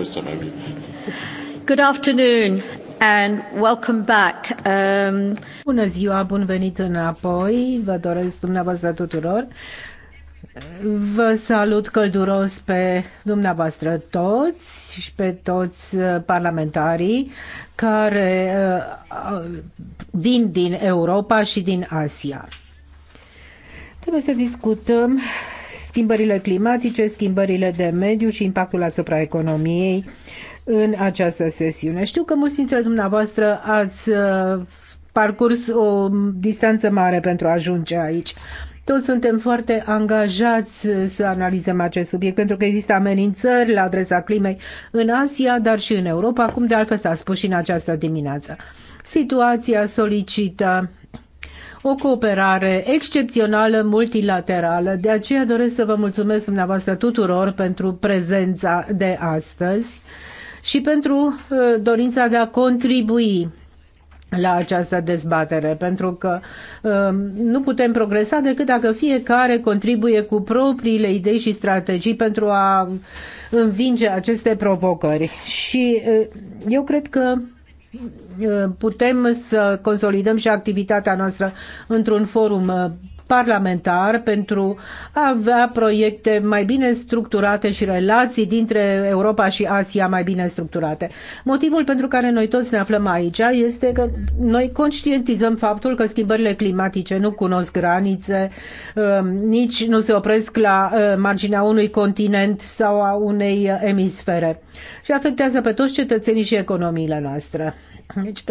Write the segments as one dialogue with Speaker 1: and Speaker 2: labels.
Speaker 1: Österreich. Good afternoon and welcome back. Um... Bună ziua, bun venit înapoi. Vă doresc dumneavoastră tuturor. Vă salut călduros pe dumneavoastră toți și pe toți uh, parlamentarii care uh, vin din Europa și din Asia. Trebuie să discutăm schimbările climatice, schimbările de mediu și impactul asupra economiei în această sesiune. Știu că mulți dintre dumneavoastră ați uh, parcurs o distanță mare pentru a ajunge aici. Toți suntem foarte angajați uh, să analizăm acest subiect, pentru că există amenințări la adresa climei în Asia, dar și în Europa, cum de altfel s-a spus și în această dimineață. Situația solicită o cooperare excepțională multilaterală. De aceea doresc să vă mulțumesc dumneavoastră tuturor pentru prezența de astăzi și pentru uh, dorința de a contribui la această dezbatere, pentru că uh, nu putem progresa decât dacă fiecare contribuie cu propriile idei și strategii pentru a învinge aceste provocări. Și uh, eu cred că putem să consolidăm și activitatea noastră într-un forum parlamentar pentru a avea proiecte mai bine structurate și relații dintre Europa și Asia mai bine structurate. Motivul pentru care noi toți ne aflăm aici este că noi conștientizăm faptul că schimbările climatice nu cunosc granițe, um, nici nu se opresc la uh, marginea unui continent sau a unei emisfere și afectează pe toți cetățenii și economiile noastre. Deci,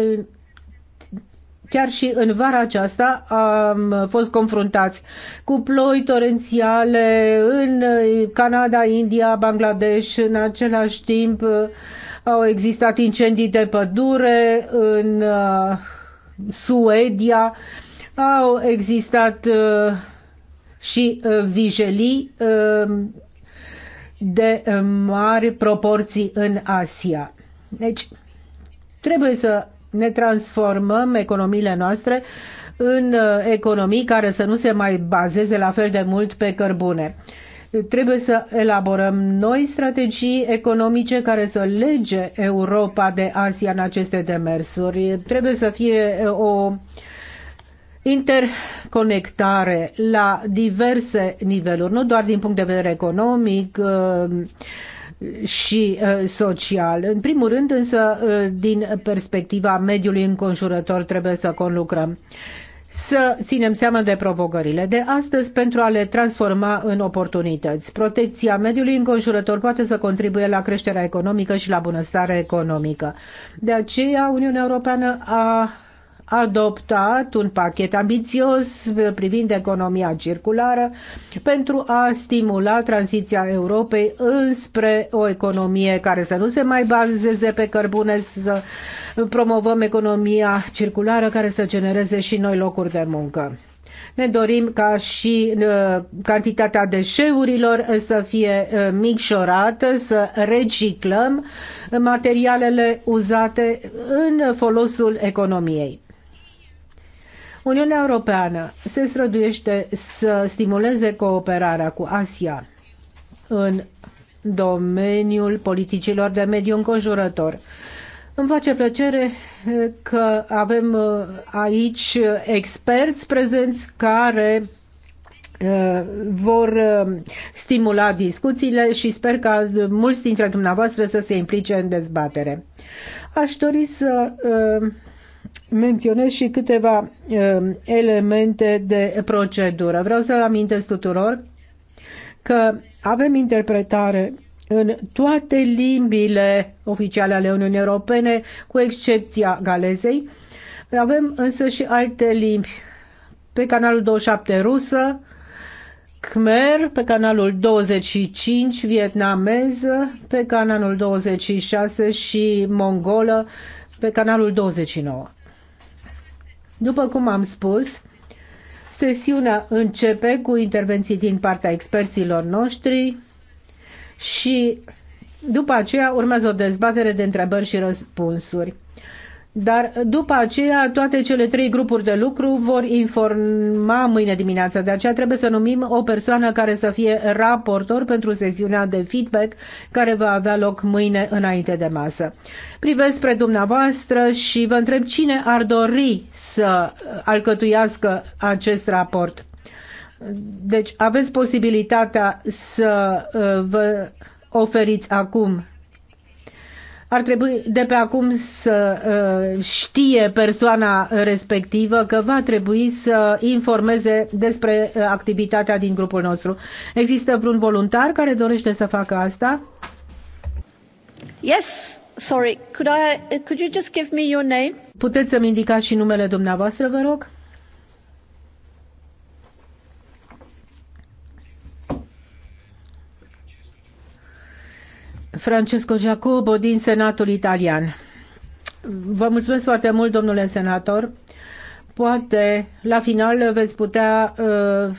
Speaker 1: Chiar și în vara aceasta am fost confruntați cu ploi torențiale în Canada, India, Bangladesh. În același timp uh, au existat incendii de pădure în uh, Suedia. Au existat uh, și vijelii de mari proporții în Asia. Deci, trebuie să ne transformăm economiile noastre în uh, economii care să nu se mai bazeze la fel de mult pe cărbune. Trebuie să elaborăm noi strategii economice care să lege Europa de Asia în aceste demersuri. Trebuie să fie uh, o interconectare la diverse niveluri, nu doar din punct de vedere economic, uh, și uh, social. În primul rând, însă, uh, din perspectiva mediului înconjurător trebuie să conlucrăm să ținem seama de provocările de astăzi pentru a le transforma în oportunități. Protecția mediului înconjurător poate să contribuie la creșterea economică și la bunăstare economică. De aceea, Uniunea Europeană a adoptat un pachet ambițios privind economia circulară pentru a stimula tranziția Europei înspre o economie care să nu se mai bazeze pe cărbune, să promovăm economia circulară care să genereze și noi locuri de muncă. Ne dorim ca și uh, cantitatea deșeurilor să fie uh, micșorată, să reciclăm materialele uzate în folosul economiei. Uniunea Europeană se străduiește să stimuleze cooperarea cu Asia în domeniul politicilor de mediu înconjurător. Îmi face plăcere că avem uh, aici experți prezenți care uh, vor uh, stimula discuțiile și sper ca mulți dintre dumneavoastră să se implice în dezbatere. Aș dori să menționez și câteva um, elemente de procedură. Vreau să amintesc tuturor că avem interpretare în toate limbile oficiale ale Uniunii Europene, cu excepția galezei. Avem însă și alte limbi pe canalul 27 rusă, Khmer, pe canalul 25 vietnameză, pe canalul 26 și mongolă, pe canalul 29. După cum am spus, sesiunea începe cu intervenții din partea experților noștri și după aceea urmează o dezbatere de întrebări și răspunsuri. Dar după aceea, toate cele trei grupuri de lucru vor informa mâine dimineața. De aceea trebuie să numim o persoană care să fie raportor pentru sesiunea de feedback care va avea loc mâine înainte de masă. Privesc spre dumneavoastră și vă întreb cine ar dori să alcătuiască acest raport. Deci aveți posibilitatea să uh, vă oferiți acum ar trebui de pe acum să uh, știe persoana respectivă că va trebui să informeze despre uh, activitatea din grupul nostru. Există vreun voluntar care dorește să facă asta? Yes, sorry. Could I could you just give me your name? Puteți să-mi indicați și numele dumneavoastră, vă rog? Francesco Giacobo din Senatul Italian. Vă mulțumesc foarte mult, domnule senator. Poate la final veți putea uh,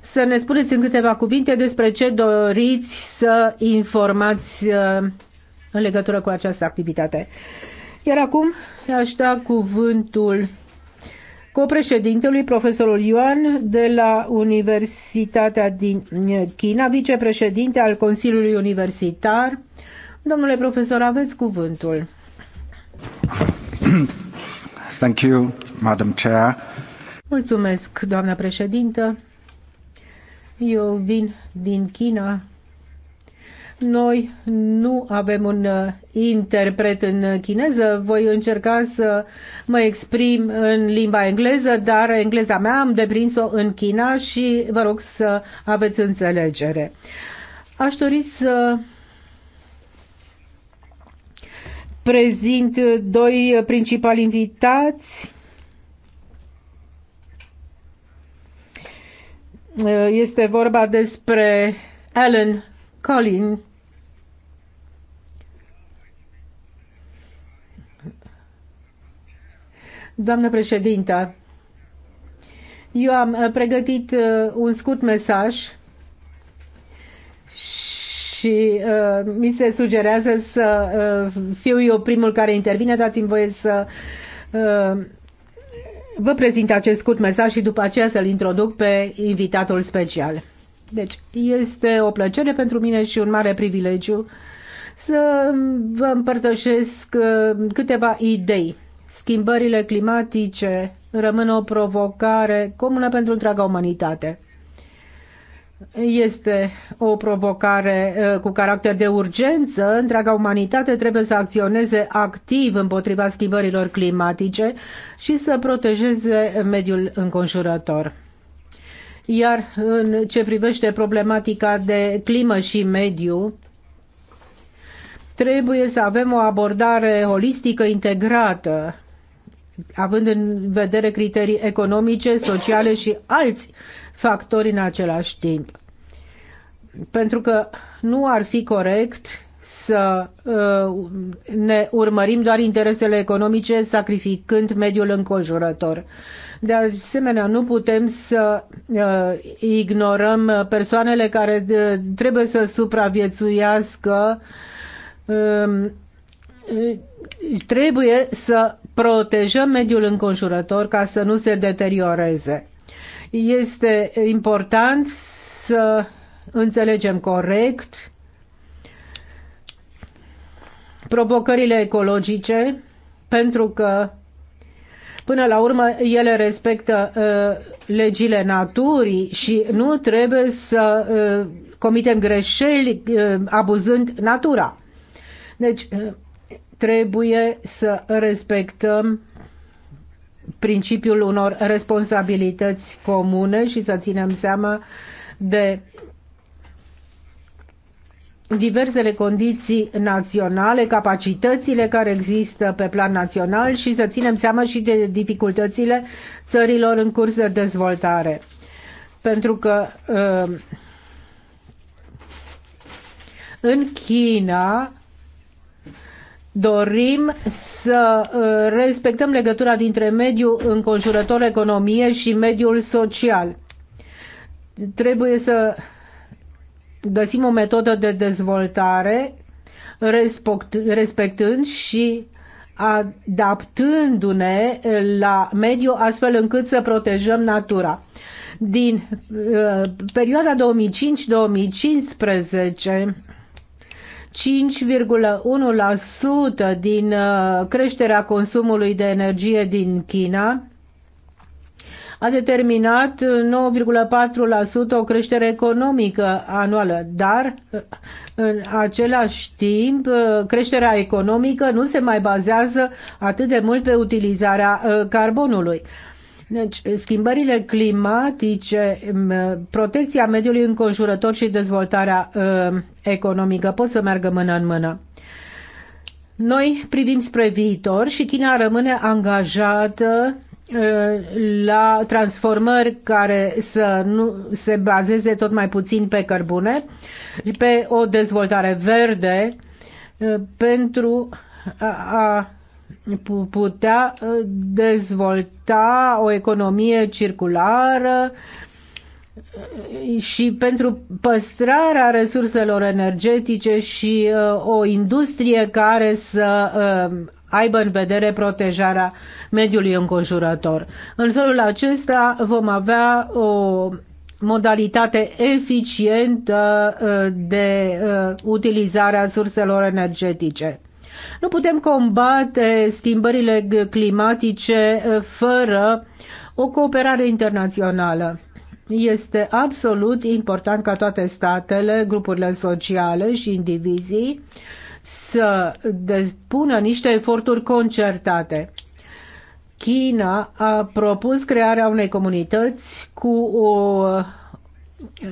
Speaker 1: să ne spuneți în câteva cuvinte despre ce doriți să informați uh, în legătură cu această activitate. Iar acum aș da cuvântul copreședintelui profesorul Yuan de la Universitatea din eh, China, vicepreședinte al Consiliului Universitar. Domnule profesor, aveți cuvântul.
Speaker 2: Thank you, Madam Chair.
Speaker 1: Mulțumesc, doamna președintă. Eu vin din China noi nu avem un uh, interpret în chineză. Voi încerca să mă exprim în limba engleză, dar engleza mea am deprins-o în China și vă rog să aveți înțelegere. Aș dori să prezint doi principali invitați. Uh, este vorba despre Alan Collins Doamnă președintă, eu am uh, pregătit uh, un scurt mesaj și uh, mi se sugerează să fiu eu primul care intervine. Dați-mi voie să vă prezint acest scurt mesaj și după aceea să-l introduc pe invitatul special. Deci, este o plăcere pentru mine și un mare privilegiu să vă împărtășesc câteva idei schimbările climatice rămân o provocare comună pentru întreaga umanitate. Este o provocare uh, cu caracter de urgență. Întreaga umanitate trebuie să acționeze activ împotriva schimbărilor climatice și să protejeze mediul înconjurător. Iar în ce privește problematica de climă și mediu, trebuie să avem o abordare holistică integrată având în vedere criterii economice, sociale și alți factori în același timp. Pentru că nu ar fi corect să uh, ne urmărim doar interesele economice, sacrificând mediul înconjurător. De asemenea, nu putem să uh, ignorăm persoanele care uh, trebuie să supraviețuiască um, trebuie să protejăm mediul înconjurător ca să nu se deterioreze. Este important să înțelegem corect provocările ecologice, pentru că Până la urmă, ele respectă uh, legile naturii și nu trebuie să uh, comitem greșeli uh, abuzând natura. Deci, uh, trebuie să respectăm principiul unor responsabilități comune și să ținem seama de diversele condiții naționale, capacitățile care există pe plan național și să ținem seama și de dificultățile țărilor în curs de dezvoltare. Pentru că uh, în China dorim să uh, respectăm legătura dintre mediul înconjurător economie și mediul social. Trebuie să găsim o metodă de dezvoltare respectând și adaptându-ne la mediu astfel încât să protejăm natura. Din uh, perioada 2005-2015 5,1% din uh, creșterea consumului de energie din China a determinat 9,4% uh, o creștere economică anuală, dar uh, în același timp creșterea economică nu se mai bazează atât de mult pe utilizarea carbonului. Deci, schimbările climatice, protecția mediului înconjurător și dezvoltarea ă, economică pot să meargă mână în mână. Noi privim spre viitor și China rămâne angajată ă, la transformări care să nu se bazeze tot mai puțin pe cărbune, pe o dezvoltare verde ă, pentru a putea ă, dezvolta o economie circulară și pentru păstrarea resurselor energetice și ă, o industrie care să ă, aibă în vedere protejarea mediului înconjurător. În felul acesta vom avea o modalitate eficientă de utilizare a surselor energetice. Nu putem combate schimbările climatice eh, fără o cooperare internațională. Este absolut important ca toate statele, grupurile sociale și indivizii să depună niște eforturi concertate. China a propus crearea unei comunități cu o, eh,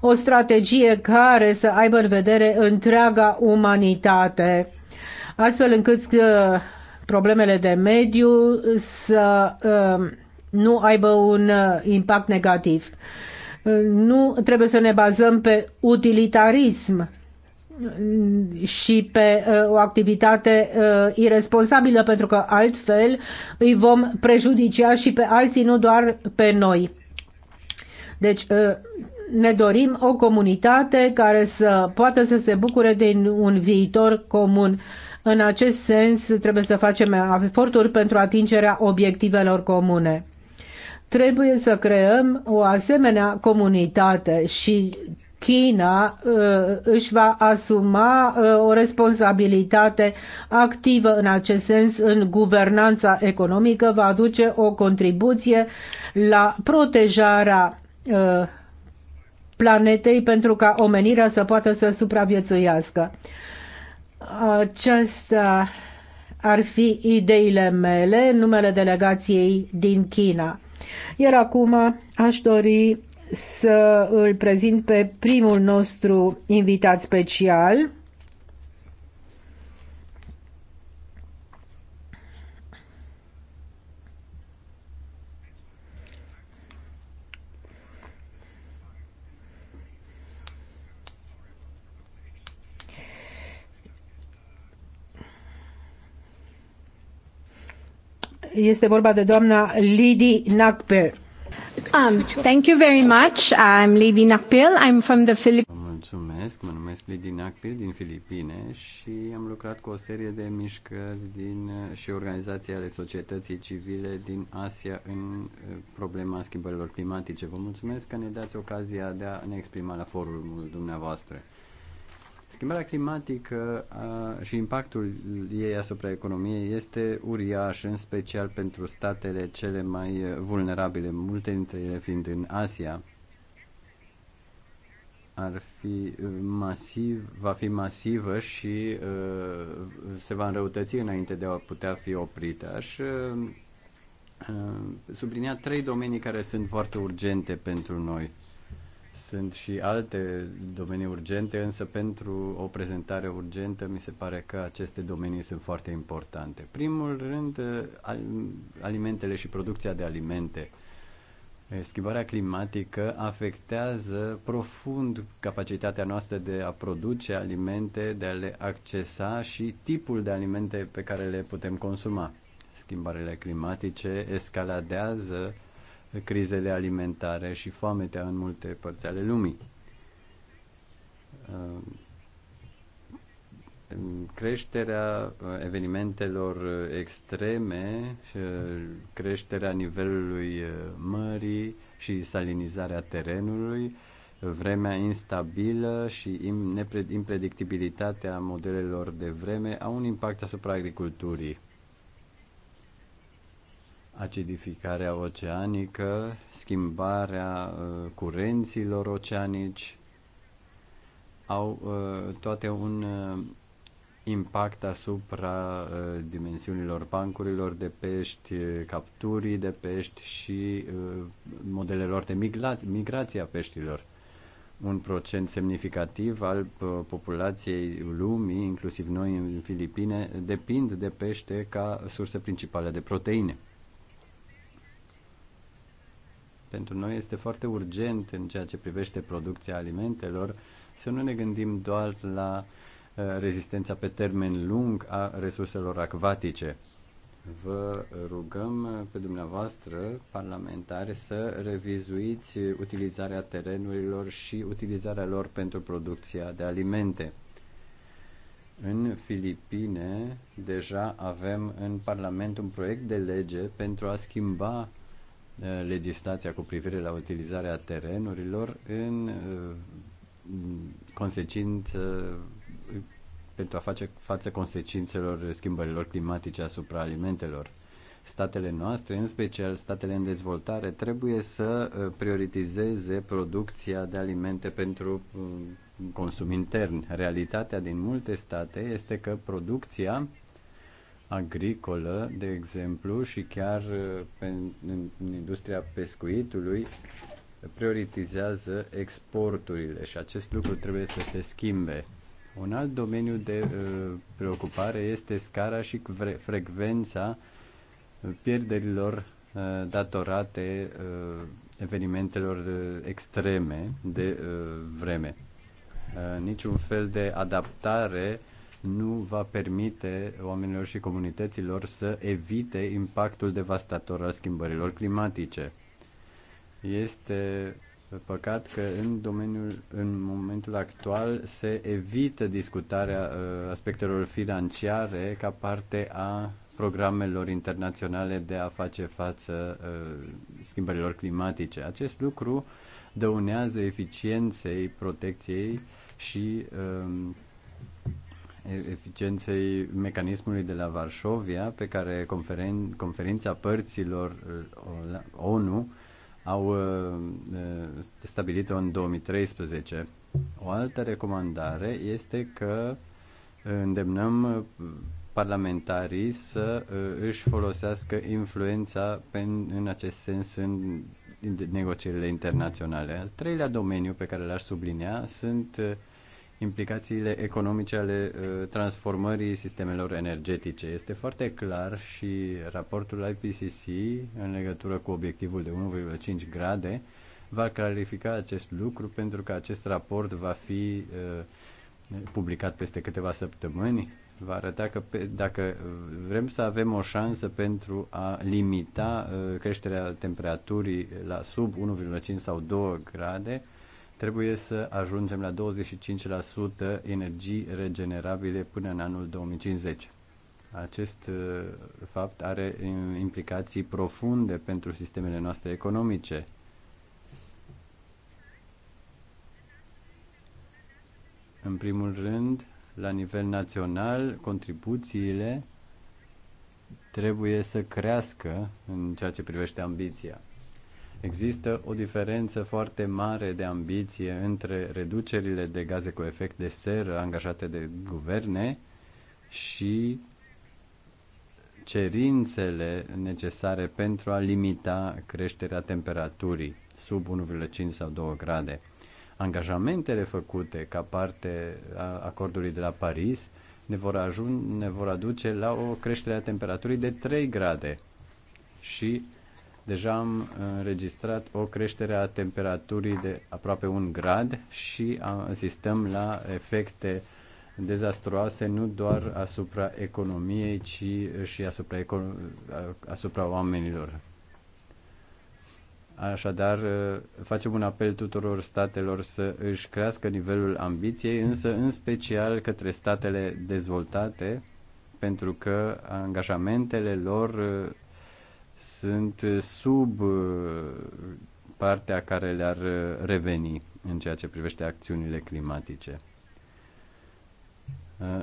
Speaker 1: o strategie care să aibă în vedere întreaga umanitate astfel încât uh, problemele de mediu să uh, nu aibă un uh, impact negativ. Nu trebuie să ne bazăm pe utilitarism și pe o activitate irresponsabilă, pentru că altfel îi vom prejudicia și pe alții, nu doar pe noi. Deci ne dorim o comunitate care să poată să se bucure de un viitor comun în acest sens, trebuie să facem eforturi pentru atingerea obiectivelor comune. Trebuie să creăm o asemenea comunitate și China uh, își va asuma uh, o responsabilitate activă în acest sens în guvernanța economică, va aduce o contribuție la protejarea uh, planetei pentru ca omenirea să poată să supraviețuiască. Acestea ar fi ideile mele, numele delegației din China. Iar acum aș dori să îl prezint pe primul nostru invitat special, Este vorba de doamna Lidi Nakper. Um, thank you very much. I'm Lidi Nakpil. I'm from the Philippines.
Speaker 2: Mulțumesc, mă numesc Lidi Nakpil din Filipine și am lucrat cu o serie de mișcări din, și organizații ale societății civile din Asia în uh, problema schimbărilor climatice. Vă mulțumesc că ne dați ocazia de a ne exprima la forumul dumneavoastră. Schimbarea climatică a, și impactul ei asupra economiei este uriaș, în special pentru statele cele mai vulnerabile, multe dintre ele fiind în Asia. Ar fi masiv, va fi masivă și a, se va înrăutăți înainte de a putea fi oprită. Aș a, sublinia trei domenii care sunt foarte urgente pentru noi sunt și alte domenii urgente, însă pentru o prezentare urgentă mi se pare că aceste domenii sunt foarte importante. Primul rând, alimentele și producția de alimente. Schimbarea climatică afectează profund capacitatea noastră de a produce alimente, de a le accesa și tipul de alimente pe care le putem consuma. Schimbările climatice escaladează crizele alimentare și foametea în multe părți ale lumii. Ehm, creșterea uh, evenimentelor uh, extreme, uh, creșterea nivelului mării și salinizarea terenului, vremea instabilă și impredictibilitatea modelelor de vreme au un impact asupra agriculturii acidificarea oceanică, schimbarea uh, curenților oceanici, au uh, toate un uh, impact asupra dimensiunilor bancurilor de pești, capturii de pești și modelelor de migrație a peștilor. Un procent semnificativ al populației lumii, inclusiv noi în Filipine, depind de pește ca surse principale de proteine pentru noi este foarte urgent în ceea ce privește producția alimentelor să nu ne gândim doar la uh, rezistența pe termen lung a resurselor acvatice. Vă rugăm uh, pe dumneavoastră, parlamentari, să revizuiți utilizarea terenurilor și utilizarea lor pentru producția de alimente. În Filipine deja avem în Parlament un proiect de lege pentru a schimba Eh, legislația cu privire la utilizarea terenurilor în eh, consecință pentru a face față consecințelor schimbărilor climatice asupra alimentelor. Statele noastre, în special statele în dezvoltare, trebuie să eh, prioritizeze producția de alimente pentru mm, consum intern. Realitatea din multe state este că producția agricolă, de exemplu, și chiar uh, în industria pescuitului, prioritizează exporturile și acest lucru trebuie să se schimbe. Un alt domeniu de uh, preocupare este scara și frecvența uh, pierderilor datorate evenimentelor extreme de vreme. Niciun fel de adaptare uh, nu va permite oamenilor și comunităților să evite impactul devastator al schimbărilor climatice. Este păcat că în domeniul în momentul actual se evită discutarea uh, aspectelor financiare ca parte a programelor internaționale de a face față uh, schimbărilor climatice. Acest lucru dăunează eficienței protecției și um, eficienței mecanismului de la Varșovia, pe care conferen- conferința părților uh, ONU au uh, uh, stabilit-o în 2013. O altă recomandare este că îndemnăm parlamentarii să își folosească influența în acest sens în negocierile internaționale. Al treilea domeniu pe care l-aș sublinea sunt implicațiile economice ale uh, transformării sistemelor energetice. Este foarte clar și raportul IPCC în legătură cu obiectivul de 1,5 grade va clarifica acest lucru pentru că acest raport va fi uh, publicat peste câteva săptămâni. Va arăta că pe, dacă vrem să avem o șansă pentru a limita uh, creșterea temperaturii la sub 1,5 sau 2 grade, Trebuie să ajungem la 25% energii regenerabile până în anul 2050. Acest uh, fapt are uh, implicații profunde pentru sistemele noastre economice. În primul rând, la nivel național, contribuțiile trebuie să crească în ceea ce privește ambiția. Există o diferență foarte mare de ambiție între reducerile de gaze cu efect de seră angajate de guverne și cerințele necesare pentru a limita creșterea temperaturii sub 1,5 sau 2 grade. Angajamentele făcute ca parte a acordului de la Paris ne vor, ajun, ne vor aduce la o creștere a temperaturii de 3 grade și deja am înregistrat o creștere a temperaturii de aproape un grad și asistăm la efecte dezastruoase nu doar asupra economiei, ci și asupra, econ- asupra oamenilor. Așadar, facem un apel tuturor statelor să își crească nivelul ambiției, însă în special către statele dezvoltate, pentru că angajamentele lor sunt eh, sub eh, partea care le-ar eh, reveni în ceea ce privește acțiunile climatice.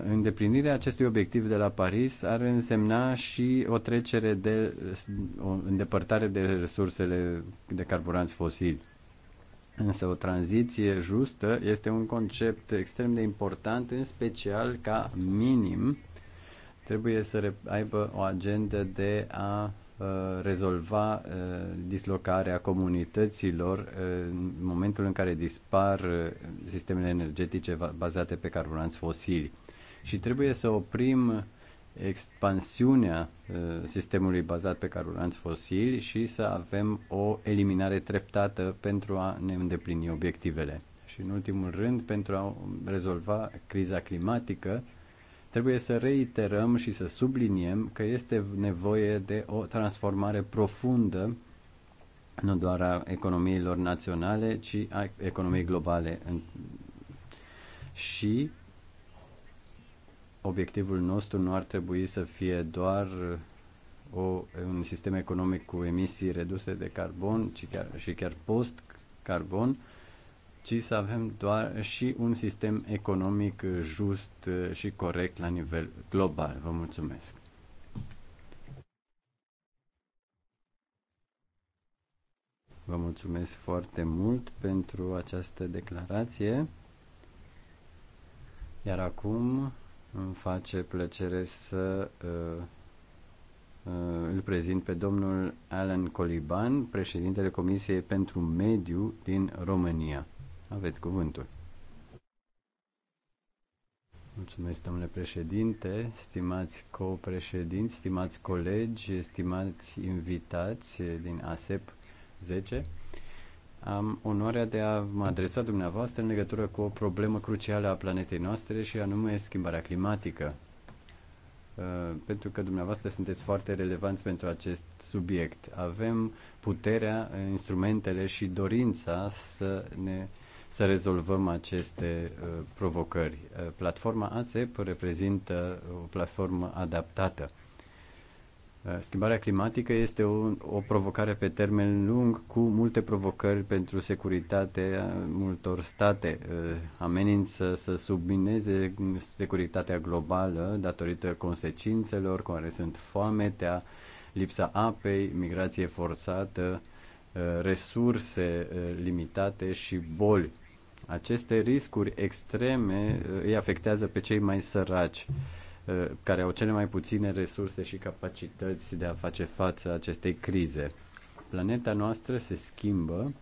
Speaker 2: Îndeplinirea acestui obiectiv de la Paris ar însemna și o trecere de o îndepărtare de resursele de carburanți fosili. Însă o tranziție justă este un concept extrem de important, în special ca minim trebuie să aibă o agendă de a Uh, rezolva uh, dislocarea comunităților uh, în momentul în care dispar sistemele energetice bazate pe carburanți fosili. Și trebuie să oprim expansiunea sistemului bazat pe carburanți fosili și să avem o eliminare treptată pentru a ne îndeplini obiectivele. Și în ultimul rând, pentru a rezolva criza climatică, Trebuie să reiterăm și să subliniem că este nevoie de o transformare profundă nu doar a economiilor naționale, ci a economiei globale. Și obiectivul nostru nu ar trebui să fie doar o, un sistem economic cu emisii reduse de carbon, ci chiar, și chiar post-carbon, ci să avem doar și un sistem economic just și corect la nivel global. Vă mulțumesc! Vă mulțumesc foarte mult pentru această declarație. Iar acum îmi face plăcere să uh, uh, îl prezint pe domnul Alan Coliban, președintele Comisiei pentru Mediu din România. Aveți cuvântul. Mulțumesc, domnule președinte, stimați co-președinți, stimați colegi, stimați invitați din ASEP 10. Am onoarea de a mă adresa dumneavoastră în legătură cu o problemă crucială a planetei noastre și anume schimbarea climatică. Uh, pentru că dumneavoastră sunteți foarte relevanți pentru acest subiect. Avem puterea, instrumentele și dorința să ne să rezolvăm aceste uh, provocări. Uh, platforma ASEP reprezintă uh, o platformă adaptată. Schimbarea climatică este o, o provocare pe termen lung cu multe provocări pentru securitatea multor state. Amenință să submineze securitatea globală datorită consecințelor care sunt foametea, lipsa apei, migrație forțată, resurse limitate și boli. Aceste riscuri extreme uh, îi afectează pe cei mai săraci, uh, care au cele mai puține resurse și capacități de a face față acestei crize. Planeta noastră se schimbă.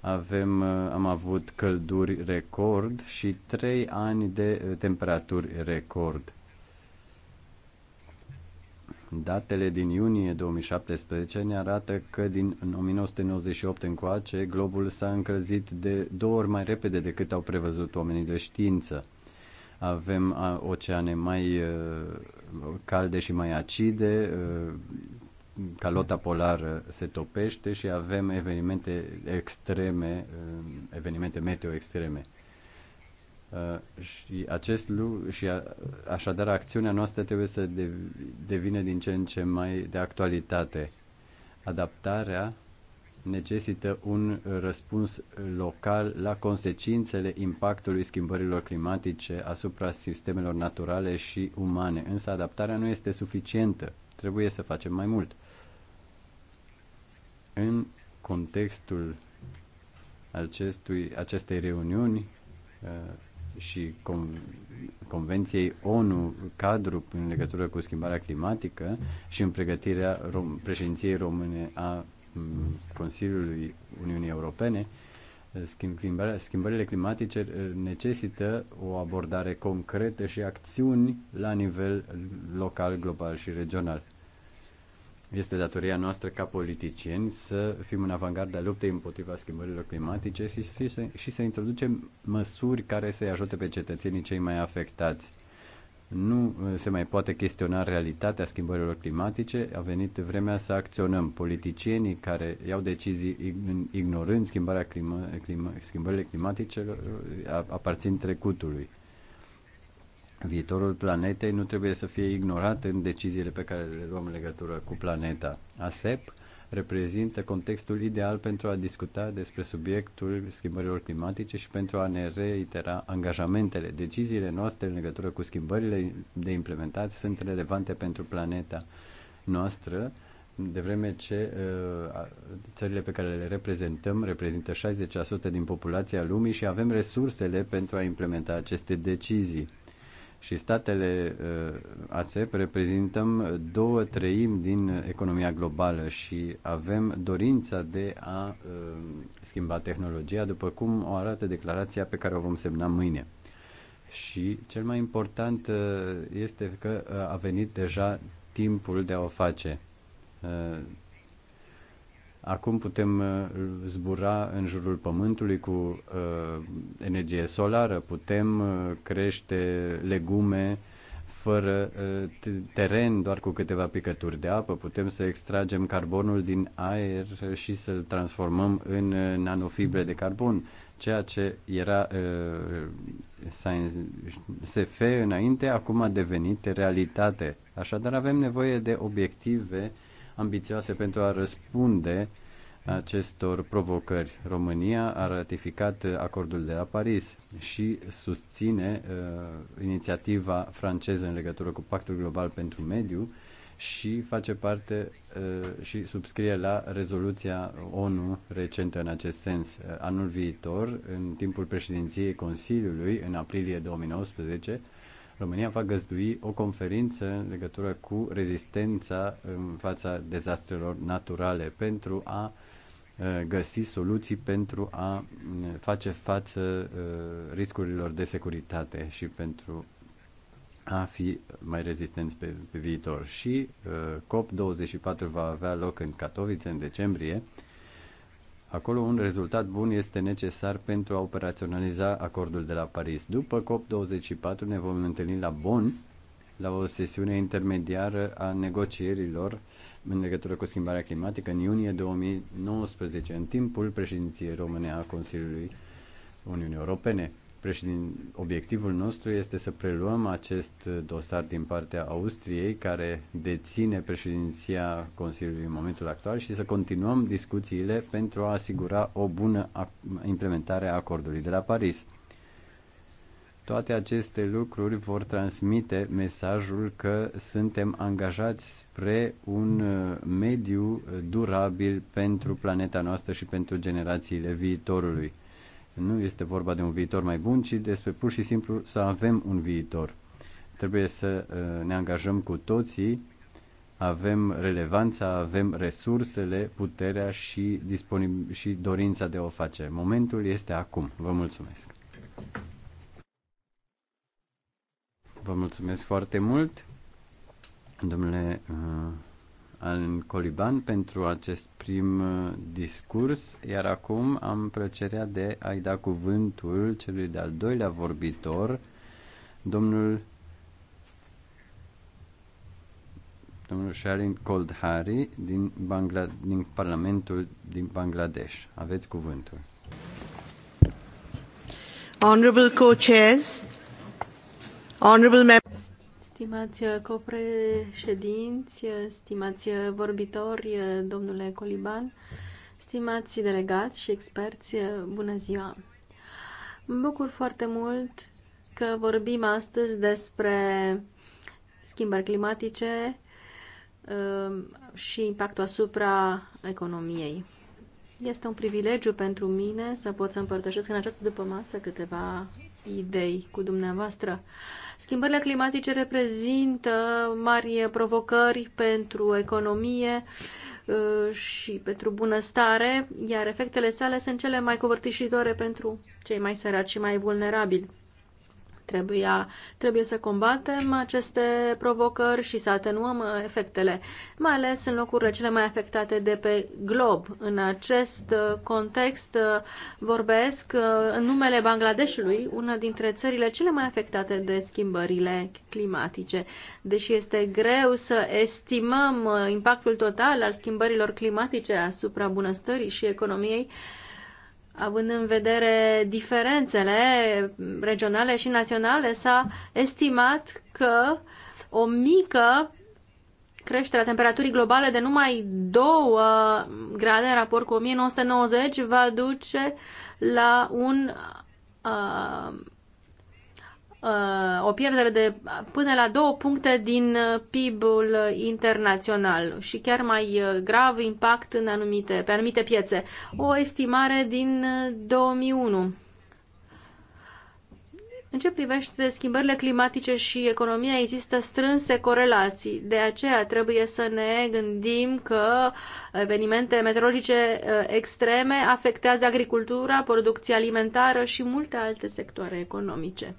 Speaker 2: Avem, uh, am avut călduri record și trei ani de temperaturi record Datele din iunie 2017 ne arată că din 1998 încoace, globul s-a încălzit de două ori mai repede decât au prevăzut oamenii de știință. Avem oceane mai uh, calde și mai acide, uh, calota polară se topește și avem evenimente extreme, uh, evenimente meteo extreme. Uh, și acest lucru, și a, așadar acțiunea noastră trebuie să de, devină din ce în ce mai de actualitate. Adaptarea necesită un răspuns local la consecințele impactului schimbărilor climatice asupra sistemelor naturale și umane, însă adaptarea nu este suficientă. Trebuie să facem mai mult. În contextul acestui, acestei reuniuni, uh, și Convenției ONU cadru în legătură cu schimbarea climatică și în pregătirea rom- președinției române a mm, Consiliului Uniunii Europene, schimbările climatice eh, necesită o abordare concretă și acțiuni la nivel local, global și regional. Este datoria noastră ca politicieni să fim în avangarda luptei împotriva schimbărilor climatice și, și, să, și să introducem măsuri care să-i ajute pe cetățenii cei mai afectați. Nu uh, se mai poate chestiona realitatea schimbărilor climatice, a venit vremea să acționăm. Politicienii care iau decizii ignorând schimbarea clima, clima, schimbările climatice uh, aparțin trecutului Viitorul planetei nu trebuie să fie ignorat în deciziile pe care le luăm în legătură cu planeta. ASEP reprezintă contextul ideal pentru a discuta despre subiectul schimbărilor climatice și pentru a ne reitera angajamentele. Deciziile noastre în legătură cu schimbările de implementat sunt relevante pentru planeta noastră, de vreme ce uh, țările pe care le reprezentăm reprezintă 60% din populația lumii și avem resursele pentru a implementa aceste decizii și statele uh, ASEP reprezentăm două treimi din economia globală și avem dorința de a uh, schimba tehnologia, după cum o arată declarația pe care o vom semna mâine. Și cel mai important uh, este că a venit deja timpul de a o face. Acum putem uh, zbura în jurul Pământului cu uh, energie solară, putem uh, crește legume fără uh, teren, doar cu câteva picături de apă, putem să extragem carbonul din aer și să-l transformăm în uh, nanofibre de carbon, ceea ce era uh, SF înainte, acum a devenit realitate. Așadar avem nevoie de obiective uh, ambițioase pentru a răspunde acestor provocări. România a ratificat acordul de la Paris și susține uh, inițiativa franceză în legătură cu Pactul Global pentru Mediu și face parte uh, și subscrie la rezoluția ONU recentă în acest sens. Anul viitor, în timpul președinției Consiliului, în aprilie 2019, România va găzdui o conferință în legătură cu rezistența în fața dezastrelor naturale pentru a uh, găsi soluții pentru a uh, face față uh, riscurilor de securitate și pentru a fi mai rezistenți pe, pe viitor. Și COP24 va avea loc în Katowice în decembrie Acolo un rezultat bun este necesar pentru a operaționaliza acordul de la Paris. După COP24 ne vom întâlni la Bonn la o sesiune intermediară a negocierilor în legătură cu schimbarea climatică în iunie 2019, în timpul președinției române a Consiliului Uniunii Europene. Președin, obiectivul nostru este să preluăm acest dosar din partea Austriei, care deține președinția Consiliului în momentul actual și să continuăm discuțiile pentru a asigura o bună implementare a acordului de la Paris. Toate aceste lucruri vor transmite mesajul că suntem angajați spre un uh, mediu durabil pentru planeta noastră și pentru generațiile viitorului nu este vorba de un viitor mai bun, ci despre pur și simplu să avem un viitor. Trebuie să uh, ne angajăm cu toții, avem relevanța, avem resursele, puterea și, disponib- și dorința de a o face. Momentul este acum. Vă mulțumesc! Vă mulțumesc foarte mult, domnule uh, al Coliban pentru acest prim uh, discurs, iar acum am plăcerea de a-i da cuvântul celui de-al doilea vorbitor, domnul domnul Sharin Koldhari din, Bangla, din Parlamentul din Bangladesh. Aveți cuvântul.
Speaker 1: Honorable co-chairs, honorable members,
Speaker 3: Stimați uh, copreședinți, uh, stimați uh, vorbitori, domnule Coliban, stimați delegați și experți, bună ziua! Mă bucur foarte mult că vorbim astăzi despre schimbări climatice și impactul asupra economiei. Este un privilegiu pentru mine să pot să împărtășesc în această dupămasă câteva idei cu dumneavoastră. Schimbările climatice reprezintă mari provocări pentru economie uh, și pentru bunăstare, iar efectele sale sunt cele mai covârtișitoare pentru cei mai săraci și mai vulnerabili. Trebuia, trebuie să combatem aceste provocări și să atenuăm efectele, mai ales în locurile cele mai afectate de pe glob. În acest context vorbesc uh, în numele Bangladeshului, una dintre țările cele mai afectate de schimbările climatice. Deși este greu să estimăm uh, impactul total al schimbărilor climatice asupra bunăstării și economiei, având în vedere diferențele regionale și naționale, s-a estimat că o mică creșterea temperaturii globale de numai 2 grade în raport cu 1990 va duce la un uh, Uh, o pierdere de până la două puncte din uh, PIB-ul internațional și chiar mai uh, grav impact în anumite, pe anumite piețe. O estimare din 2001. În ce privește schimbările climatice și economia, există strânse corelații. De aceea trebuie să ne gândim că evenimente meteorologice extreme afectează agricultura, producția alimentară și multe alte sectoare economice.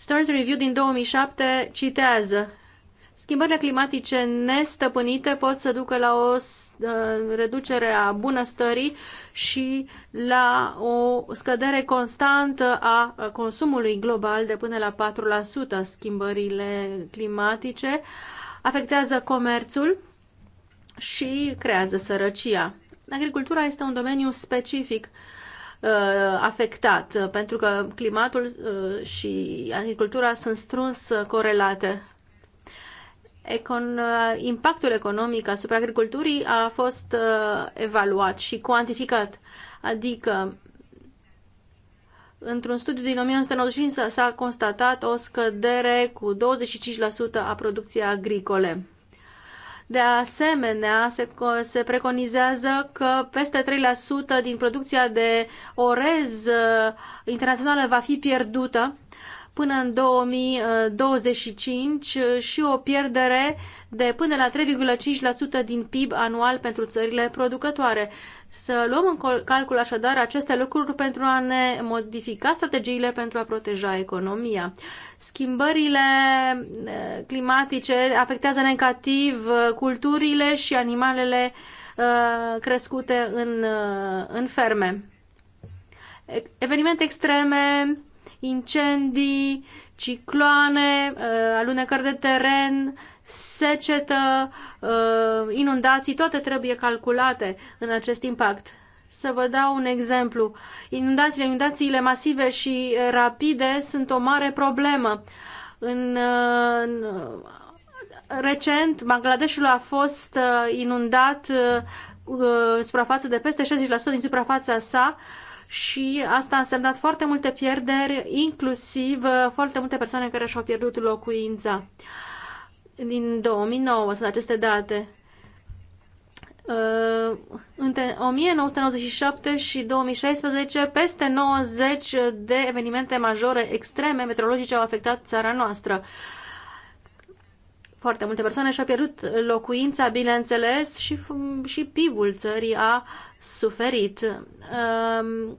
Speaker 3: Stern's Review din 2007 citează Schimbările climatice nestăpânite pot să ducă la o uh, reducere a bunăstării și la o scădere constantă a consumului global de până la 4%. Schimbările climatice afectează comerțul și creează sărăcia. Agricultura este un domeniu specific uh, Uh, afectat, uh, pentru că climatul uh, și agricultura sunt strâns corelate. Econ, impactul economic asupra agriculturii a fost evaluat și cuantificat, adică Într-un studiu din 1995 s-a constatat o scădere cu 25% a producției agricole. De asemenea, se, se preconizează că peste 3% din producția de orez uh, internațională va fi pierdută până în 2025 și o pierdere de până la 3,5% din PIB anual pentru țările producătoare. Să luăm în calcul așadar aceste lucruri pentru a ne modifica strategiile pentru a proteja economia. Schimbările eh, climatice afectează negativ eh, culturile și animalele eh, crescute în, în ferme. Evenimente extreme, incendii, cicloane, uh, alunecări de teren, secetă, uh, inundații, toate trebuie calculate în acest impact. Să vă dau un exemplu. Inundațiile, inundațiile masive și uh, rapide sunt o mare problemă. În, în recent, Bangladeshul a fost inundat suprafață de peste 60% din suprafața sa și asta a însemnat foarte multe pierderi, inclusiv uh, foarte multe persoane care și-au pierdut locuința din 2009, sunt aceste date. Uh, între 1997 și 2016, peste 90 de evenimente majore extreme meteorologice au afectat țara noastră. Foarte multe persoane și-au pierdut locuința, bineînțeles, și, și PIB-ul țării a uh, suferit. Ehm,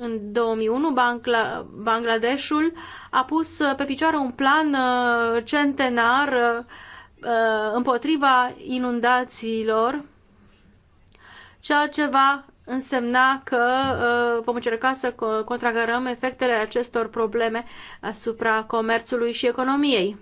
Speaker 3: în 2001, Bangla Bangladeshul a pus pe picioare un plan uh, centenar uh, uh, împotriva inundațiilor, ceea ce va însemna că vom încerca să contragărăm efectele acestor probleme asupra comerțului și economiei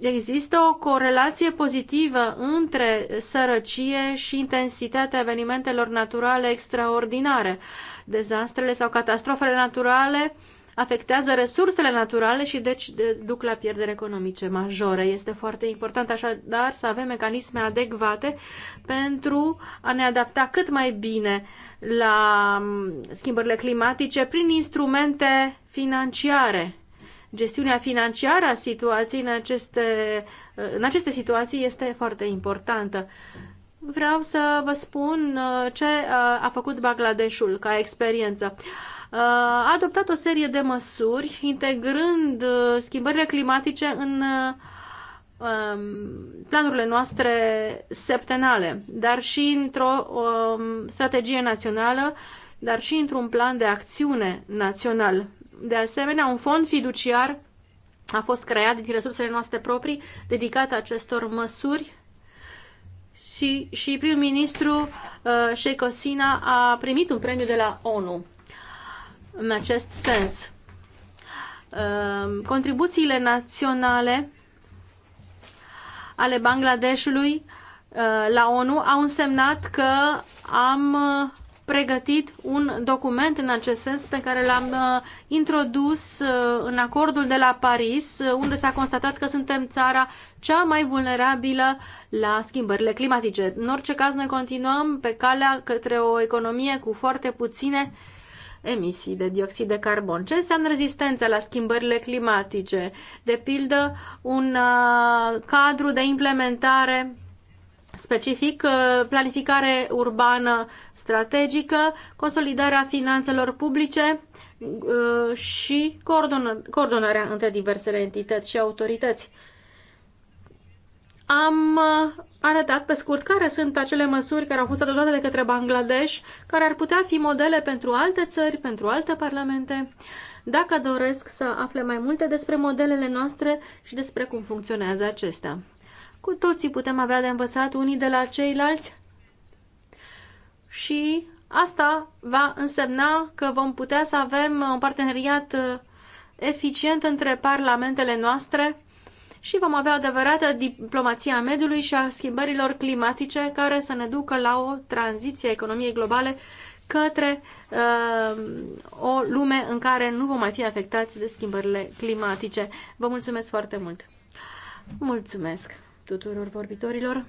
Speaker 3: există o corelație pozitivă între sărăcie și intensitatea evenimentelor naturale extraordinare. Dezastrele sau catastrofele naturale afectează resursele naturale și deci duc la pierderi economice majore. Este foarte important așadar să avem mecanisme adecvate pentru a ne adapta cât mai bine la mm, schimbările climatice prin instrumente financiare gestiunea financiară a situației în aceste, în aceste situații este foarte importantă. Vreau să vă spun uh, ce uh, a făcut Bangladeshul ca experiență. Uh, a adoptat o serie de măsuri integrând schimbările climatice în um, planurile noastre septenale, dar și într-o um, strategie națională, dar și într-un plan de acțiune național. De asemenea, un fond fiduciar a fost creat din resursele noastre proprii dedicat acestor măsuri și, și prim-ministru uh, Sheikh a primit un premiu de la ONU în acest sens. Uh, contribuțiile naționale ale Bangladeshului uh, la ONU au însemnat că am uh, pregătit un document în acest sens pe care l-am uh, introdus uh, în acordul de la Paris, uh, unde s-a constatat că suntem țara cea mai vulnerabilă la schimbările climatice. În orice caz, noi continuăm pe calea către o economie cu foarte puține emisii de dioxid de carbon. Ce înseamnă rezistența la schimbările climatice? De pildă, un cadru de implementare specific uh, planificare urbană strategică, consolidarea finanțelor publice uh, și coordonarea între diversele entități și autorități. Am uh, arătat pe scurt care sunt acele măsuri care au fost adoptate de către Bangladesh, care ar putea fi modele pentru alte țări, pentru alte parlamente, dacă doresc să afle mai multe despre modelele noastre și despre cum funcționează acestea. Cu toții putem avea de învățat unii de la ceilalți și asta va însemna că vom putea să avem un parteneriat uh, eficient între parlamentele noastre și vom avea adevărată diplomație a mediului și a schimbărilor climatice care să ne ducă la o tranziție a economiei globale către uh, o lume în care nu vom mai fi afectați de schimbările climatice. Vă mulțumesc foarte mult! Mulțumesc! tuturor vorbitorilor.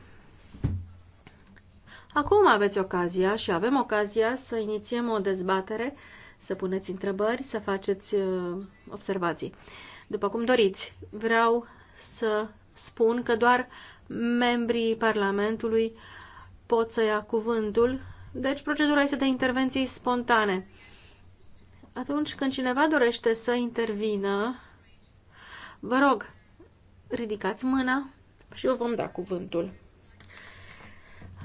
Speaker 3: Acum aveți ocazia și avem ocazia să inițiem o dezbatere, să puneți întrebări, să faceți uh, observații. După cum doriți, vreau să spun că doar membrii Parlamentului pot să ia cuvântul, deci procedura este de intervenții spontane. Atunci când cineva dorește să intervină, vă rog, ridicați mâna și eu vom da cuvântul.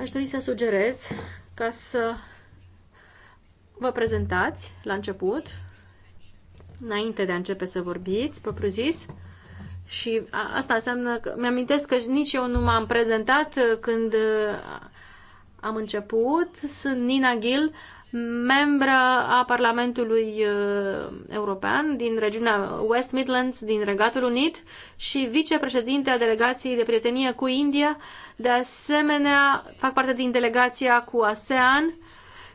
Speaker 3: Aș dori să sugerez ca să vă prezentați la început, înainte de a începe să vorbiți, propriu zis, și asta înseamnă că mi-amintesc că nici eu nu m-am prezentat când am început. Sunt Nina Gil, membră a Parlamentului uh, European din regiunea West Midlands din Regatul Unit și vicepreședinte a delegației de prietenie cu India. De asemenea, fac parte din delegația cu ASEAN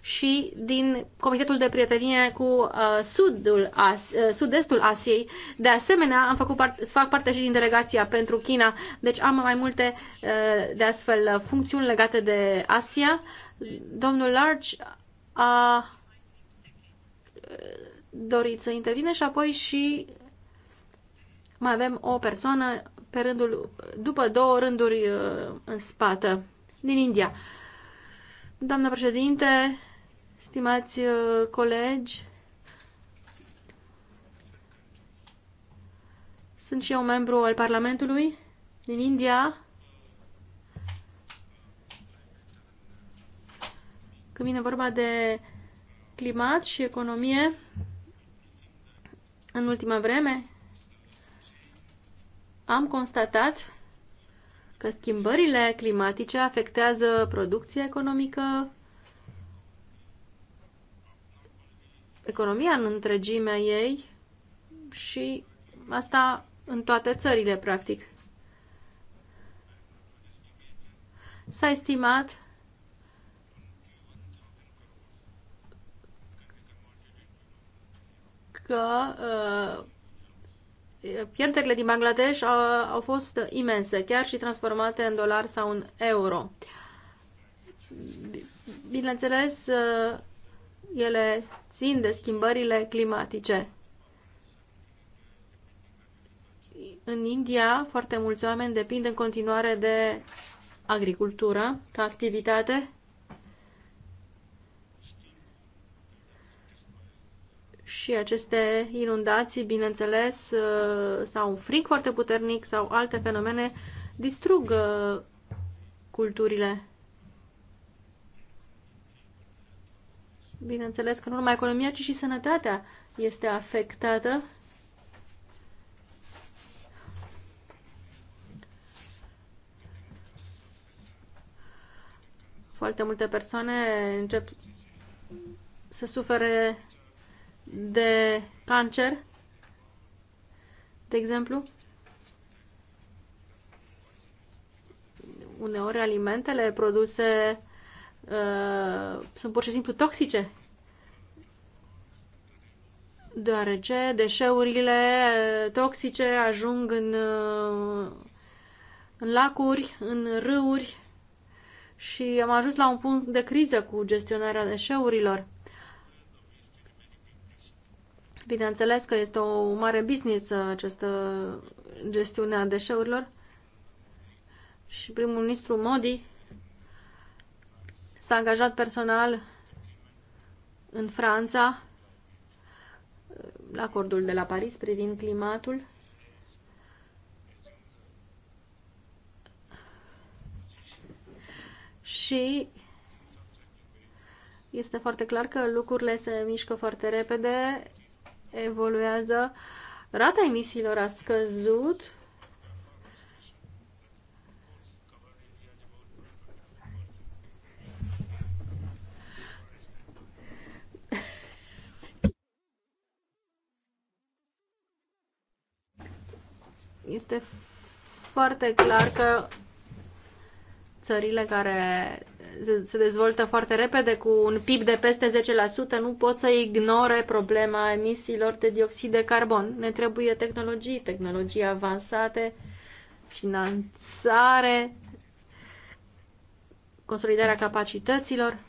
Speaker 3: și din Comitetul de Prietenie cu uh, Sudul As, uh, Sud-Estul Asiei. De asemenea, am făcut part, fac parte și din delegația pentru China, deci am mai multe uh, de astfel funcțiuni legate de Asia. Domnul Large a dorit să intervine și apoi și mai avem o persoană pe rândul, după două rânduri în spate, din India. Doamna președinte, stimați colegi, sunt și eu membru al Parlamentului din India Când vine vorba de climat și economie, în ultima vreme am constatat că schimbările climatice afectează producția economică, economia în întregimea ei și asta în toate țările, practic. S-a estimat că uh, pierderile din Bangladesh au, fost imense, chiar și transformate în dolar sau în euro. Bineînțeles, uh, ele țin de schimbările climatice. În India, foarte mulți oameni depind în continuare de agricultură ca activitate și aceste inundații, bineînțeles, uh, sau un frig foarte puternic sau alte fenomene distrug uh, culturile. Bineînțeles că nu numai economia, ci și sănătatea este afectată. Foarte multe persoane încep să sufere de cancer, de exemplu. Uneori alimentele produse uh, sunt pur și simplu toxice, deoarece deșeurile uh, toxice ajung în, uh, în lacuri, în râuri și am ajuns la un punct de criză cu gestionarea deșeurilor. Bineînțeles că este o mare business uh, această gestiune a deșeurilor și primul ministru Modi s-a angajat personal în Franța uh, la acordul de la Paris privind climatul. Și este foarte clar că lucrurile se mișcă foarte repede evoluează, rata emisiilor a scăzut, este foarte clar că țările care se dezvoltă foarte repede cu un PIB de peste 10% nu pot să ignore problema emisiilor de dioxid de carbon. Ne trebuie tehnologii, tehnologii avansate, finanțare, consolidarea capacităților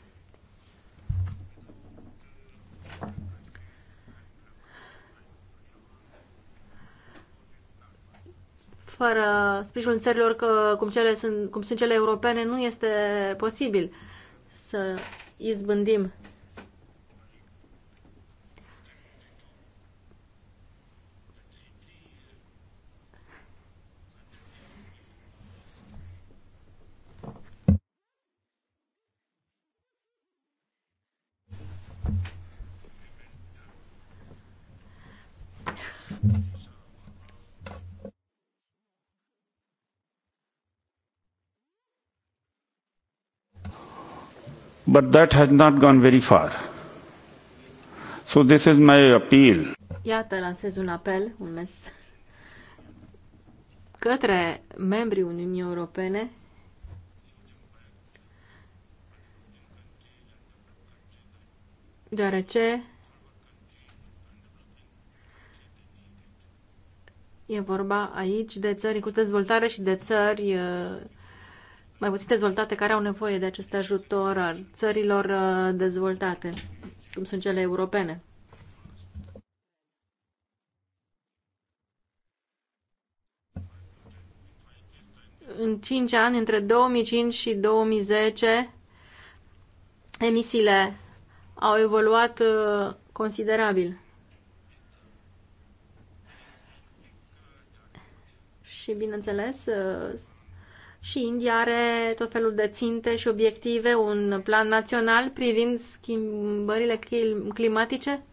Speaker 3: fără sprijinul țărilor că, cum, cele sunt, cum sunt cele europene, nu este posibil să izbândim
Speaker 2: but that has not gone very far. So this is my appeal.
Speaker 3: Iată, lansez un apel, un mes către membrii Uniunii Europene deoarece e vorba aici de țări cu dezvoltare și de țări uh, mai puțin dezvoltate care au nevoie de acest ajutor al țărilor uh, dezvoltate, cum sunt cele europene. În 5 ani, între 2005 și 2010, emisiile au evoluat uh, considerabil. Și bineînțeles, uh, și India are tot felul de ținte și obiective, un plan național privind schimbările climatice?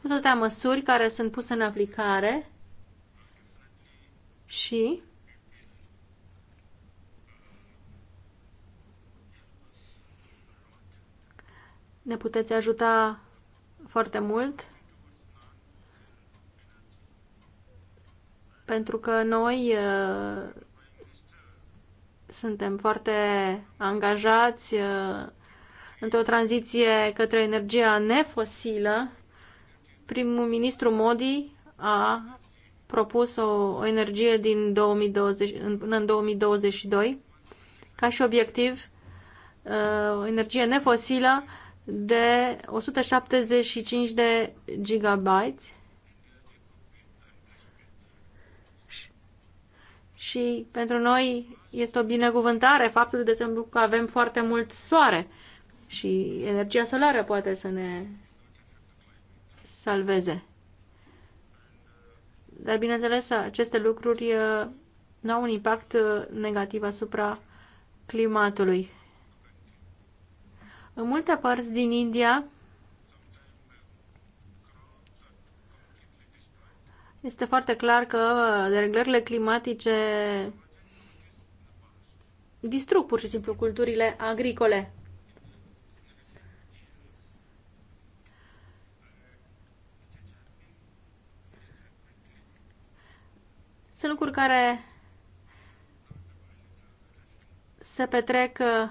Speaker 3: Cu toate măsuri care sunt puse în aplicare și ne puteți ajuta foarte mult pentru că noi uh, suntem foarte angajați uh, într-o tranziție către energia nefosilă. Primul ministru Modi a propus o, o energie din 2020, până în 2022 ca și obiectiv uh, o energie nefosilă de 175 de gigabytes și pentru noi este o binecuvântare faptul, de exemplu, că avem foarte mult soare și energia solară poate să ne salveze. Dar, bineînțeles, aceste lucruri uh, nu au un impact uh, negativ asupra climatului. În multe părți din India Este foarte clar că dereglările climatice distrug pur și simplu culturile agricole. Sunt lucruri care se petrec uh,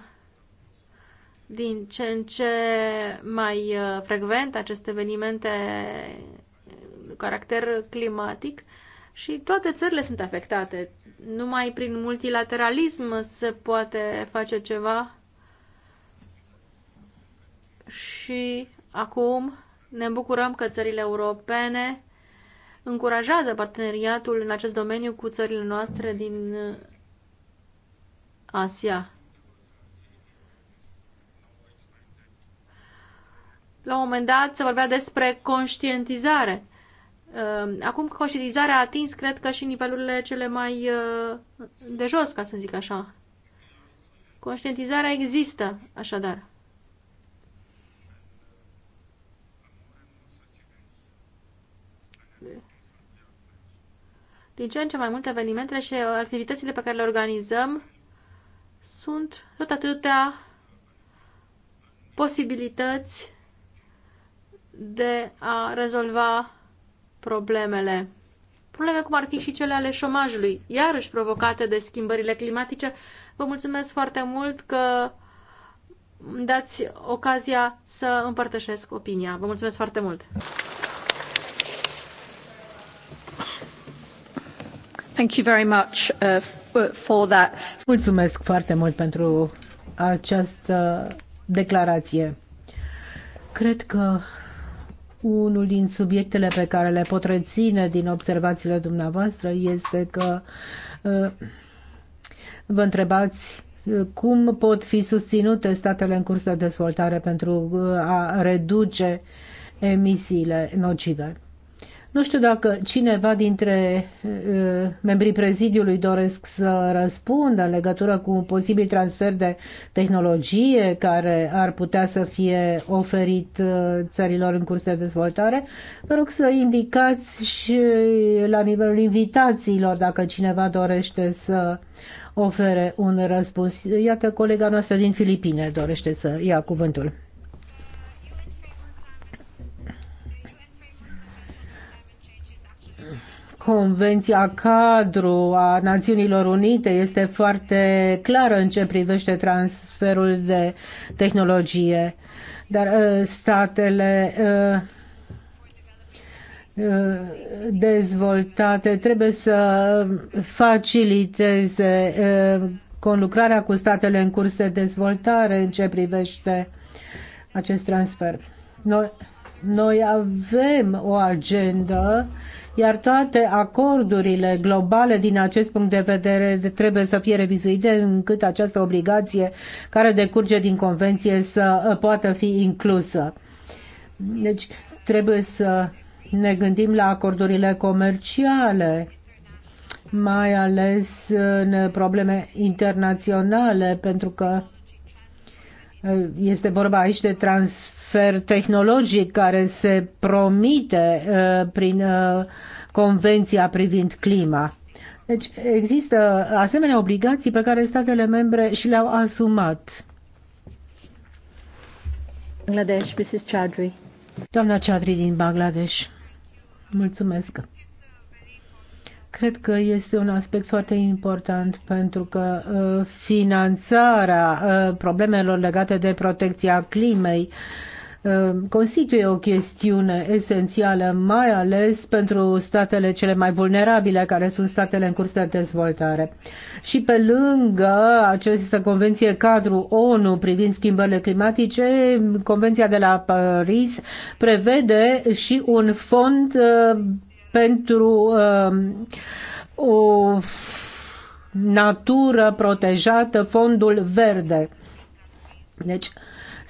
Speaker 3: din ce în ce mai uh, frecvent aceste evenimente caracter climatic și toate țările sunt afectate. Numai prin multilateralism se poate face ceva și acum ne bucurăm că țările europene încurajează parteneriatul în acest domeniu cu țările noastre din Asia. La un moment dat se vorbea despre conștientizare Ehm, acum conștientizarea a atins, cred că, și nivelurile cele mai eh, de jos, ca să zic așa. Conștientizarea există, așadar. Din ce în ce mai multe evenimentele și eh, activitățile pe care le organizăm sunt tot atâtea posibilități de a rezolva problemele. Probleme cum ar fi și cele ale șomajului, iarăși provocate de schimbările climatice. Vă mulțumesc foarte mult că îmi dați ocazia să împărtășesc opinia. Vă mulțumesc foarte mult! Thank you very
Speaker 1: much uh, for that. Mulțumesc foarte mult pentru această declarație. Cred că unul din subiectele pe care le pot reține din observațiile dumneavoastră este că uh, vă întrebați uh, cum pot fi susținute statele în curs de dezvoltare pentru uh, a reduce emisiile nocive. Nu știu dacă cineva dintre uh, membrii prezidiului doresc să răspundă în legătură cu un posibil transfer de tehnologie care ar putea să fie oferit uh, țărilor în curs de dezvoltare. Vă rog să indicați și la nivelul invitațiilor dacă cineva dorește să ofere un răspuns. Iată, colega noastră din Filipine dorește să ia cuvântul. Convenția cadru a Națiunilor Unite este foarte clară în ce privește transferul de tehnologie, dar uh, statele uh, uh, dezvoltate trebuie să faciliteze conlucrarea cu statele în curs de dezvoltare în ce privește acest transfer. Noi, noi avem o agendă iar toate acordurile globale din acest punct de vedere trebuie să fie revizuite încât această obligație care decurge din convenție să uh, poată fi inclusă. Deci trebuie să ne gândim la acordurile comerciale, mai ales în probleme internaționale, pentru că uh, este vorba aici de transfer transfer tehnologic care se promite uh, prin uh, Convenția privind clima. Deci există asemenea obligații pe care statele membre și le-au asumat. Bangladesh, Mrs. Chaudhry. Doamna Chaudhry din Bangladesh. Mulțumesc. Cred că este un aspect foarte important pentru că uh, finanțarea problemelor legate de protecția climei Ehm, constituie o chestiune esențială, mai ales pentru statele cele mai vulnerabile, care sunt statele în curs de dezvoltare. Și pe lângă această convenție cadru ONU privind schimbările climatice, Convenția de la Paris prevede și un fond ehm, pentru ehm, o natură protejată, fondul verde. Deci, uh,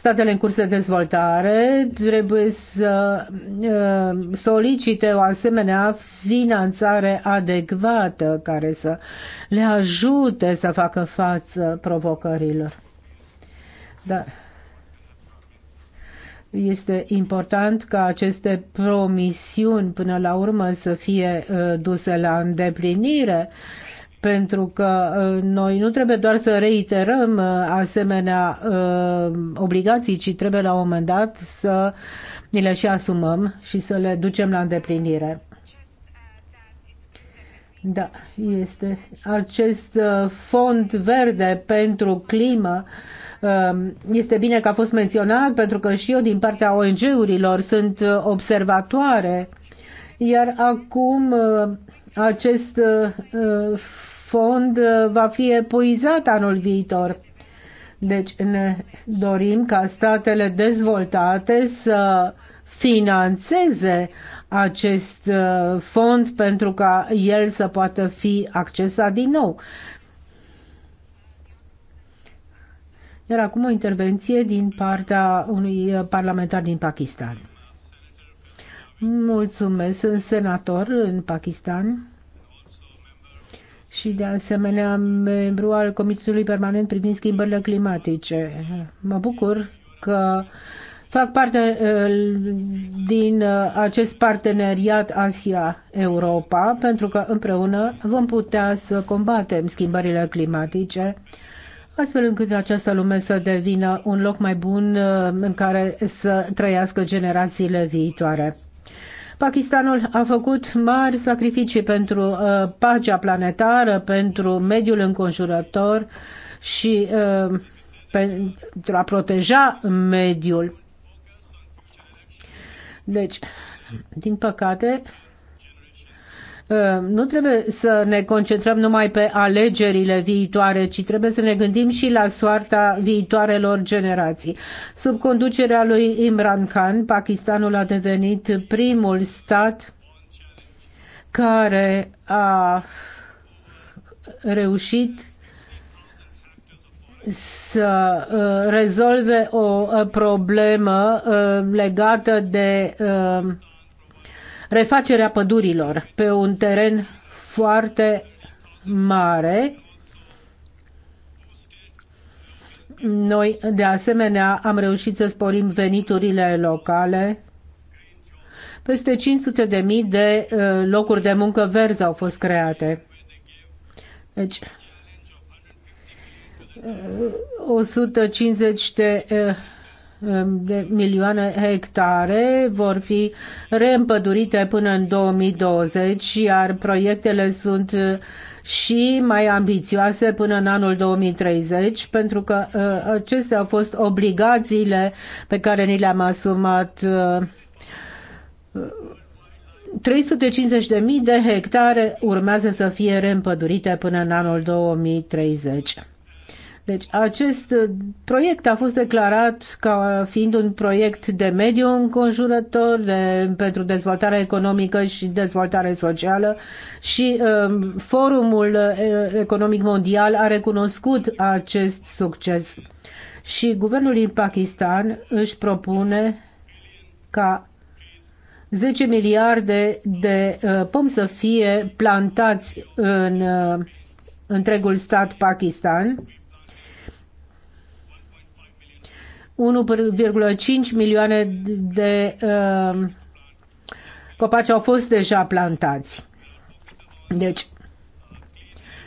Speaker 1: statele în curs de dezvoltare trebuie să uh, solicite o asemenea finanțare adecvată care să le ajute să facă față provocărilor. Dar este important ca aceste promisiuni până la urmă să fie uh, duse la îndeplinire pentru că uh, noi nu trebuie doar să reiterăm uh, asemenea uh, obligații, ci trebuie la un moment dat să ni le și asumăm și să le ducem la îndeplinire. Da, este acest fond verde pentru climă. Um, este bine că a fost menționat pentru că și eu din partea ONG-urilor sunt observatoare, iar acum acest fond uh, va fi epuizat anul viitor. Deci ne dorim ca statele dezvoltate să financeze acest uh, fond pentru ca el să poată fi accesat din nou. Iar acum o intervenție din partea unui uh, parlamentar din Pakistan. Mulțumesc, sunt senator în Pakistan și de asemenea membru al Comitetului Permanent privind schimbările climatice. Mă bucur că fac parte uh, din uh, acest parteneriat Asia-Europa, pentru că împreună vom putea să combatem schimbările climatice, astfel încât această lume să devină un loc mai bun uh, în care să trăiască generațiile viitoare. Pakistanul a făcut mari sacrificii pentru uh, pacea planetară, pentru mediul înconjurător și uh, pentru a proteja mediul. Deci, din păcate, Uh, nu trebuie să ne concentrăm numai pe alegerile viitoare, ci trebuie să ne gândim și la soarta viitoarelor generații. Sub conducerea lui Imran Khan, Pakistanul a devenit primul stat care a reușit să uh, rezolve o uh, problemă legată de refacerea pădurilor pe un teren foarte mare. Noi, de asemenea, am reușit să sporim veniturile locale. Peste 500 de mii de uh, locuri de muncă verzi au fost create. Deci, 150 uh, de uh, Um, de milioane hectare vor fi reîmpădurite până în 2020, iar proiectele sunt uh, și mai ambițioase până în anul 2030, pentru că uh, acestea au fost obligațiile pe care ni le-am asumat 350.000 uh, de hectare urmează să fie reîmpădurite până în anul 2030. Deci acest uh, proiect a fost declarat ca fiind un proiect de mediu înconjurător de, pentru dezvoltare economică și dezvoltare socială și um, uh, Forumul Economic Mondial a recunoscut acest succes. Și guvernul din Pakistan își propune ca 10 miliarde de uh, pomi să fie plantați în uh, întregul stat Pakistan 1,5 milioane de uh, copaci au fost deja plantați. Deci,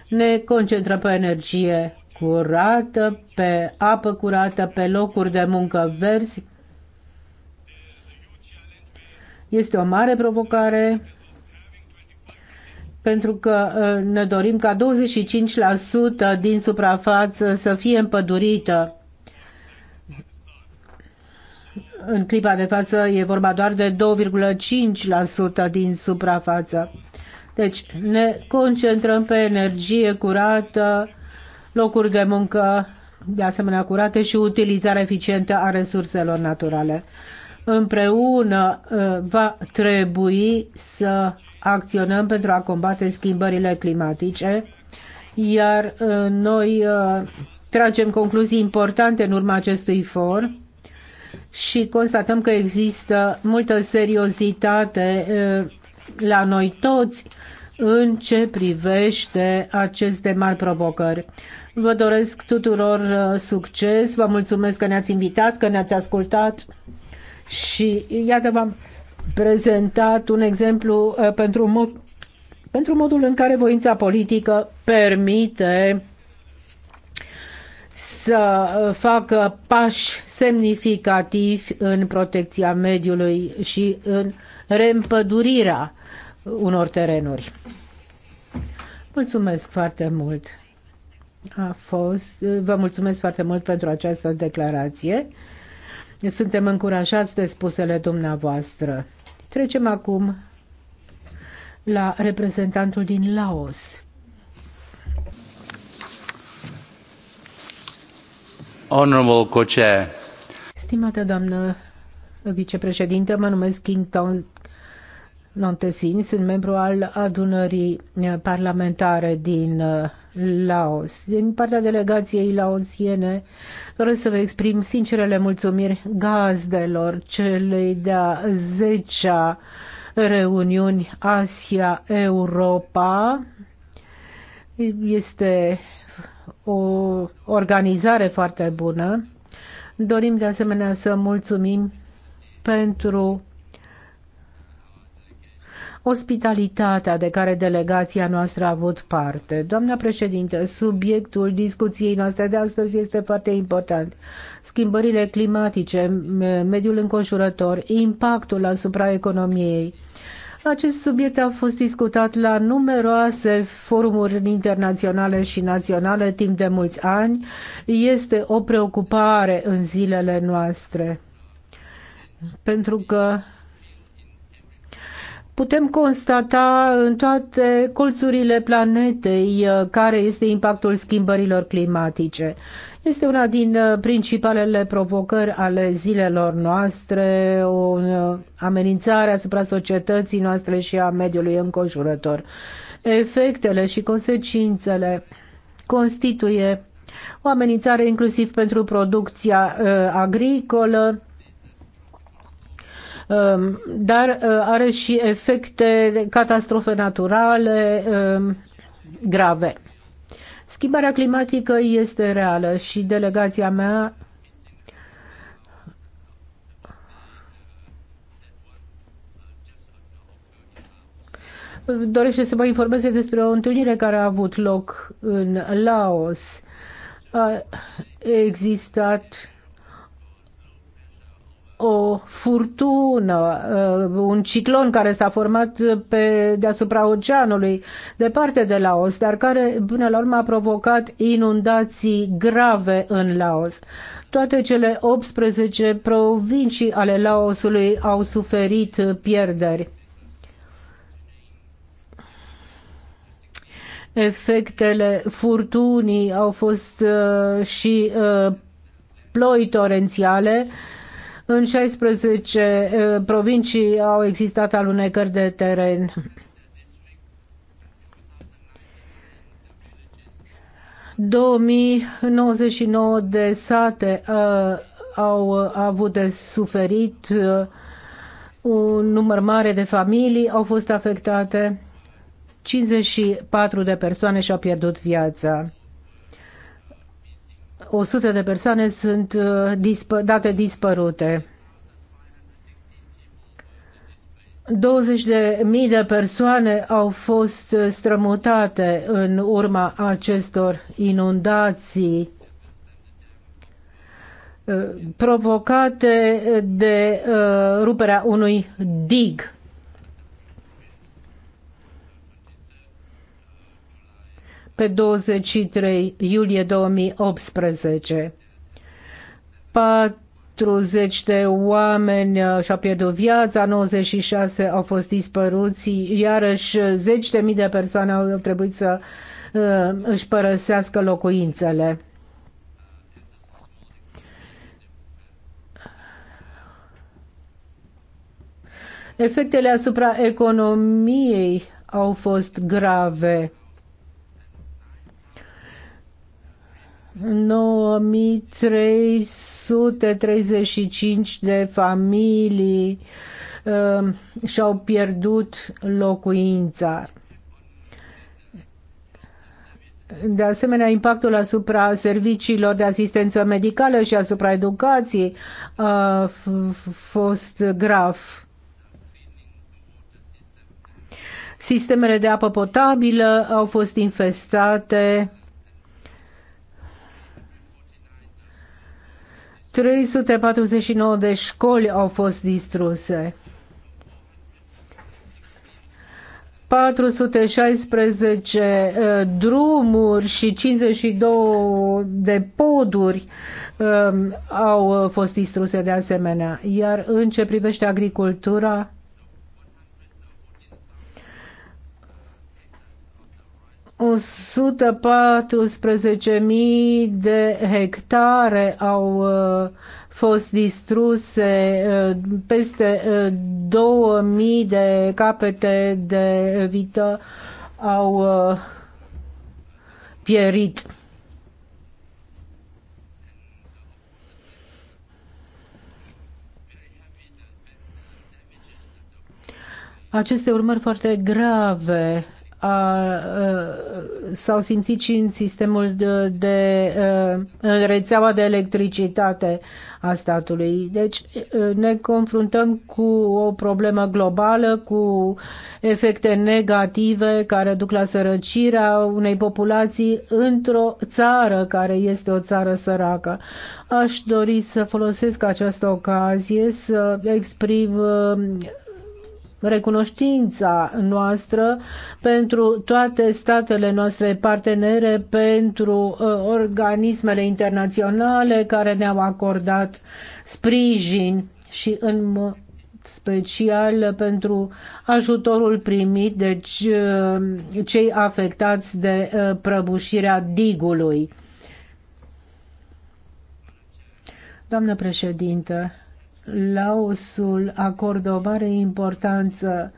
Speaker 1: ne concentrăm pe energie curată, pe apă curată, pe locuri de muncă verzi. Este o mare provocare pentru că uh, ne dorim ca 25% din suprafață să fie împădurită în clipa de față e vorba doar de 2,5% din suprafață. Deci ne concentrăm pe energie curată, locuri de muncă de asemenea curate și utilizarea eficientă a resurselor naturale. Împreună ă, va trebui să acționăm pentru a combate schimbările climatice, iar ă, noi ă, tragem concluzii importante în urma acestui for și constatăm că există multă seriozitate la noi toți în ce privește aceste mari provocări. Vă doresc tuturor succes, vă mulțumesc că ne-ați invitat, că ne-ați ascultat și iată v-am prezentat un exemplu pentru, mod, pentru modul în care voința politică permite să uh, facă pași semnificativi în protecția mediului și în reîmpădurirea unor terenuri. Mulțumesc foarte mult. A fost, uh, vă mulțumesc foarte mult pentru această declarație. Suntem încurajați de spusele dumneavoastră. Trecem acum la reprezentantul din Laos.
Speaker 2: Honorable Co-Chair.
Speaker 1: Stimată doamnă vicepreședintă, mă numesc Kington Lontesin, sunt membru al adunării eh, parlamentare din eh, Laos. Din partea delegației laosiene doresc să vă exprim sincerele mulțumiri gazdelor celei de-a 10 reuniuni Asia-Europa. Este o organizare foarte bună. Dorim de asemenea să mulțumim pentru ospitalitatea de care delegația noastră a avut parte. Doamna președinte, subiectul discuției noastre de astăzi este foarte important. Schimbările climatice, mediul înconjurător, impactul asupra economiei. Acest subiect a fost discutat la numeroase forumuri internaționale și naționale timp de mulți ani. Este o preocupare în zilele noastre. Pentru că Putem constata în toate colțurile planetei uh, care este impactul schimbărilor climatice. Este una din uh, principalele provocări ale zilelor noastre, o uh, amenințare asupra societății noastre și a mediului înconjurător. Efectele și consecințele constituie o amenințare inclusiv pentru producția agricolă, Um, dar uh, are și efecte de catastrofe naturale um, grave. Schimbarea climatică este reală și delegația mea dorește să mă informeze despre o întâlnire care a avut loc în Laos. A existat o furtună, uh, un ciclon care s-a format pe deasupra oceanului, departe de Laos, dar care până la urmă a provocat inundații grave în Laos. Toate cele 18 provincii ale Laosului au suferit pierderi. Efectele furtunii au fost uh, și uh, ploi torențiale uh, în 16 eh, provincii au existat alunecări de teren. ...2099 de sate uh, au avut de suferit, uh, un număr mare de familii au fost afectate, 54 de persoane și-au pierdut viața. 100 de persoane sunt uh, dispă, date dispărute. 20.000 de mii de persoane au fost uh, strămutate în urma acestor inundații uh, provocate de ruperea unui dig pe 23 iulie 2018. 40 de oameni uh, și-au pierdut viața, 96 au fost dispăruți, iarăși zeci de mii de persoane au trebuit să uh, își părăsească locuințele. Efectele asupra economiei au fost grave. 9335 de familii uh, și-au pierdut locuința. De asemenea, impactul asupra serviciilor de asistență medicală și asupra educației a fost grav. Sistemele de apă potabilă au fost infestate 349 de școli au fost distruse. 416 uh, drumuri și 52 de poduri um, uh, au fost distruse de asemenea. Iar în ce privește agricultura, 114.000 de hectare au uh, fost distruse, uh, peste 2.000 uh, de capete de vită au pierit. Aceste urmări foarte grave s-au simțit și în sistemul de, de în rețeaua de electricitate a statului. Deci ne confruntăm cu o problemă globală, cu efecte negative care duc la sărăcirea unei populații într-o țară care este o țară săracă. Aș dori să folosesc această ocazie să exprim recunoștința noastră pentru toate statele noastre partenere, pentru uh, organismele internaționale care ne-au acordat sprijin și în special pentru ajutorul primit de deci, uh, cei afectați de uh, prăbușirea digului. Doamnă președinte, Laosul acordă o mare importanță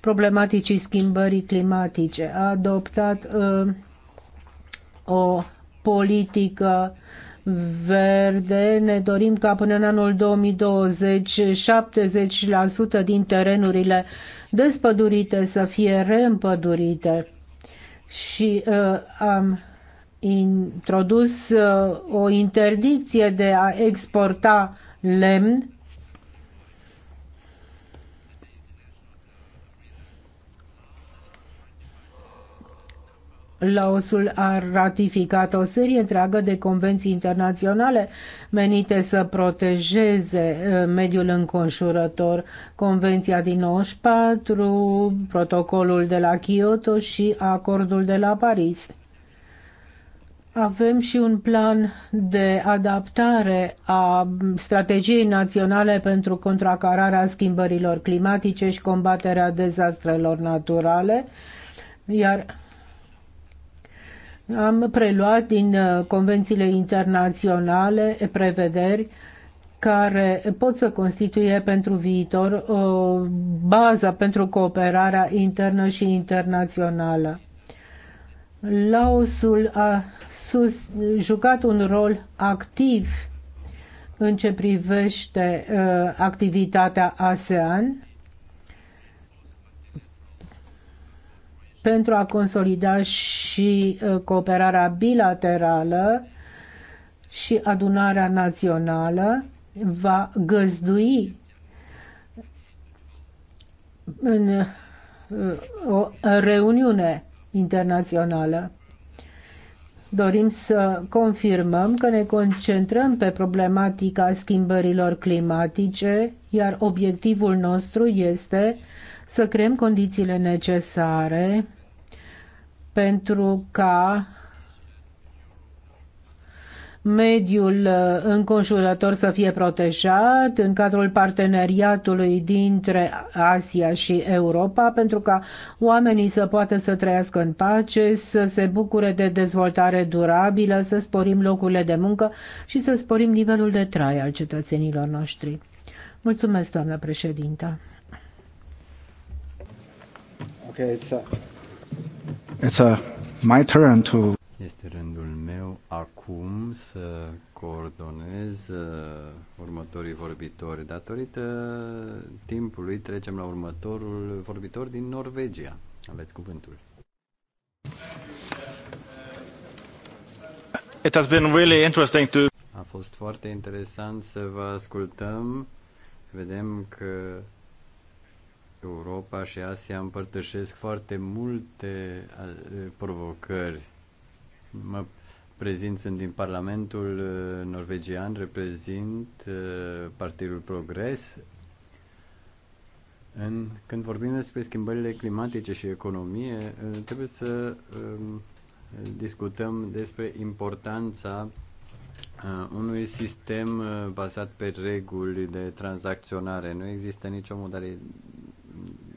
Speaker 1: problematicii schimbării climatice. A adoptat uh, o politică verde. Ne dorim ca până în anul 2020 70% din terenurile despădurite să fie reîmpădurite. Și uh, am introdus uh, o interdicție de a exporta lemn Laosul a ratificat o serie întreagă de convenții internaționale menite să protejeze uh, mediul înconjurător, Convenția din 94, Protocolul de la Kyoto și Acordul de la Paris. Avem și un plan de adaptare a strategiei naționale pentru contracararea schimbărilor climatice și combaterea dezastrelor naturale, iar am preluat din uh, convențiile internaționale prevederi care pot să constituie pentru viitor o uh, bază pentru cooperarea internă și internațională. Laosul a sus, jucat un rol activ în ce privește uh, activitatea ASEAN pentru a consolida și uh, cooperarea bilaterală și adunarea națională va găzdui în uh, o reuniune internațională. Dorim să confirmăm că ne concentrăm pe problematica schimbărilor climatice, iar obiectivul nostru este să creăm condițiile necesare pentru ca mediul înconjurător să fie protejat în cadrul parteneriatului dintre Asia și Europa pentru ca oamenii să poată să trăiască în pace, să se bucure de dezvoltare durabilă, să sporim locurile de muncă și să sporim nivelul de trai al cetățenilor noștri. Mulțumesc, doamna președintă. Okay, it's a, uh,
Speaker 4: it's a uh, my turn to
Speaker 2: este rândul meu acum să coordonez uh, următorii vorbitori. Datorită timpului trecem la următorul vorbitor din Norvegia. Aveți cuvântul.
Speaker 4: It has been really interesting to...
Speaker 2: A fost foarte interesant să vă ascultăm. Vedem că Europa și Asia împărtășesc foarte multe provocări. Mă prezint, sunt din Parlamentul uh, norvegian, reprezint uh, Partidul Progres. În, când vorbim despre schimbările climatice și economie, uh, trebuie să um, discutăm despre importanța unui sistem bazat pe reguli de tranzacționare. Nu există nicio modalitate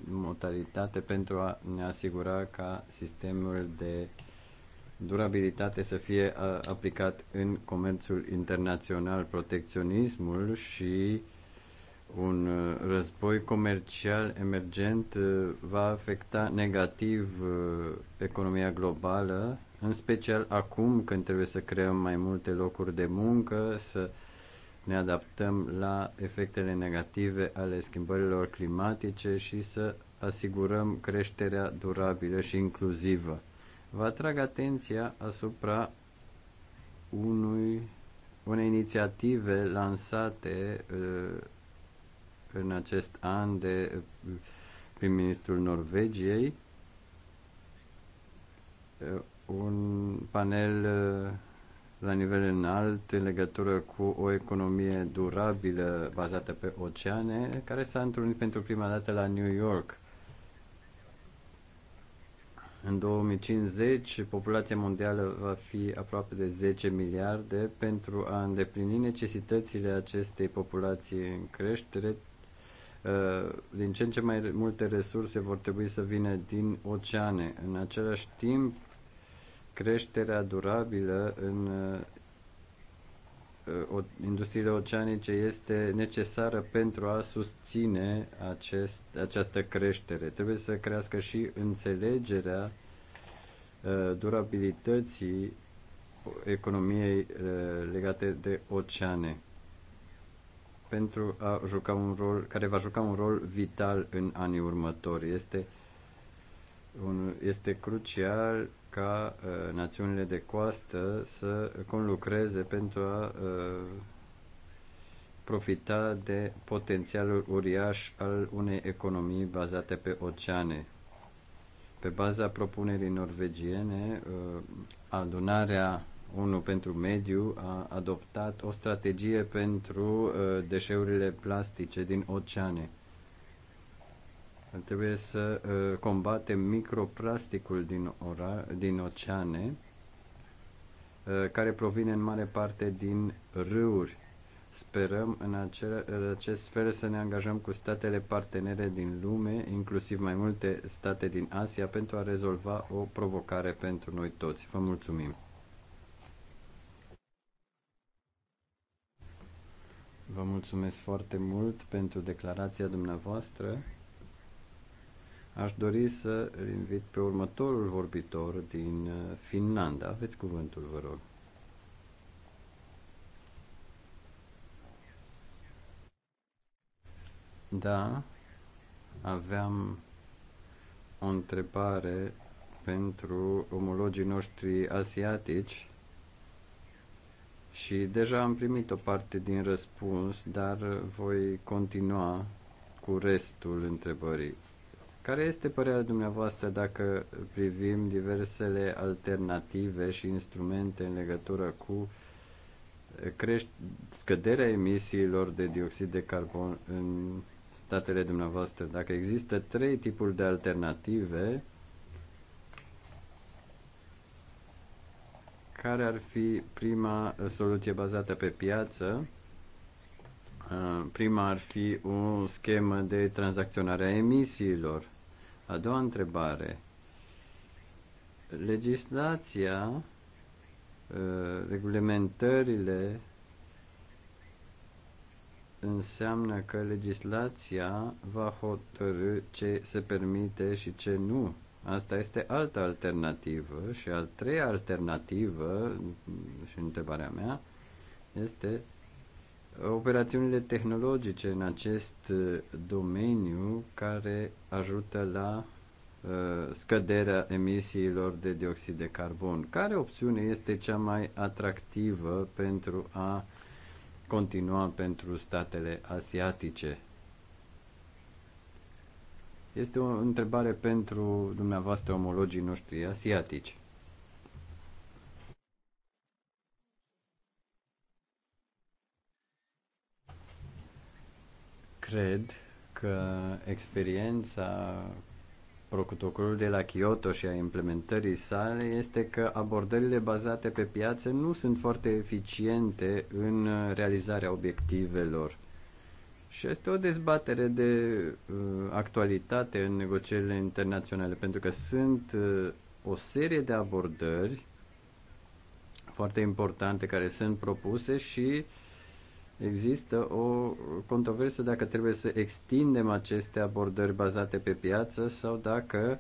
Speaker 2: modalitate pentru a ne asigura ca sistemul de durabilitate să fie aplicat în comerțul internațional, protecționismul și un război comercial emergent va afecta negativ economia globală, în special acum când trebuie să creăm mai multe locuri de muncă, să uh, ne adaptăm la efectele negative ale schimbărilor climatice și să asigurăm creșterea durabilă și inclusivă. Vă atrag atenția asupra unui, unei inițiative lansate uh, în acest an de uh, prim-ministrul Norvegiei, uh, un panel la nivel înalt în legătură cu o economie durabilă bazată pe oceane, care s-a întrunit pentru prima dată la New York. În 2050, populația mondială va fi aproape de 10 miliarde. Pentru a îndeplini necesitățile acestei populații în creștere, uh, din ce în ce mai multe resurse vor trebui să vină din oceane. În același timp, creșterea durabilă în uh, industriile oceanice este necesară pentru a susține acest, această creștere. Trebuie să crească și înțelegerea uh, durabilității economiei uh, legate de oceane pentru a juca un rol, care va juca un rol vital în anii următori. Este, un, este crucial ca uh, națiunile de coastă să conlucreze pentru a uh, profita de potențialul uriaș al unei economii bazate pe oceane. Pe baza propunerii norvegiene, uh, adunarea 1 pentru mediu a adoptat o strategie pentru uh, deșeurile plastice din oceane Trebuie să uh, combatem microplasticul din, ora, din oceane, uh, care provine în mare parte din râuri. Sperăm în, acel, în acest fel să ne angajăm cu statele partenere din lume, inclusiv mai multe state din Asia, pentru a rezolva o provocare pentru noi toți. Vă mulțumim! Vă mulțumesc foarte mult pentru declarația dumneavoastră. Aș dori să îl invit pe următorul vorbitor din uh, Finlanda. Aveți cuvântul, vă rog. Da, aveam o întrebare pentru omologii noștri asiatici și deja am primit o parte din răspuns, dar voi continua cu restul întrebării. Care este părerea dumneavoastră dacă privim diversele alternative și instrumente în legătură cu eh, creș- scăderea emisiilor de dioxid de carbon în statele dumneavoastră? Dacă există trei tipuri de alternative, care ar fi prima eh, soluție bazată pe piață? Eh, prima ar fi o schemă de tranzacționare a emisiilor a doua întrebare. Legislația, ă, regulamentările înseamnă că legislația va hotărâ ce se permite și ce nu. Asta este altă alternativă și al treia alternativă, și întrebarea mea, este operațiunile tehnologice în acest uh, domeniu care ajută la uh, scăderea emisiilor de dioxid de carbon. Care opțiune este cea mai atractivă pentru a continua pentru statele asiatice? Este o întrebare pentru dumneavoastră omologii noștri asiatici. Cred că experiența protocolului de la Kyoto și a implementării sale este că abordările bazate pe piață nu sunt foarte eficiente în realizarea obiectivelor. Și este o dezbatere de uh, actualitate în negocierile internaționale, pentru că sunt uh, o serie de abordări foarte importante care sunt propuse și Există o controversă dacă trebuie să extindem aceste abordări bazate pe piață sau dacă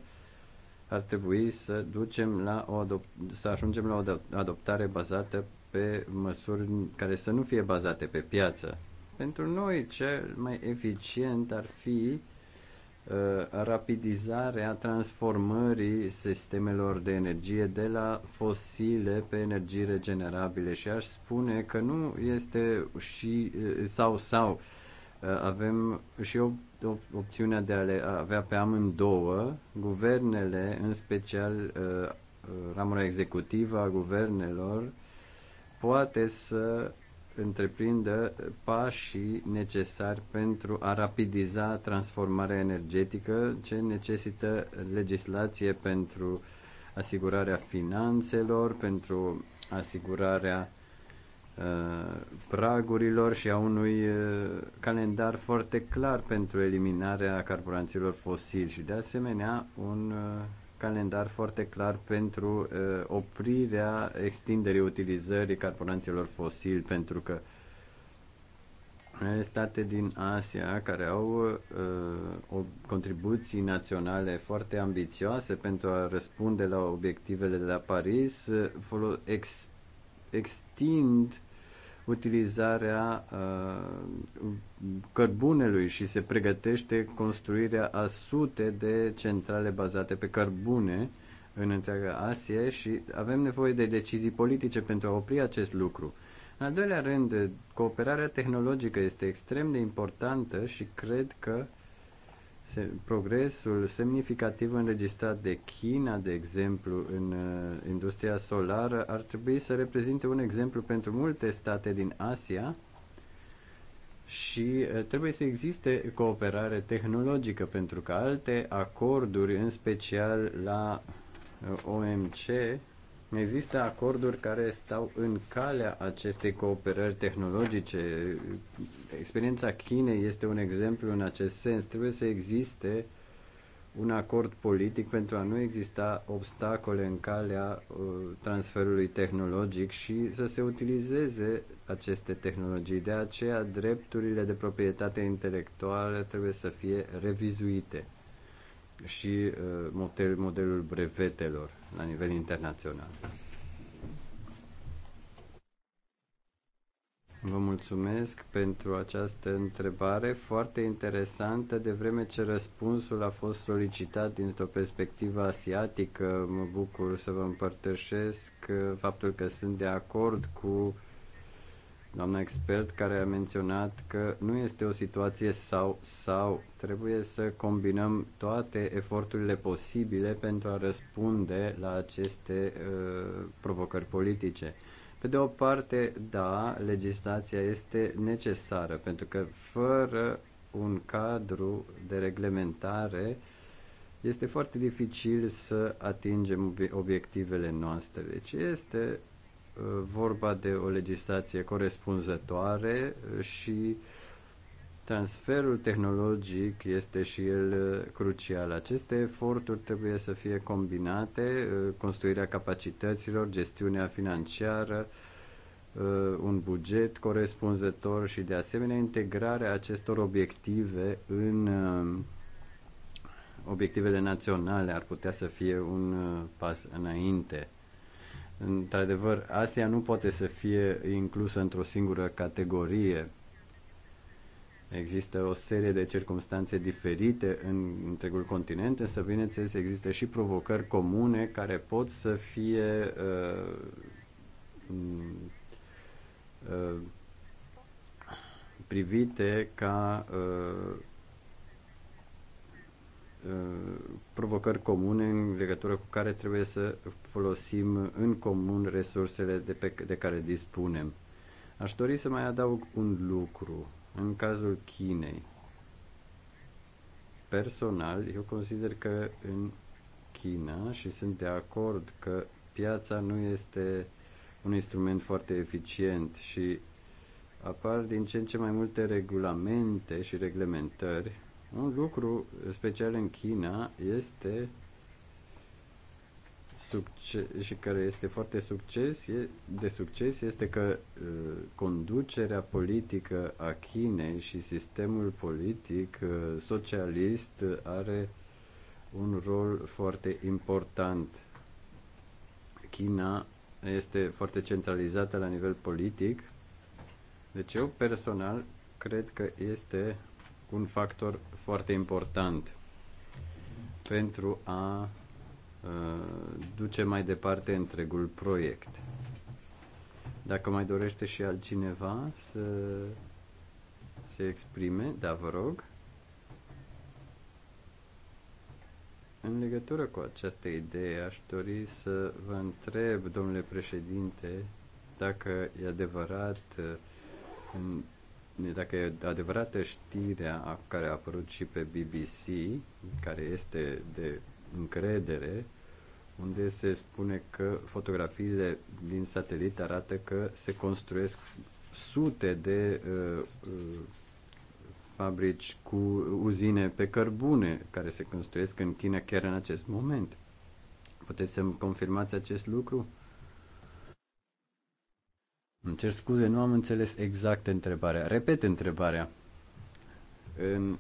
Speaker 2: ar trebui să ducem la o adop- să ajungem la o adoptare bazată pe măsuri care să nu fie bazate pe piață. Pentru noi, cel mai eficient ar fi Uh, rapidizarea transformării sistemelor de energie de la fosile pe energii regenerabile și aș spune că nu este și uh, sau sau uh, avem și o op- opțiunea de a le avea pe amândouă, guvernele, în special ramura executivă a guvernelor, poate să întreprindă pașii necesari pentru a rapidiza transformarea energetică, ce necesită legislație pentru asigurarea finanțelor, pentru asigurarea uh, pragurilor și a unui uh, calendar foarte clar pentru eliminarea carburanților fosili și de asemenea un uh, calendar foarte clar pentru uh, oprirea extinderii utilizării carburanților fosili, pentru că uh, state din Asia care au uh, o contribuții naționale foarte ambițioase pentru a răspunde la obiectivele de la Paris, uh, folo- ex- extind uh, utilizarea uh, cărbunelui și se pregătește construirea a sute de centrale bazate pe cărbune în întreaga Asie și avem nevoie de decizii politice pentru a opri acest lucru. În al doilea rând, cooperarea tehnologică este extrem de importantă și cred că progresul semnificativ înregistrat de China, de exemplu, în uh, industria solară, ar trebui să reprezinte un exemplu pentru multe state din Asia și uh, trebuie să existe cooperare tehnologică pentru că alte acorduri, în special la uh, OMC, Există acorduri care stau în calea acestei cooperări tehnologice. Experiența Chinei este un exemplu în acest sens. Trebuie să existe un acord politic pentru a nu exista obstacole în calea uh, transferului tehnologic și să se utilizeze aceste tehnologii. De aceea, drepturile de proprietate intelectuală trebuie să fie revizuite și uh, model, modelul brevetelor la nivel internațional. Vă mulțumesc pentru această întrebare foarte interesantă, de vreme ce răspunsul a fost solicitat dintr-o perspectivă asiatică. Mă bucur să vă împărtășesc uh, faptul că sunt de acord cu uh, doamna expert care a menționat că nu este o situație sau sau trebuie să combinăm toate eforturile posibile pentru a răspunde la aceste uh, provocări politice. Pe de o parte, da, legislația este necesară pentru că fără un cadru de reglementare este foarte dificil să atingem obiectivele noastre. Deci este vorba de o legislație corespunzătoare și transferul tehnologic este și el uh, crucial. Aceste eforturi trebuie să fie combinate, uh, construirea capacităților, gestiunea financiară, uh, un buget corespunzător și de asemenea integrarea acestor obiective în obiectivele naționale ar putea să fie un pas înainte. Într-adevăr, Asia nu poate să fie inclusă într-o singură categorie. Există o serie de circunstanțe diferite în întregul continent, însă, bineînțeles, există și provocări comune care pot să fie uh, uh, privite ca uh, Uh, provocări comune în legătură cu care trebuie să folosim în comun resursele de, pe, de care dispunem. Aș dori să mai adaug un lucru. În cazul Chinei, personal, eu consider că în China și sunt de acord că piața nu este un instrument foarte eficient și apar din ce în ce mai multe regulamente și reglementări un lucru special în China este și care este foarte succes, de succes este că uh, conducerea politică a Chinei și sistemul politic uh, socialist are un rol foarte important. China este foarte centralizată la nivel politic, deci eu personal cred că este un factor foarte important pentru a uh, duce mai departe întregul proiect. Dacă mai dorește și altcineva să se exprime, da, vă rog. În legătură cu această idee, aș dori să vă întreb, domnule președinte, dacă e adevărat uh, în dacă e adevărată știrea care a apărut și pe BBC, care este de încredere, unde se spune că fotografiile din satelit arată că se construiesc sute de uh, uh, fabrici cu uzine pe cărbune care se construiesc în China chiar în acest moment. Puteți să-mi confirmați acest lucru? Uh, îmi cer scuze, nu am înțeles exact întrebarea. Repet întrebarea. În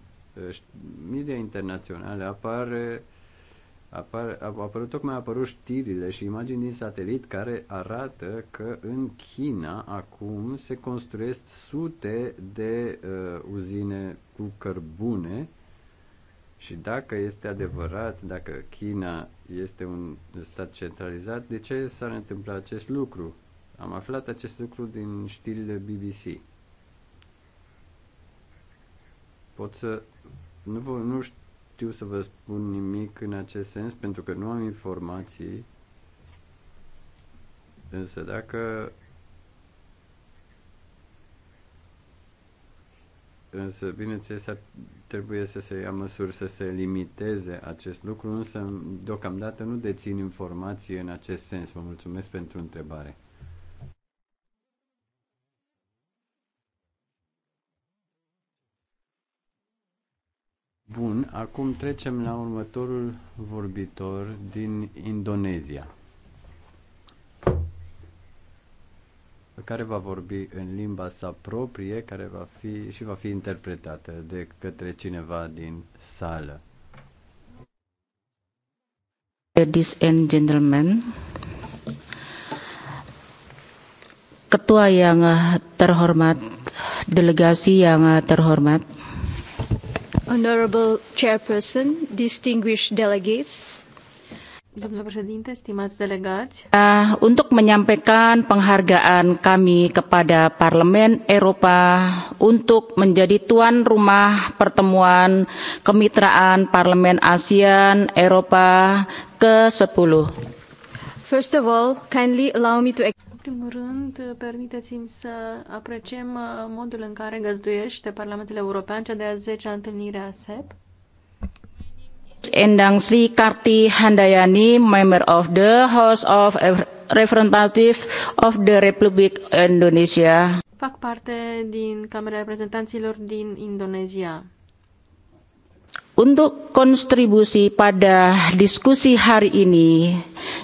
Speaker 2: media internaționale apare, apare, au apărut, tocmai apărut știrile și imagini din satelit care arată că în China acum se construiesc sute de uh, uzine cu cărbune și dacă este adevărat, dacă China este un stat centralizat, de ce s-ar întâmpla acest lucru? Am aflat acest lucru din știrile BBC. Pot să... Nu, vă, nu știu să vă spun nimic în acest sens pentru că nu am informații. Însă dacă... Însă, bineînțeles, ar, trebuie să se ia măsuri să se limiteze acest lucru, însă deocamdată nu dețin informații în acest sens. Vă mulțumesc pentru întrebare. Bun, acum trecem la următorul vorbitor din Indonezia, care va vorbi în limba sa proprie, care va fi și va fi interpretată de către cineva din sală.
Speaker 4: Ladies and gentlemen, Ketua yang terhormat, delegasi yang terhormat,
Speaker 3: Honorable Chairperson, distinguished delegates. Domnule președinte, stimați delegați.
Speaker 4: Uh, untuk menyampaikan penghargaan kami kepada Parlemen Eropa untuk menjadi tuan rumah pertemuan kemitraan Parlemen ASEAN Eropa ke-10. First of all, kindly allow me to
Speaker 3: primul rând, permiteți-mi să apreciem uh, modul în care găzduiește Parlamentul European cea de-a 10-a întâlnire a SEP.
Speaker 4: Endang Sri Karti Handayani, member of the House of Representatives of the Republic Indonesia.
Speaker 3: Fac parte din Camera Reprezentanților din Indonezia.
Speaker 4: Untuk kontribusi pada diskusi hari ini,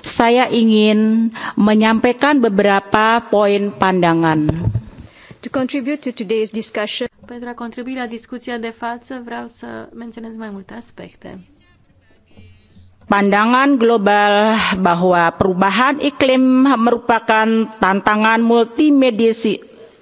Speaker 4: saya ingin menyampaikan beberapa poin pandangan.
Speaker 3: To contribute to today's discussion. Pentru a contribui la discuția de față, vreau să menționez mai multe aspecte.
Speaker 4: Pandangan global bahwa perubahan iklim merupakan tantangan multimediasi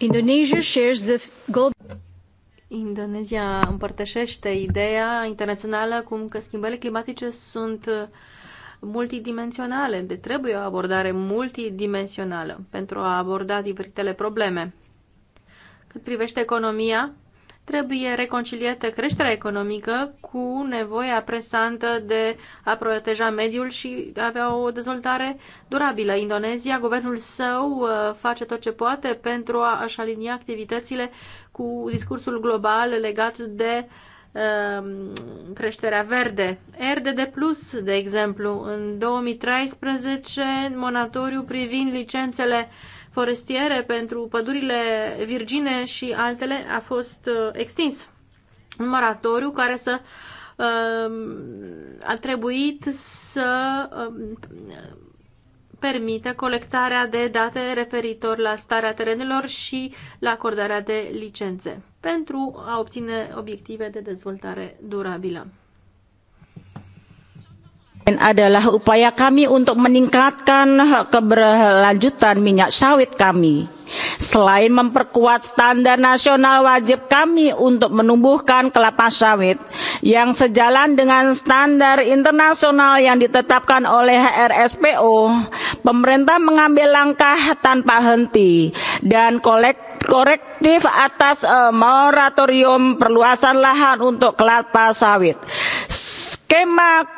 Speaker 4: Indonesia shares the
Speaker 3: goal... Indonezia împărtășește ideea internațională cum că schimbările climatice sunt uh, multidimensionale, de trebuie o abordare multidimensională pentru a aborda diferitele probleme. Cât privește economia, trebuie reconciliată creșterea economică cu nevoia presantă de a proteja mediul și a avea o dezvoltare durabilă. Indonezia, guvernul său uh, face tot ce poate pentru a-și alinia activitățile cu discursul global legat de um, creșterea verde. RDD Plus, de exemplu, în 2013, monatoriu privind licențele uh, forestiere pentru pădurile virgine și altele a fost uh, extins. Un moratoriu care să um, a trebuit să um, permită colectarea de date referitor la starea terenelor și la acordarea de
Speaker 4: licențe
Speaker 3: pentru a obține obiective de dezvoltare durabilă
Speaker 4: lain adalah upaya kami untuk meningkatkan keberlanjutan minyak sawit kami. Selain memperkuat standar nasional wajib kami untuk menumbuhkan kelapa sawit yang sejalan dengan standar internasional yang ditetapkan oleh RSPO, pemerintah mengambil langkah tanpa henti dan kolektif korektif atas uh, moratorium perluasan lahan untuk kelapa sawit. Skema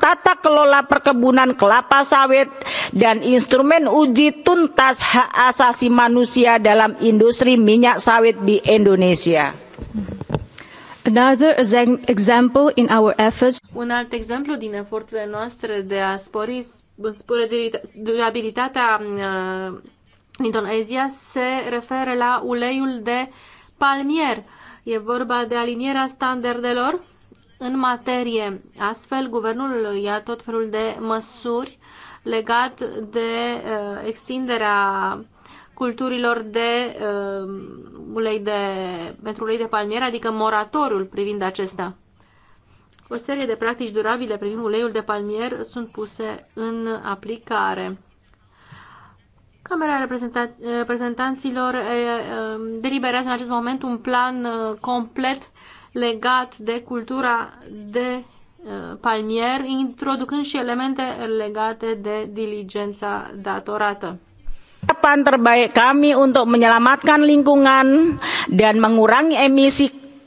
Speaker 4: tata kelola perkebunan kelapa sawit dan instrumen uji tuntas hak asasi manusia dalam industri minyak sawit di Indonesia. Another example in our efforts.
Speaker 3: Un alt exemplu din eforturile noastre de a spori durabilitatea uh, Indonezia se referă la uleiul de palmier. E vorba de alinierea standardelor în materie. Astfel, guvernul ia tot felul de măsuri legat de uh, extinderea culturilor de uh, ulei de, pentru ulei de palmier, adică moratoriul privind acesta. O serie de practici durabile privind uleiul de palmier sunt puse în aplicare. Camera Reprezentanților uh, uh, deliberează în acest moment un plan uh, complet legat de cultura de uh, palmier, introducând și elemente legate de diligența datorată.
Speaker 4: Harapan terbaik kami untuk menyelamatkan lingkungan dan mengurangi emisi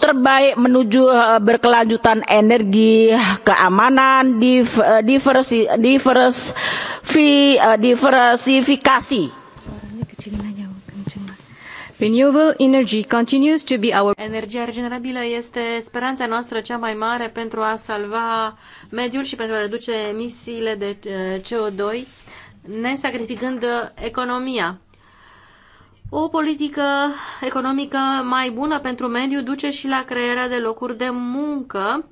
Speaker 4: terbaik menuju eh, berkelanjutan energi keamanan eh, diversi divers eh, diversifikasi Renewable energy continues to be our
Speaker 3: Energia regenerabilă este speranța noastră cea mai mare pentru a salva mediul și pentru a reduce emisiile de CO2, ne sacrificând economia. O politică economică mai bună pentru mediu duce și la crearea de locuri de muncă.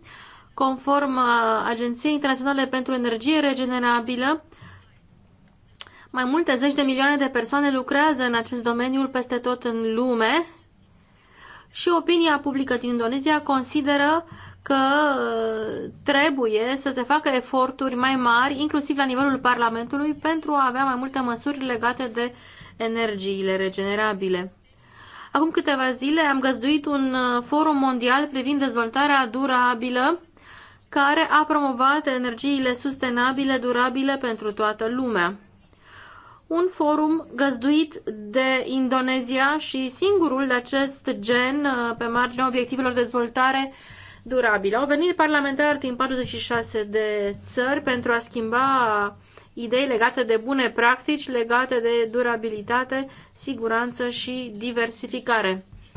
Speaker 3: Conform uh, Agenției Internaționale pentru Energie Regenerabilă, mai multe zeci de milioane de persoane lucrează în acest domeniu peste tot în lume și opinia publică din Indonezia consideră că uh, trebuie să se facă eforturi mai mari, inclusiv la nivelul Parlamentului, pentru a avea mai multe măsuri legate de uh, energiile regenerabile. Acum câteva zile am găzduit un uh, forum mondial privind dezvoltarea durabilă care a promovat energiile sustenabile, durabile pentru toată lumea. Un forum găzduit de Indonezia și singurul de acest gen uh, pe marginea obiectivelor de dezvoltare durabilă. Au venit parlamentari din 46 de țări pentru a schimba idei legate de bune practici, legate de durabilitate, siguranță și diversificare.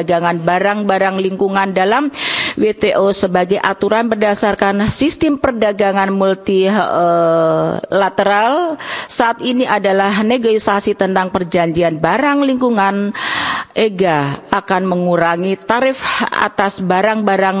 Speaker 4: perdagangan barang-barang lingkungan dalam WTO sebagai aturan berdasarkan sistem perdagangan multilateral eh, saat ini adalah negosiasi tentang perjanjian barang lingkungan EGA akan mengurangi tarif atas barang-barang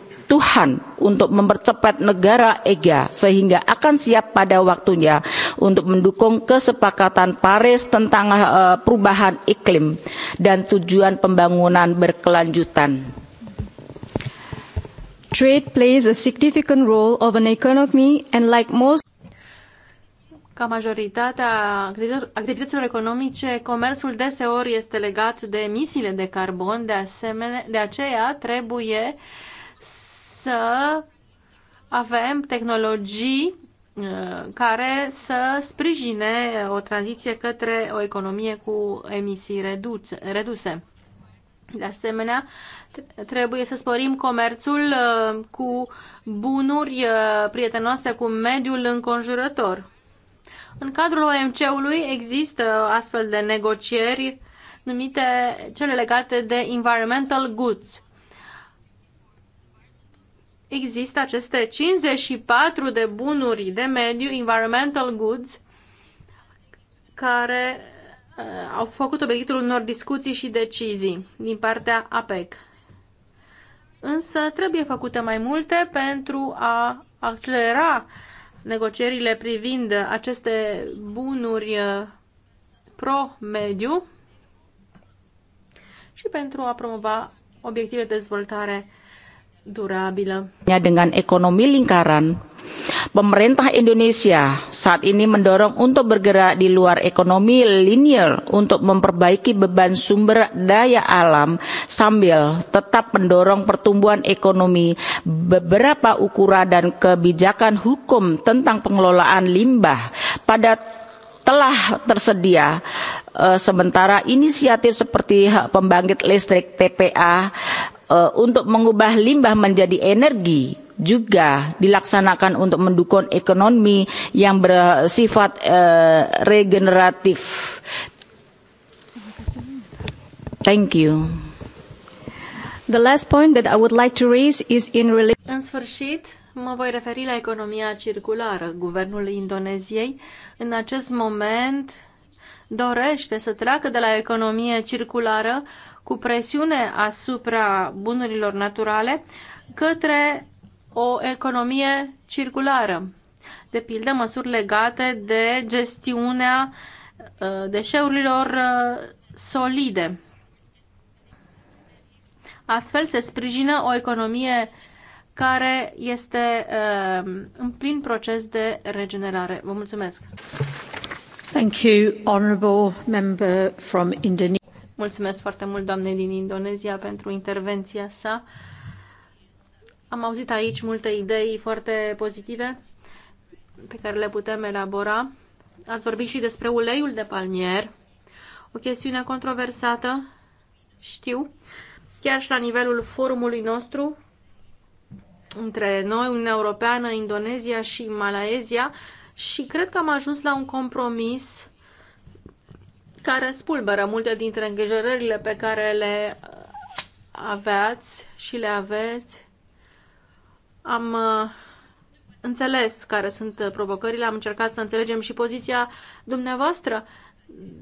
Speaker 4: Tuhan untuk mempercepat negara EGA sehingga akan siap pada waktunya untuk mendukung kesepakatan Paris tentang uh, perubahan iklim dan tujuan pembangunan berkelanjutan.
Speaker 3: Trade plays a significant role of an economy and like most ca majoritatea activităților economice, comerțul deseori este legat de emisiile de carbon, de asemenea, de aceea trebuie uh, să avem tehnologii uh, care să sprijine o tranziție către o economie cu emisii reduse. De asemenea, trebuie să sporim comerțul uh, cu bunuri uh, prietenoase cu mediul înconjurător. În cadrul OMC-ului există astfel de negocieri numite cele legate de environmental goods, există aceste 54 de bunuri de mediu, environmental goods, care uh, au făcut obiectul unor discuții și decizii din partea APEC. Însă trebuie făcute mai multe pentru a accelera negocierile privind aceste bunuri uh, pro-mediu și pentru a promova obiective de dezvoltare durabilă.
Speaker 4: Dengan ekonomi lingkaran, Pemerintah Indonesia saat ini mendorong untuk bergerak di luar ekonomi linear untuk memperbaiki beban sumber daya alam sambil tetap mendorong pertumbuhan ekonomi. Beberapa ukuran dan kebijakan hukum tentang pengelolaan limbah pada telah tersedia eh, sementara inisiatif seperti pembangkit listrik TPA Eh, untuk mengubah limbah menjadi energi juga dilaksanakan untuk mendukung ekonomi yang bersifat uh, regeneratif. Thank you. The last point that I would like to raise is in relation.
Speaker 3: În sfârșit, mă voi referi la economia circulară. Guvernul Indoneziei în acest moment dorește să treacă de la economie circulară cu presiune asupra bunurilor naturale către o economie circulară. De pildă, măsuri legate de gestiunea uh, deșeurilor uh, solide. Astfel se sprijină o economie care este uh, în plin proces de regenerare. Vă mulțumesc! Thank you, honorable member from Indonesia. Mulțumesc foarte mult, doamne din Indonezia, pentru intervenția sa. Am auzit aici multe idei foarte pozitive pe care le putem elabora. Ați vorbit și despre uleiul de palmier, o chestiune controversată, știu, chiar și la nivelul forumului nostru între noi, Uniunea Europeană, Indonezia și Malaezia și cred că am ajuns la un compromis care spulberă multe dintre îngrijorările pe care le uh, aveați și le aveți. Am uh, înțeles care sunt provocările, am încercat să înțelegem și poziția dumneavoastră,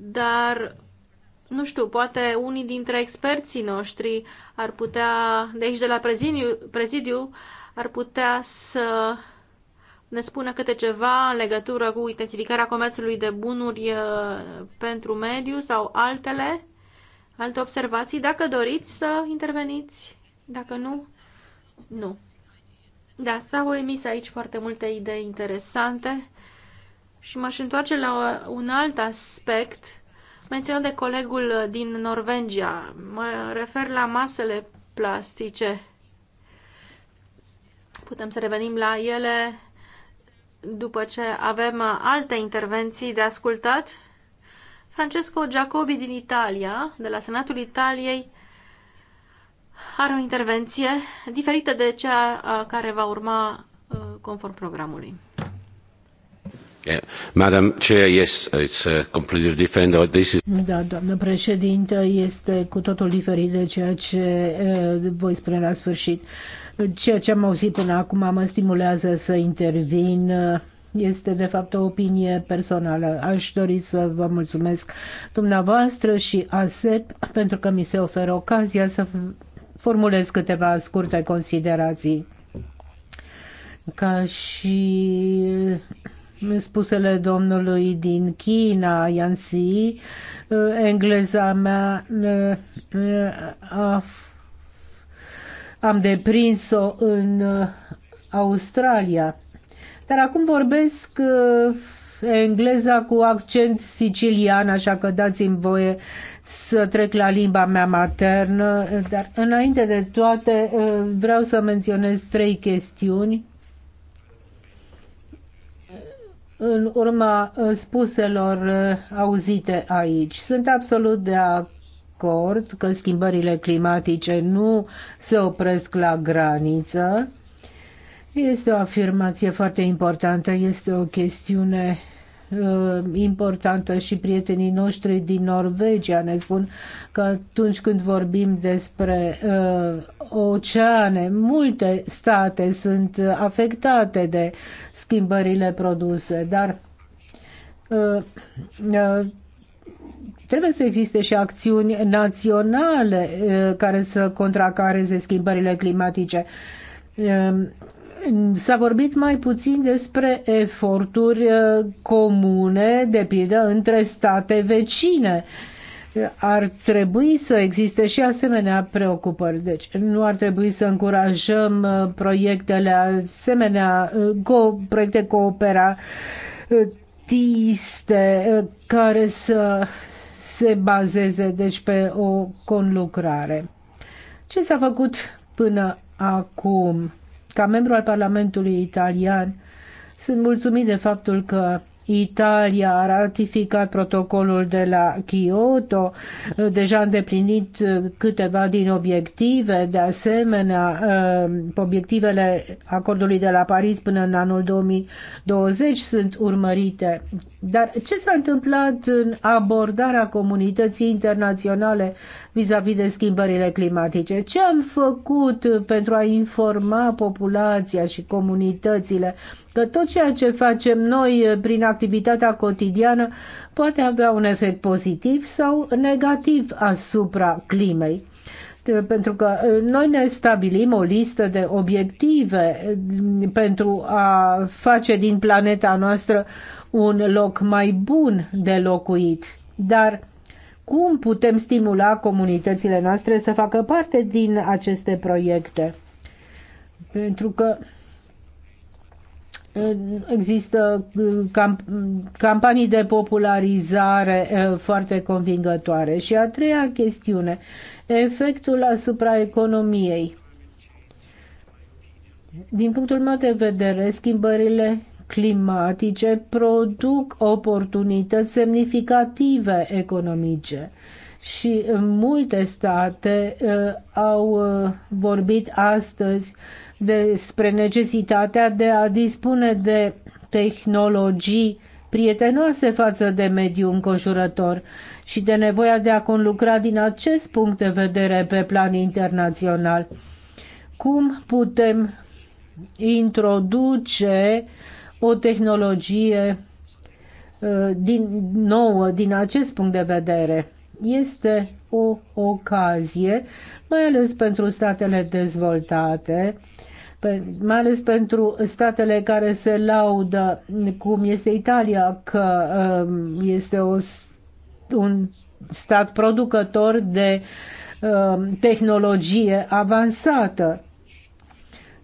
Speaker 3: dar nu știu, poate unii dintre experții noștri ar putea, de aici de la prezidiu, prezidiu ar putea să ne spună câte ceva în legătură cu intensificarea comerțului de bunuri uh, pentru mediu sau altele, alte observații. Dacă doriți să interveniți, dacă nu, nu. Da, s-au emis aici foarte multe idei interesante și m-aș întoarce la un alt aspect menționat de colegul din Norvegia. Mă refer la masele plastice. Putem să revenim la ele după ce avem uh, alte intervenții de ascultat. Francesco Giacobi din Italia, de la Senatul Italiei, are o intervenție diferită de cea uh, care va urma uh, conform programului.
Speaker 2: Yeah. Madam Chair, yes, it's completely different. This is...
Speaker 1: Da, doamnă președintă, este cu totul diferit de ceea ce voi spune la sfârșit. Uh, Ceea ce am auzit până acum mă stimulează să intervin. Este de fapt o opinie personală. Aș dori să vă mulțumesc dumneavoastră și ASEP pentru că mi se oferă ocazia să formulez câteva scurte considerații. Ca și spusele domnului din China, Yanxi, engleza mea a am deprins-o în uh, Australia. Dar acum vorbesc uh, engleza cu accent sicilian, așa că dați-mi voie să trec la limba mea maternă. Dar înainte de toate uh, vreau să menționez trei chestiuni. În urma spuselor auzite aici, sunt absolut de acord acord că schimbările climatice nu se opresc la graniță. Este o afirmație foarte importantă, este o chestiune uh, importantă și prietenii noștri din Norvegia ne spun că atunci când vorbim despre uh, oceane, multe state sunt afectate de schimbările produse, dar uh, uh, Trebuie să existe și acțiuni naționale uh, care să contracareze schimbările climatice. Um, s-a vorbit mai puțin despre eforturi uh, comune, de pildă, între state vecine. Ar trebui să existe și asemenea preocupări. Deci nu ar trebui să încurajăm uh, proiectele asemenea, co- proiecte cooperative care să se bazeze deci pe o conlucrare. Ce s-a făcut până acum? Ca membru al Parlamentului Italian, sunt mulțumit de faptul că Italia a ratificat protocolul de la Kyoto, deja îndeplinit câteva din obiective, de asemenea um, obiectivele acordului de la Paris până în anul 2020 sunt urmărite. Dar ce s-a întâmplat în abordarea comunității internaționale vis-a-vis -vis de schimbările climatice? Ce am făcut pentru a informa populația și comunitățile că tot ceea ce facem noi prin a activitatea cotidiană poate avea un efect pozitiv sau negativ asupra climei pentru că noi ne stabilim o listă de obiective pentru a face din planeta noastră un loc mai bun de locuit. Dar cum putem stimula comunitățile noastre să facă parte din aceste proiecte? Pentru că Există uh, campanii de popularizare uh, foarte convingătoare. Și a treia chestiune, efectul asupra economiei. Din punctul meu de vedere, schimbările climatice produc oportunități semnificative economice și multe state uh, au uh, vorbit astăzi despre necesitatea de a dispune de tehnologii prietenoase față de mediul înconjurător și de nevoia de a conlucra din acest punct de vedere pe plan internațional. Cum putem introduce o tehnologie uh, din, nouă din acest punct de vedere? Este o ocazie, mai ales pentru statele dezvoltate, mai ales pentru statele care se laudă, cum este Italia, că um, este o, un stat producător de um, tehnologie avansată.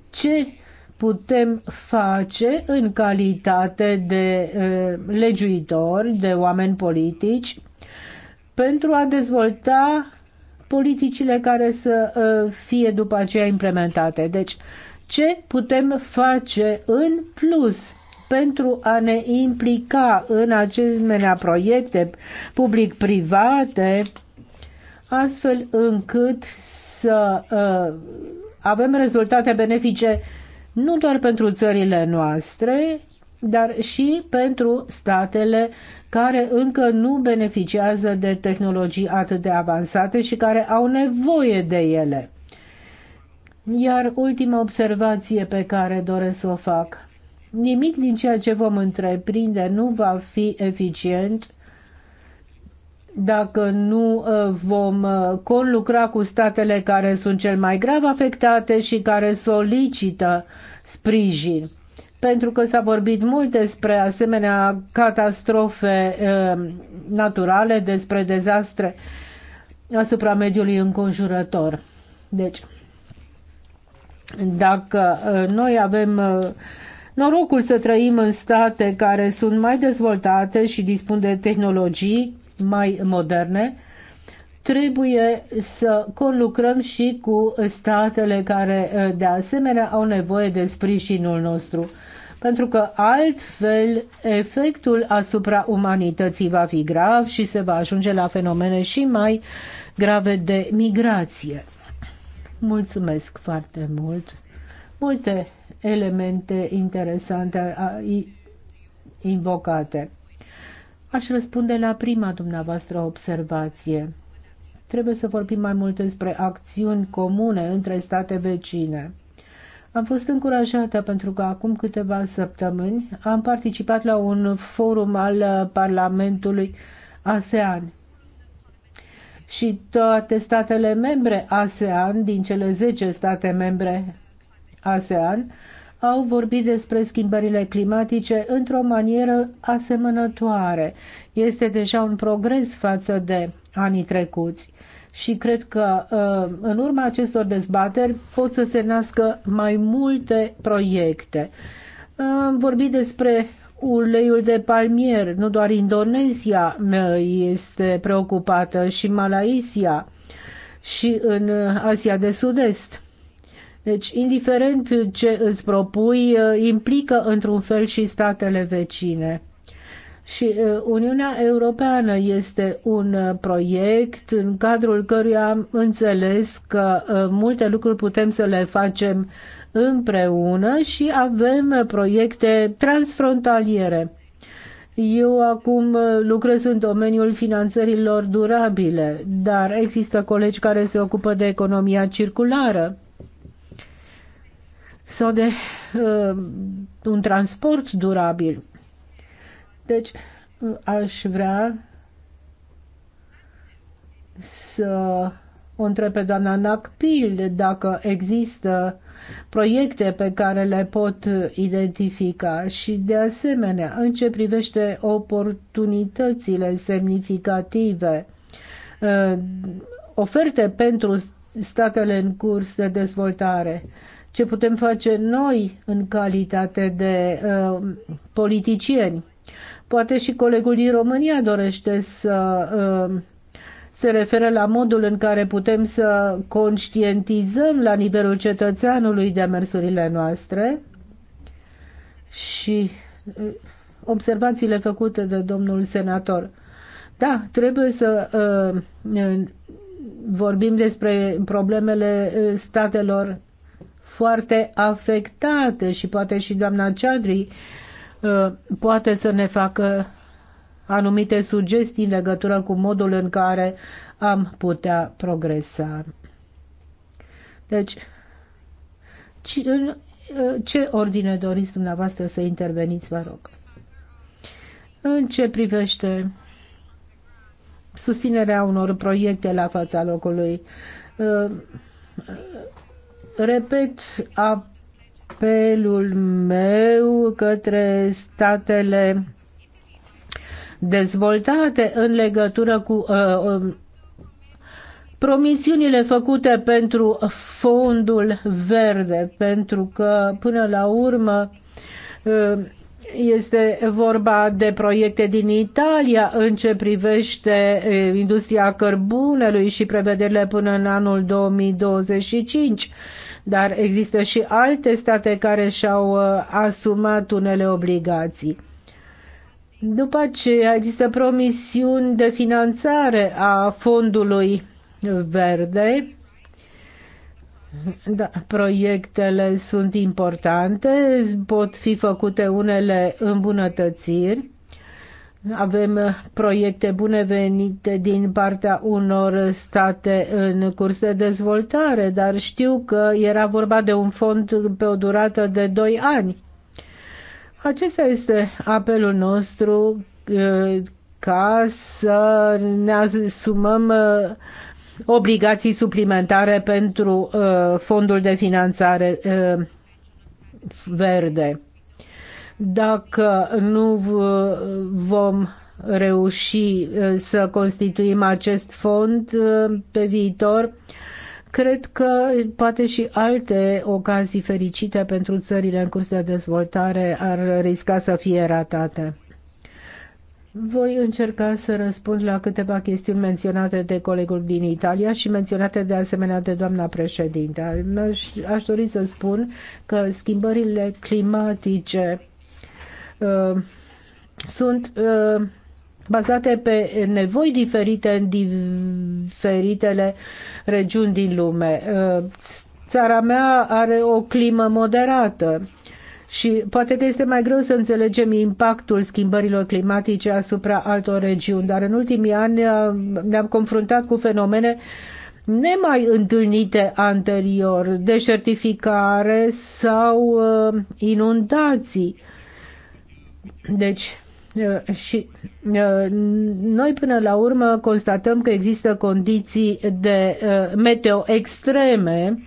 Speaker 1: Ce putem face în calitate de uh, legiuitori, de oameni politici, pentru a dezvolta politicile care să uh, fie după aceea implementate. Deci, ce putem face în plus pentru a ne implica în aceste proiecte public-private, astfel încât să uh, avem rezultate benefice nu doar pentru țările noastre, dar și pentru statele care încă nu beneficiază de tehnologii atât de avansate și care au nevoie de ele. Iar ultima observație pe care doresc să o fac. Nimic din ceea ce vom întreprinde nu va fi eficient dacă nu uh, vom uh, conlucra cu statele care sunt cel mai grav afectate și care solicită sprijin. Pentru că s-a vorbit mult despre asemenea catastrofe uh, naturale, despre dezastre asupra mediului înconjurător. Deci, dacă uh, noi avem uh, norocul să trăim în state care sunt mai dezvoltate și dispun de tehnologii mai moderne, trebuie să conlucrăm și cu statele care uh, de asemenea au nevoie de sprijinul nostru, pentru că altfel efectul asupra umanității va fi grav și se va ajunge la fenomene și mai grave de migrație. Mulțumesc foarte mult. Multe elemente interesante invocate. Aș răspunde la prima dumneavoastră observație. Trebuie să vorbim mai mult despre acțiuni comune între state vecine. Am fost încurajată pentru că acum câteva săptămâni am participat la un forum al Parlamentului ASEAN și toate statele membre ASEAN, din cele 10 state membre ASEAN, au vorbit despre schimbările climatice într-o manieră asemănătoare. Este deja un progres față de anii trecuți și cred că uh, în urma acestor dezbateri pot să se nască mai multe proiecte. Am vorbit despre uleiul de palmier. Nu doar Indonezia este preocupată și Malaysia și în Asia de Sud-Est. Deci, indiferent ce îți propui, implică într-un fel și statele vecine. Și uh, Uniunea Europeană este un uh, proiect în cadrul căruia am înțeles că uh, multe lucruri putem să le facem uh, împreună și avem proiecte transfrontaliere. Eu acum lucrez în domeniul finanțărilor durabile, dar există colegi care se ocupă de economia circulară sau de uh, un transport durabil. Deci aș vrea să o întreb pe doamna Nacpil dacă există proiecte pe care le pot identifica și de asemenea în ce privește oportunitățile semnificative uh, oferte pentru statele în curs de dezvoltare. Ce putem face noi în calitate de uh, politicieni? Poate și colegul din România dorește să uh, se referă la modul în care putem să conștientizăm la nivelul cetățeanului demersurile noastre și uh, observațiile făcute de domnul senator. Da, trebuie să uh, uh vorbim despre problemele uh, statelor foarte afectate și poate și doamna Ceadri uh, poate să ne facă anumite sugestii în legătură cu modul în care am putea progresa. Deci, în ce ordine doriți dumneavoastră să interveniți, vă rog? În ce privește susținerea unor proiecte la fața locului, uh, repet apelul meu către statele dezvoltate în legătură cu uh, um, promisiunile făcute pentru fondul verde, pentru că până la urmă uh, este vorba de proiecte din Italia în ce privește uh, industria cărbunelui și prevederile până în anul 2025, dar există și alte state care și-au uh, asumat unele obligații. După aceea există promisiuni de finanțare a fondului verde. Da, proiectele sunt importante, pot fi făcute unele îmbunătățiri. Avem proiecte bune venite din partea unor state în curs de dezvoltare, dar știu că era vorba de un fond pe o durată de 2 ani. Acesta este apelul nostru uh, ca să ne asumăm uh, obligații suplimentare pentru uh, fondul de finanțare verde. Dacă nu vom reuși să constituim acest fond pe viitor, Cred că poate și alte ocazii fericite pentru țările în curs de dezvoltare ar risca să fie ratate. Voi încerca să răspund la câteva chestiuni menționate de colegul din Italia și menționate de asemenea de doamna președinte. Aș, aș dori să spun că schimbările climatice uh, sunt uh, bazate pe nevoi diferite în diferitele regiuni din lume. Uh, țara mea are o climă moderată și poate că este mai greu să înțelegem impactul schimbărilor climatice asupra altor regiuni, dar în ultimii ani uh, ne-am confruntat cu fenomene nemai întâlnite anterior, deșertificare sau uh, inundații. Deci, Eh, și eh, noi până la urmă constatăm că există condiții de eh, meteo extreme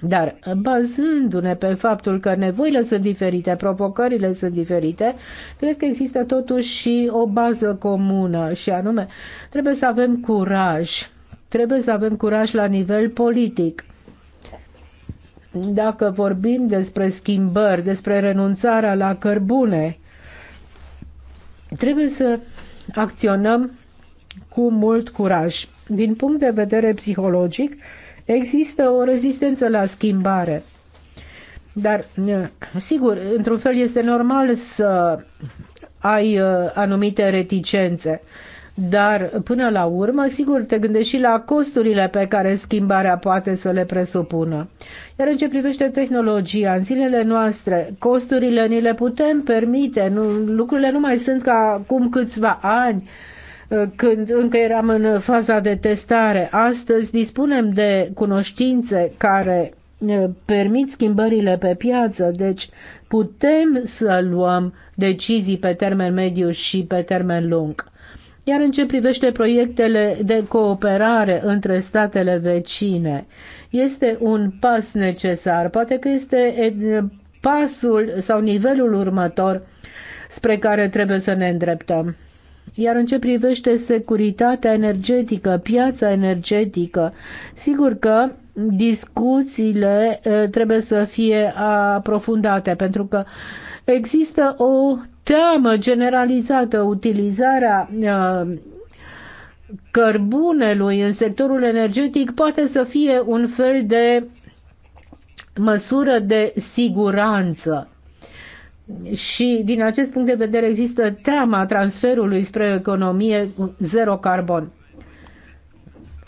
Speaker 1: dar bazându-ne pe faptul că nevoile sunt diferite, provocările sunt diferite, cred că există totuși și o bază comună și anume trebuie să avem curaj. Trebuie să avem curaj la nivel politic. Dacă vorbim despre schimbări, despre renunțarea la cărbune, Trebuie să acționăm cu mult curaj. Din punct de vedere psihologic, există o rezistență la schimbare. Dar, sigur, într-un fel este normal să ai uh, anumite reticențe. Dar, până la urmă, sigur, te gândești și la costurile pe care schimbarea poate să le presupună. Iar în ce privește tehnologia, în zilele noastre, costurile ni le putem permite, nu, lucrurile nu mai sunt ca acum câțiva ani, uh, când încă eram în faza de testare. Astăzi dispunem de cunoștințe care uh, permit schimbările pe piață, deci putem să luăm decizii pe termen mediu și pe termen lung. Iar în ce privește proiectele de cooperare între statele vecine, este un pas necesar. Poate că este pasul sau nivelul următor spre care trebuie să ne îndreptăm. Iar în ce privește securitatea energetică, piața energetică, sigur că discuțiile trebuie să fie aprofundate, pentru că există o teamă generalizată utilizarea uh, cărbunelui în sectorul energetic poate să fie un fel de măsură de siguranță. Și din acest punct de vedere există teama transferului spre o economie zero carbon.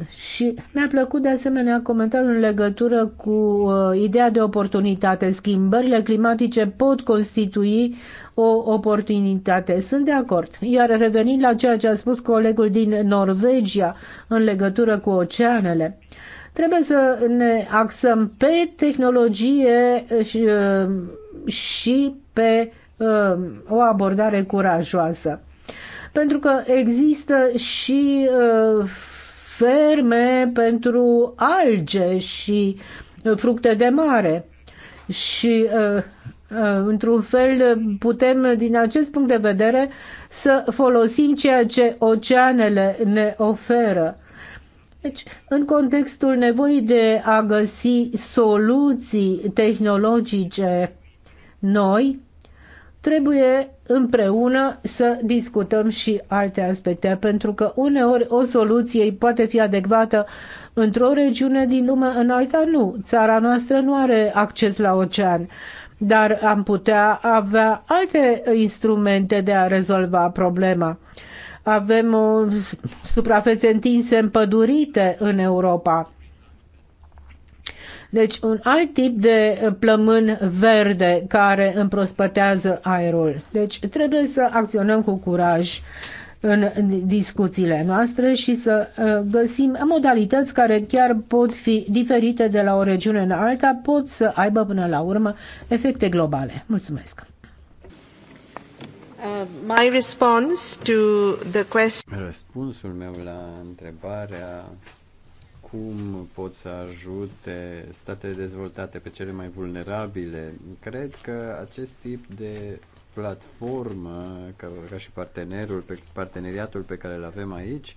Speaker 1: Și mi-a plăcut de asemenea comentariul în legătură cu uh, ideea de oportunitate. Schimbările climatice pot constitui o oportunitate. Sunt de acord. Iar revenind la ceea ce a spus colegul din Norvegia în legătură cu oceanele, trebuie să ne axăm pe tehnologie și, uh, și pe uh, o abordare curajoasă. Pentru că există și uh, ferme pentru alge și uh, fructe de mare. Și uh, uh, într-un fel putem, din acest punct de vedere, să folosim ceea ce oceanele ne oferă. Deci, în contextul nevoii de a găsi soluții tehnologice noi, trebuie împreună să discutăm și alte aspecte, pentru că uneori o soluție poate fi adecvată într-o regiune din lume, în alta nu. Țara noastră nu are acces la ocean, dar am putea avea alte instrumente de a rezolva problema. Avem suprafețe întinse, împădurite în Europa deci un alt tip de eh, plămân verde care împrospătează aerul. Deci trebuie să acționăm cu curaj în discuțiile noastre și să eh, găsim modalități care chiar pot fi diferite de la o regiune în alta, pot să aibă până la urmă efecte globale. Mulțumesc! Uh, my response to the question...
Speaker 2: Răspunsul meu la întrebarea cum pot să ajute statele dezvoltate pe cele mai vulnerabile. Cred că acest tip de platformă, ca, ca și partenerul, pe, parteneriatul pe care îl avem aici,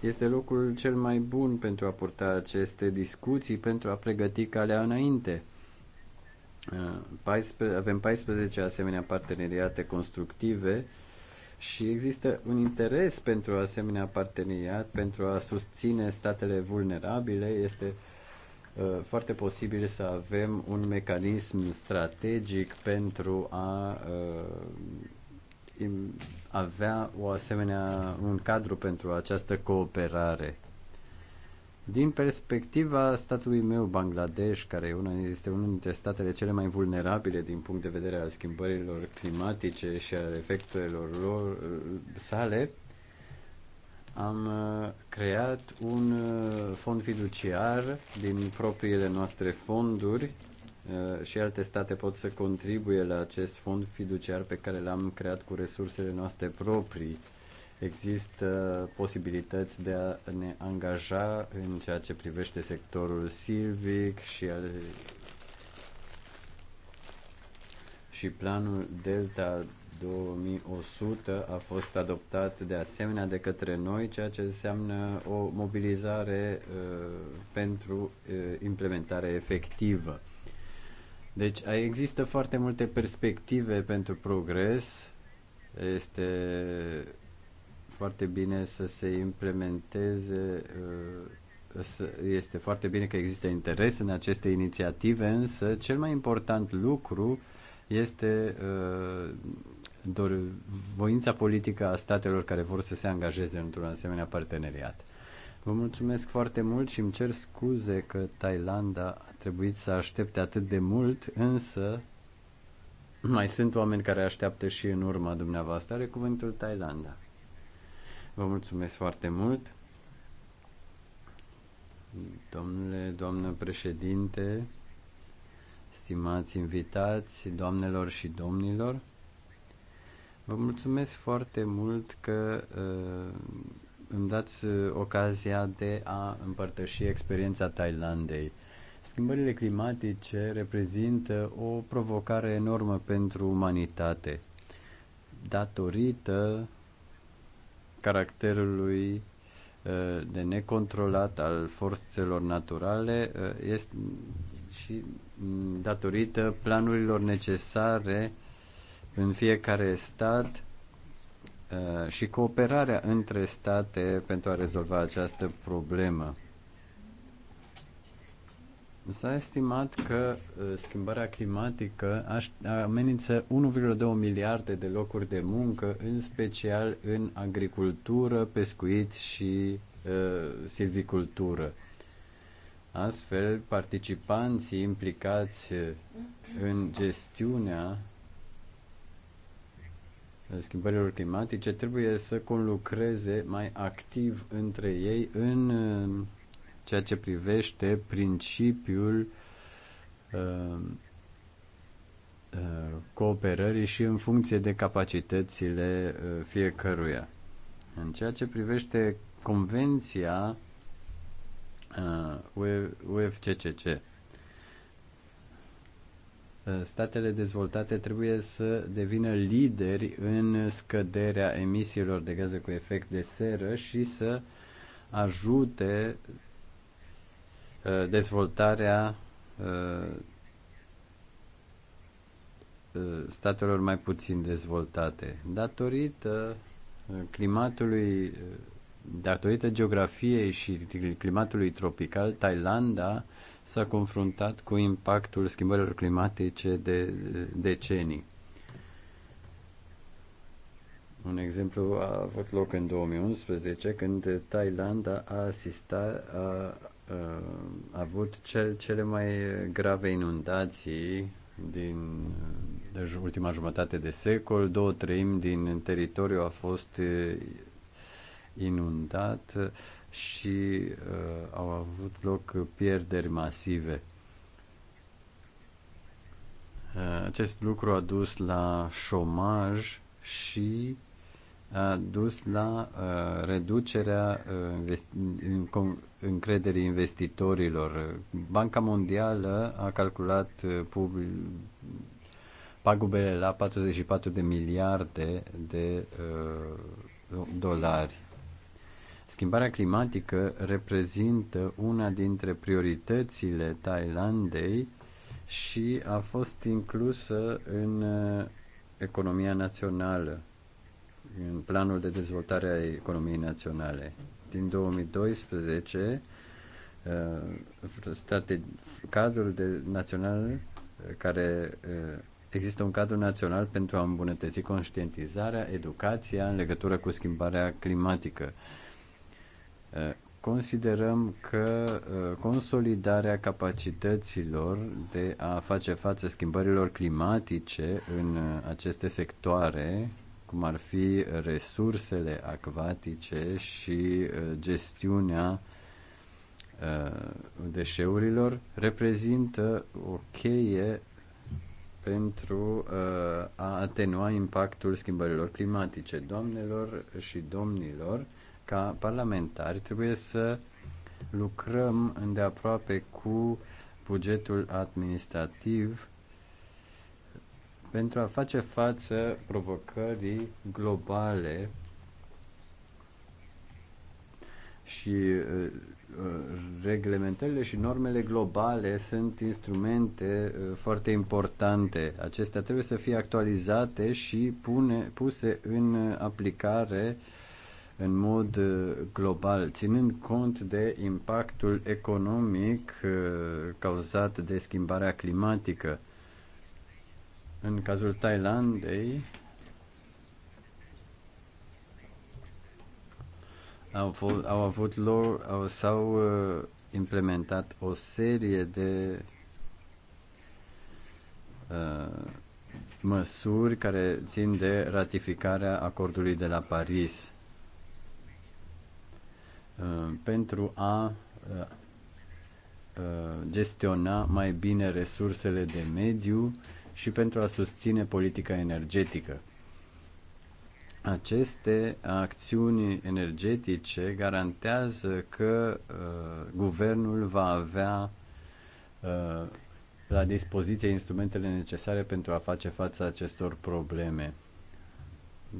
Speaker 2: este locul cel mai bun pentru a purta aceste discuții, pentru a pregăti calea înainte. 14, uh, avem 14 asemenea parteneriate constructive și există un interes pentru asemenea parteneriat, pentru a susține statele vulnerabile, este uh, foarte posibil să avem un mecanism strategic pentru a uh, avea o asemenea, un cadru pentru această cooperare. Din perspectiva statului meu, Bangladesh, care una, este unul dintre statele cele mai vulnerabile din punct de vedere al schimbărilor climatice și al efectelor lor uh, sale, am uh, creat un uh, fond fiduciar din propriile noastre fonduri și alte state pot să contribuie la acest fond fiduciar pe care l-am creat cu resursele noastre proprii Există posibilități de a ne angaja în ceea ce privește sectorul silvic și al și planul Delta 2100 a fost adoptat de asemenea de către noi, ceea ce înseamnă o mobilizare uh, pentru uh, implementare efectivă. Deci există foarte multe perspective pentru progres. Este foarte bine să se implementeze, uh, este foarte bine că există interes în aceste inițiative, însă cel mai important lucru este uh, voința politică a statelor care vor să se angajeze într-un asemenea parteneriat. Vă mulțumesc foarte mult și îmi cer scuze că Thailanda a trebuit să aștepte atât de mult, însă mai sunt oameni care așteaptă și în urma dumneavoastră. Are cuvântul Thailanda. Vă mulțumesc foarte mult. Domnule, doamnă președinte, stimați invitați, doamnelor și domnilor, vă mulțumesc foarte mult că uh, îmi dați uh, ocazia de a împărtăși experiența Thailandei. Schimbările climatice reprezintă o provocare enormă pentru umanitate. Datorită caracterului uh, de necontrolat al forțelor naturale uh, este și mm, datorită planurilor necesare în fiecare stat uh, și cooperarea între state pentru a rezolva această problemă. S-a estimat că uh, schimbarea climatică amenință 1,2 miliarde de locuri de muncă, în special în agricultură, pescuit și uh, silvicultură. Astfel, participanții implicați uh, în gestiunea uh, schimbărilor climatice trebuie să conlucreze mai activ între ei în ceea ce privește principiul uh, uh, cooperării și în funcție de capacitățile uh, fiecăruia. În ceea ce privește convenția uh, UFCCC, uh, statele dezvoltate trebuie să devină lideri în scăderea emisiilor de gaze cu efect de seră și să ajute Uh, dezvoltarea uh, uh, statelor mai puțin dezvoltate. Datorită climatului, datorită geografiei și climatului tropical, Thailanda s-a confruntat cu impactul schimbărilor climatice de decenii. Un exemplu a avut loc în 2011, când Thailanda a asistat, a, Uh, avut cel, cele mai grave inundații din uh, ultima jumătate de secol. Două treimi din teritoriu a fost uh, inundat și uh, au avut loc pierderi masive. Uh, acest lucru a dus la șomaj și a dus la uh, reducerea uh, încrederii investitorilor. Banca Mondială a calculat uh, pagubele la 44 de miliarde de uh, dolari. Schimbarea climatică reprezintă una dintre prioritățile Thailandei și a fost inclusă în economia națională în planul de dezvoltare a economiei naționale. Din 2012, uh, strate, cadrul de național uh, care uh, există un cadru național pentru a îmbunătăți conștientizarea, educația în legătură cu schimbarea climatică. Considerăm că consolidarea capacităților de a face față schimbărilor climatice în aceste sectoare cum ar fi resursele acvatice și uh, gestiunea uh, deșeurilor, reprezintă o cheie pentru uh, a atenua impactul schimbărilor climatice. Doamnelor și domnilor, ca parlamentari, trebuie să lucrăm îndeaproape cu bugetul administrativ pentru a face față provocării globale și uh, uh, reglementările și normele globale sunt instrumente uh, foarte importante. Acestea trebuie să fie actualizate și pune, puse în aplicare în mod global, ținând cont de impactul economic cauzat de schimbarea climatică. În cazul Thailandei, au, fost, au avut lor, au, s-au uh, implementat o serie de uh, măsuri care țin de ratificarea acordului de la Paris uh, pentru a uh, uh gestiona mai bine resursele de mediu și pentru a susține politica energetică. Aceste acțiuni energetice garantează că uh, guvernul va avea uh, la dispoziție instrumentele necesare pentru a face față acestor probleme.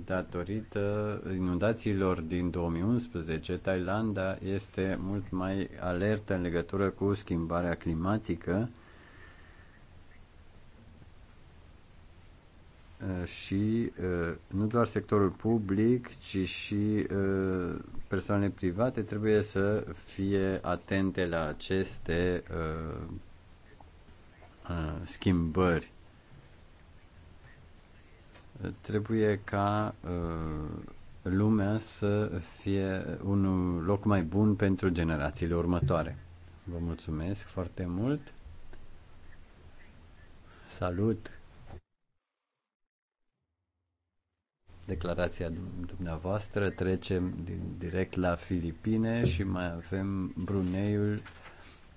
Speaker 2: Datorită inundațiilor din 2011, Thailanda este mult mai alertă în legătură cu schimbarea climatică Eh, și eh, nu doar sectorul public, ci și eh, persoanele private trebuie să fie atente la aceste schimbări. Trebuie ca lumea să fie un loc mai bun pentru generațiile următoare. Vă mulțumesc foarte mult. Salut! declarația dumneavoastră, trecem din, direct la Filipine și mai avem Bruneiul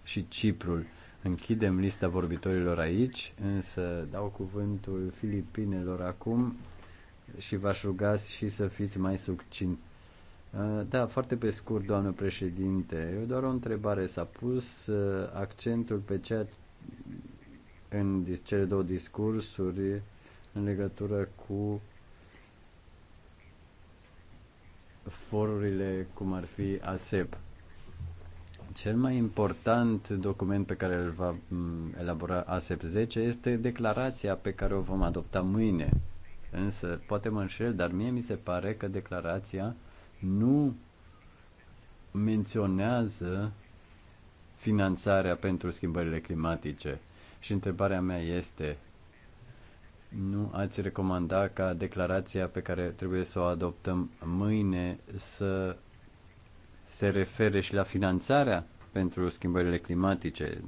Speaker 2: și Ciprul. Închidem lista vorbitorilor aici, însă dau cuvântul Filipinelor acum și v-aș ruga și să fiți mai succint. Uh, da, foarte pe scurt, doamnă președinte, eu doar o întrebare. S-a pus uh, accentul pe ceea în cele două discursuri în legătură cu forurile cum ar fi ASEP. Cel mai important document pe care îl va mm, elabora ASEP 10 este declarația pe care o vom adopta mâine. Însă, poate mă înșel, dar mie mi se pare că declarația nu menționează finanțarea pentru schimbările climatice. Și întrebarea mea este, nu ați recomanda ca declarația pe care trebuie să o adoptăm mâine să se refere și la finanțarea pentru schimbările climatice.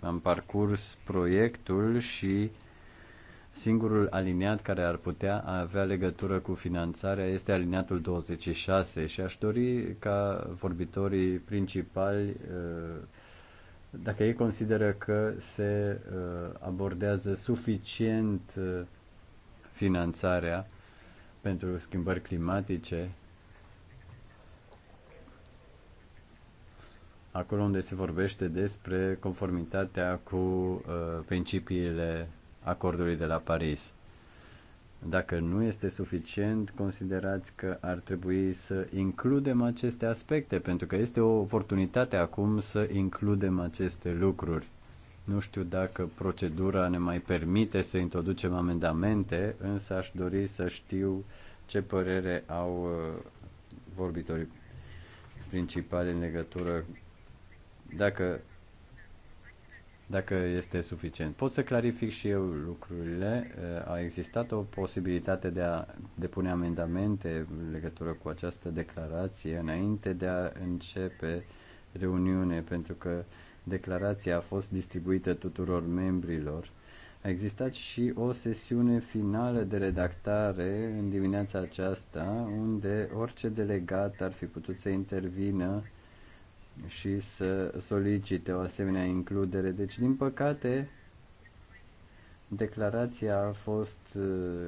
Speaker 2: Am parcurs proiectul și singurul aliniat care ar putea avea legătură cu finanțarea este aliniatul 26 și aș dori ca vorbitorii principali uh, dacă ei consideră că se uh, abordează suficient uh, finanțarea pentru schimbări climatice, acolo unde se vorbește despre conformitatea cu uh, principiile acordului de la Paris. Dacă nu este suficient, considerați că ar trebui să includem aceste aspecte, pentru că este o oportunitate acum să includem aceste lucruri. Nu știu dacă procedura ne mai permite să introducem amendamente, însă aș dori să știu ce părere au uh, vorbitorii principali în legătură dacă dacă este suficient. Pot să clarific și eu lucrurile. Uh, a existat o posibilitate de a depune amendamente în legătură cu această declarație înainte de a începe reuniune, pentru că declarația a fost distribuită tuturor membrilor. A existat și o sesiune finală de redactare în dimineața aceasta, unde orice delegat ar fi putut să intervină și să solicite o asemenea includere. Deci, din păcate, declarația a fost uh,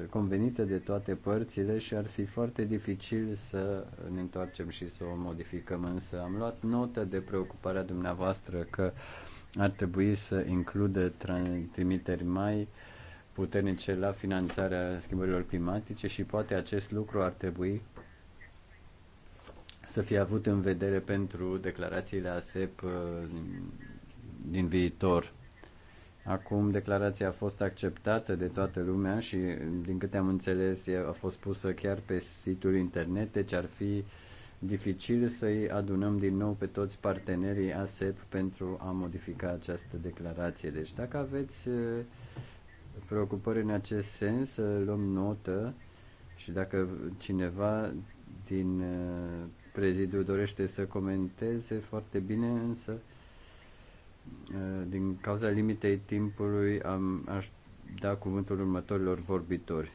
Speaker 2: convenită de toate părțile și ar fi foarte dificil să ne întoarcem și să o modificăm, însă am luat notă de preocuparea dumneavoastră că ar trebui să includă trimiteri mai puternice la finanțarea schimbărilor climatice și poate acest lucru ar trebui să fie avut în vedere pentru declarațiile ASEP uh, din viitor. Acum declarația a fost acceptată de toată lumea și, din câte am înțeles, a fost pusă chiar pe site-ul internet, deci ar fi dificil să-i adunăm din nou pe toți partenerii ASEP pentru a modifica această declarație. Deci dacă aveți uh, preocupări în acest sens, luăm notă și dacă cineva din uh, prezidiu dorește să comenteze foarte bine, însă uh, din cauza limitei timpului am, aș da cuvântul următorilor vorbitori.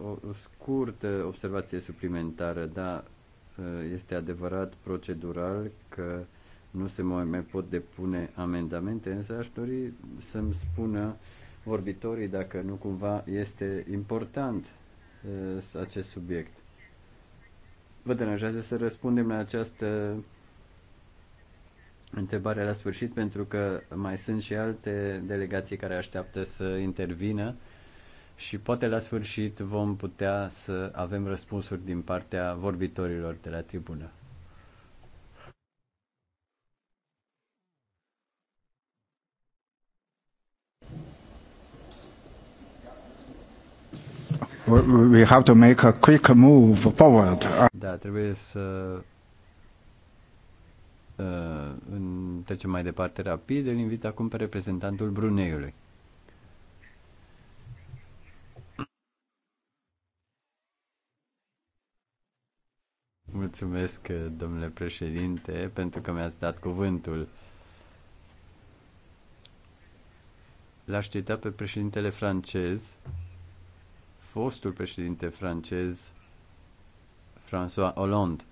Speaker 2: Uh, o, o scurtă observație suplimentară, da, uh, este adevărat procedural că nu se mai, mai pot depune amendamente, însă aș dori să-mi spună vorbitorii dacă nu cumva este important acest subiect vă deranjează să răspundem la această întrebare la sfârșit, pentru că mai sunt și alte delegații care așteaptă să intervină și poate la sfârșit vom putea să avem răspunsuri din partea vorbitorilor de la tribună.
Speaker 4: we have to make a quick move forward.
Speaker 2: Da, trebuie să uh, trecem mai departe rapid. Îl invit acum pe reprezentantul Bruneiului. Mulțumesc, domnule președinte, pentru că mi-ați dat cuvântul. L-aș pe președintele francez fostul președinte francez François Hollande.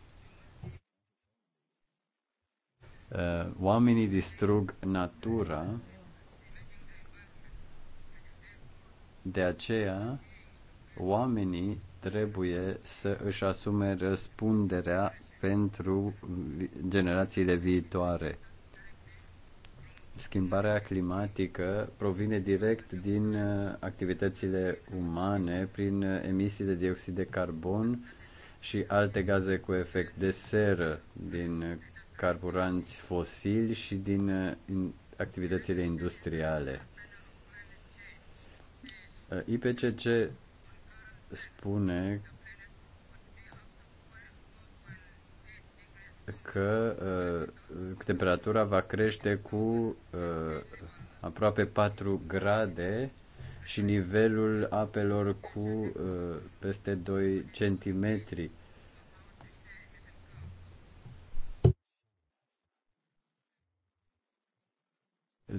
Speaker 2: Uh, oamenii distrug natura, de aceea oamenii trebuie să își asume răspunderea pentru generațiile viitoare schimbarea climatică provine direct din uh, activitățile umane prin uh, emisii de dioxid de carbon și alte gaze cu efect de seră din uh, carburanți fosili și din activitățile industriale. IPCC spune că uh, temperatura va crește cu uh, aproape 4 grade și nivelul apelor cu uh, peste 2 centimetri.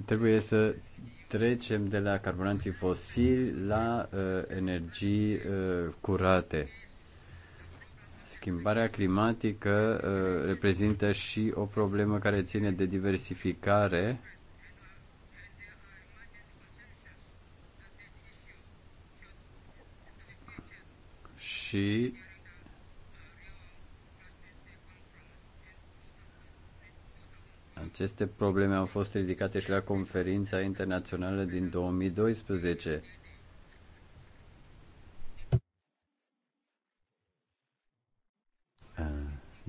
Speaker 2: Trebuie să trecem de la carburanții fosili la uh, energii uh, curate schimbarea climatică uh, reprezintă și o problemă care ține de diversificare și aceste probleme au fost ridicate și la conferința internațională din 2012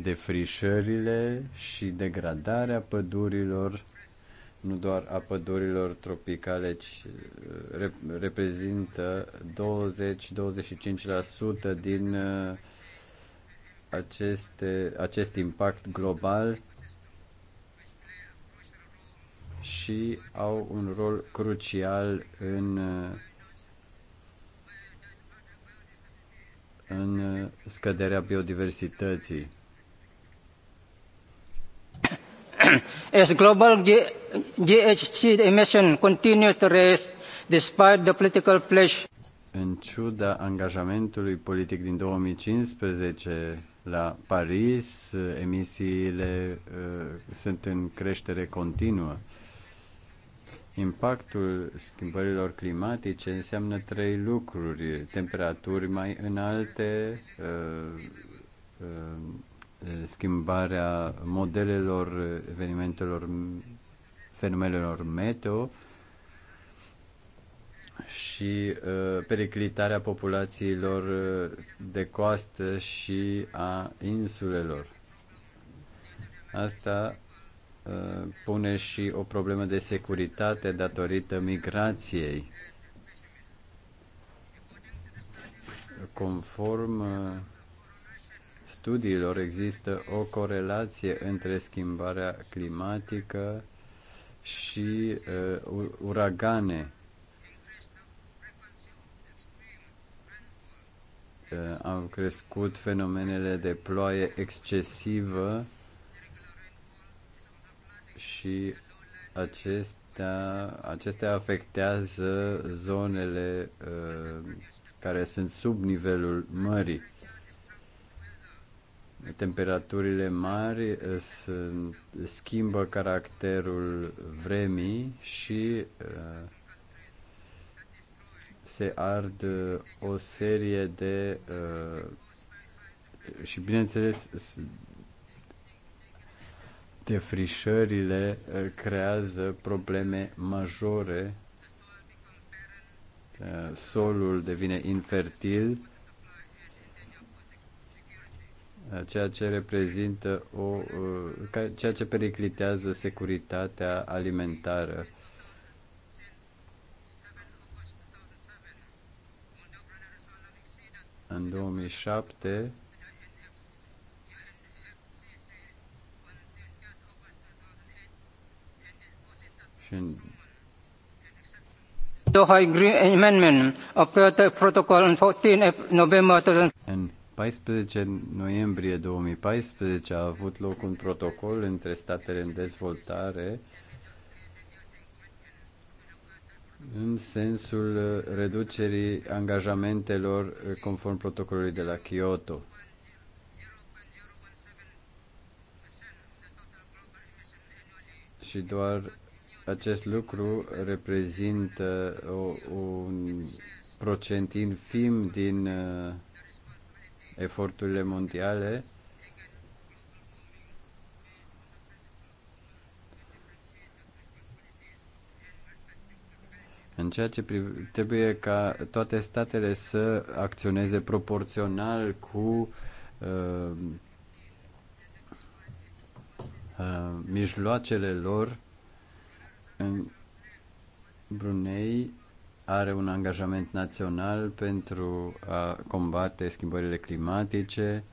Speaker 2: defrișările și degradarea pădurilor, nu doar a pădurilor tropicale, ci uh, reprezintă 20-25% din uh, aceste, acest impact global și au un rol crucial în uh, în scăderea biodiversității.
Speaker 4: as global GHG emissions continue to rise despite the political pledge.
Speaker 2: În ciuda angajamentului politic din 2015 la Paris, emisiile uh, sunt în creștere continuă. Impactul schimbărilor climatice înseamnă trei lucruri: temperaturi mai înalte, uh, uh, Eh, schimbarea modelelor evenimentelor, fenomenelor meteo și uh, periclitarea populațiilor eh, de coastă și a insulelor. Asta uh, pune și o problemă de securitate datorită migrației. Conform uh, studiilor există o corelație între schimbarea climatică și uh, uragane. Uh, au crescut fenomenele de ploaie excesivă și acestea, acestea afectează zonele uh, care sunt sub nivelul mării temperaturile mari eh, schimbă caracterul vremii și eh, se ard eh, o serie de și bineînțeles defrișările creează probleme majore solul devine infertil Uh, ceea ce reprezintă o, uh, ceea ce periclitează securitatea alimentară. În 2007
Speaker 1: în Doha Agreement of the Protocol on 14 November 2000.
Speaker 2: 14 noiembrie 2014 a avut loc un protocol între statele în dezvoltare în sensul reducerii angajamentelor conform protocolului de la Kyoto. Și doar acest lucru reprezintă o, un procent infim din uh, eforturile mondiale În ceea ce priv- trebuie ca toate statele să acționeze proporțional cu uh, uh, mijloacele lor în Brunei are un angajament național pentru a combate schimbările climatice.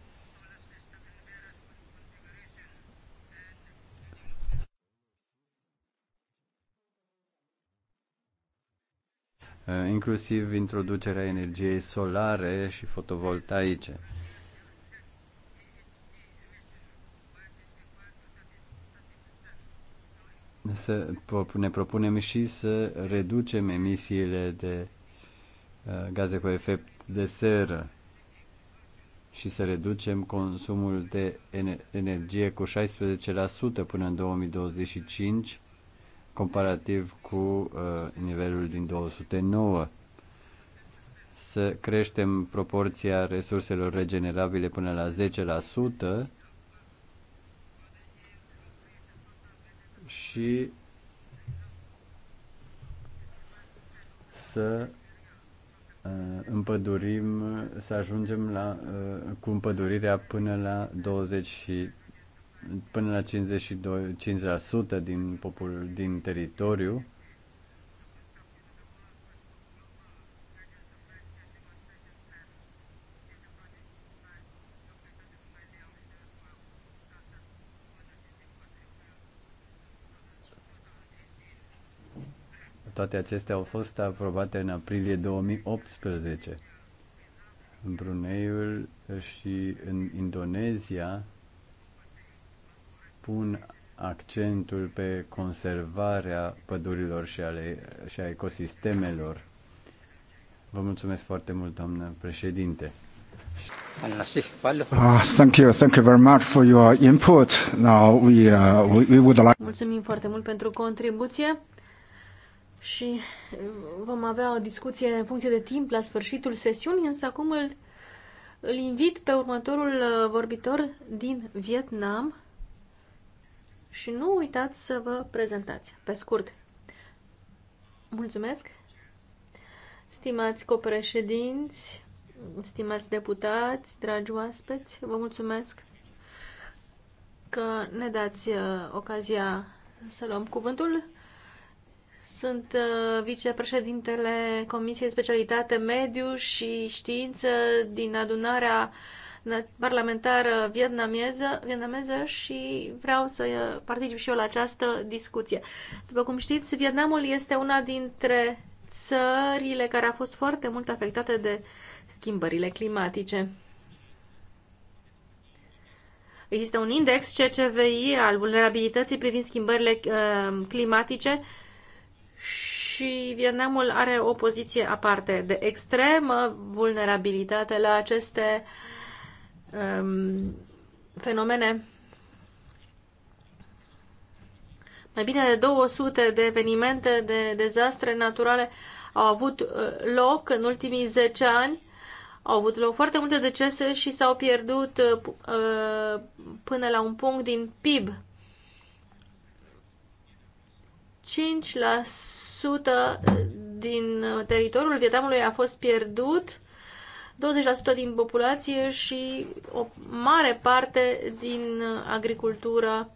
Speaker 2: inclusiv introducerea energiei solare și fotovoltaice. să ne propunem și să reducem emisiile de uh, gaze cu efect de seră și să reducem consumul de energie cu 16% până în 2025 comparativ cu uh, nivelul din 209 să creștem proporția resurselor regenerabile până la 10% și să uh, împădurim, să ajungem la, uh, cu împădurirea până la 20 și până la 52, 50% din, popul, din teritoriu Toate acestea au fost aprobate în aprilie 2018. În Bruneiul și în Indonezia pun accentul pe conservarea pădurilor și, ale, și a ecosistemelor. Vă mulțumesc foarte mult, doamnă președinte. Ah,
Speaker 4: thank you, thank you very much for your input. Now we, uh, we, we would like...
Speaker 3: Mulțumim foarte mult pentru contribuție și uh, vom avea o discuție în funcție de timp la sfârșitul sesiunii, însă acum îl, îl invit pe următorul uh, vorbitor din Vietnam și nu uitați să vă prezentați, pe scurt. Mulțumesc! Stimați copreședinți, stimați deputați, dragi oaspeți, vă mulțumesc că ne dați uh, ocazia să luăm cuvântul sunt uh, vicepreședintele Comisiei Specialitate Mediu și Știință din adunarea parlamentară vietnameză, vietnameză și vreau să uh, particip și eu la această discuție. După cum știți, Vietnamul este una dintre țările care a fost foarte mult afectate de schimbările climatice. Există un index CCVI al vulnerabilității privind schimbările uh, climatice și Vietnamul are o poziție aparte de extremă vulnerabilitate la aceste um, fenomene. Mai bine de 200 de evenimente de dezastre naturale au avut uh, loc în ultimii 10 ani. Au avut loc foarte multe decese și s-au pierdut uh, uh până la un punct din PIB. 5% din teritoriul Vietnamului a fost pierdut, 20% din populație și o mare parte din agricultură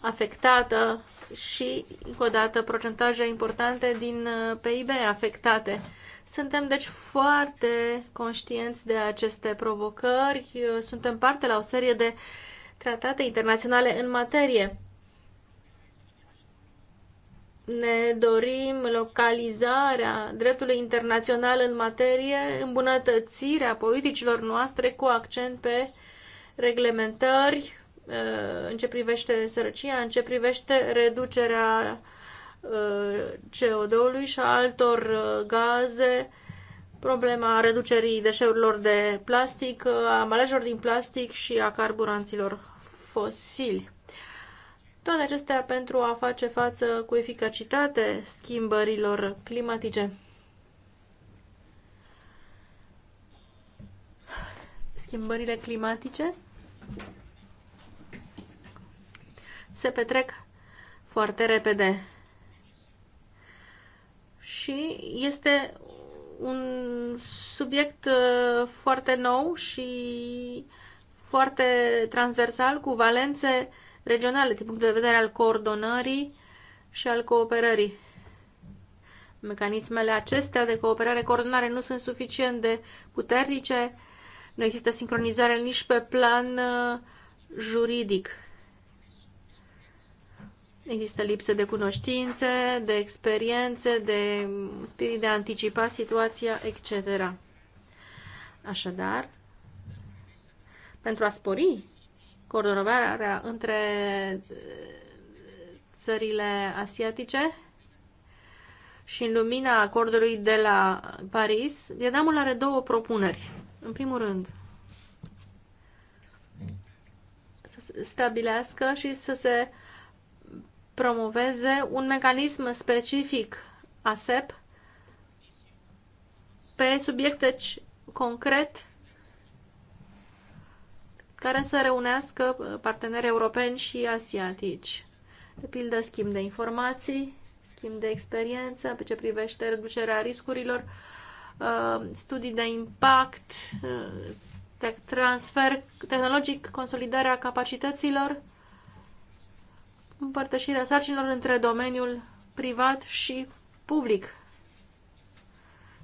Speaker 3: afectată și, încă o dată, procentaje importante din uh, PIB afectate. Suntem, deci, foarte conștienți de aceste provocări. Uh, suntem parte la o serie de tratate internaționale în materie ne dorim localizarea dreptului internațional în materie, îmbunătățirea politicilor noastre cu accent pe reglementări uh, în ce privește sărăcia, în ce privește reducerea uh, CO2-ului și a altor uh, gaze, problema reducerii deșeurilor de plastic, a ambalajelor din plastic și a carburanților fosili. Toate acestea pentru a face față cu eficacitate schimbărilor climatice. Schimbările climatice se petrec foarte repede și este un subiect uh, foarte nou și foarte transversal cu valențe regionale, din punct de vedere al coordonării și al cooperării. Mecanismele acestea de cooperare-coordonare nu sunt suficient de puternice, nu există sincronizare nici pe plan uh, juridic. Există lipsă de cunoștințe, de experiențe, de spirit de a anticipa situația, etc. Așadar, pentru a spori coordonarea între eh, țările asiatice și în lumina acordului de la Paris, Vietnamul are două propuneri. În primul rând, să stabilească și să se promoveze un mecanism specific ASEP pe subiecte concret care să reunească uh, parteneri europeni și asiatici. De pildă, schimb de informații, schimb de experiență pe ce privește reducerea riscurilor, uh, studii de impact, uh, transfer tehnologic, consolidarea capacităților, împărtășirea sarcinilor între domeniul privat și public.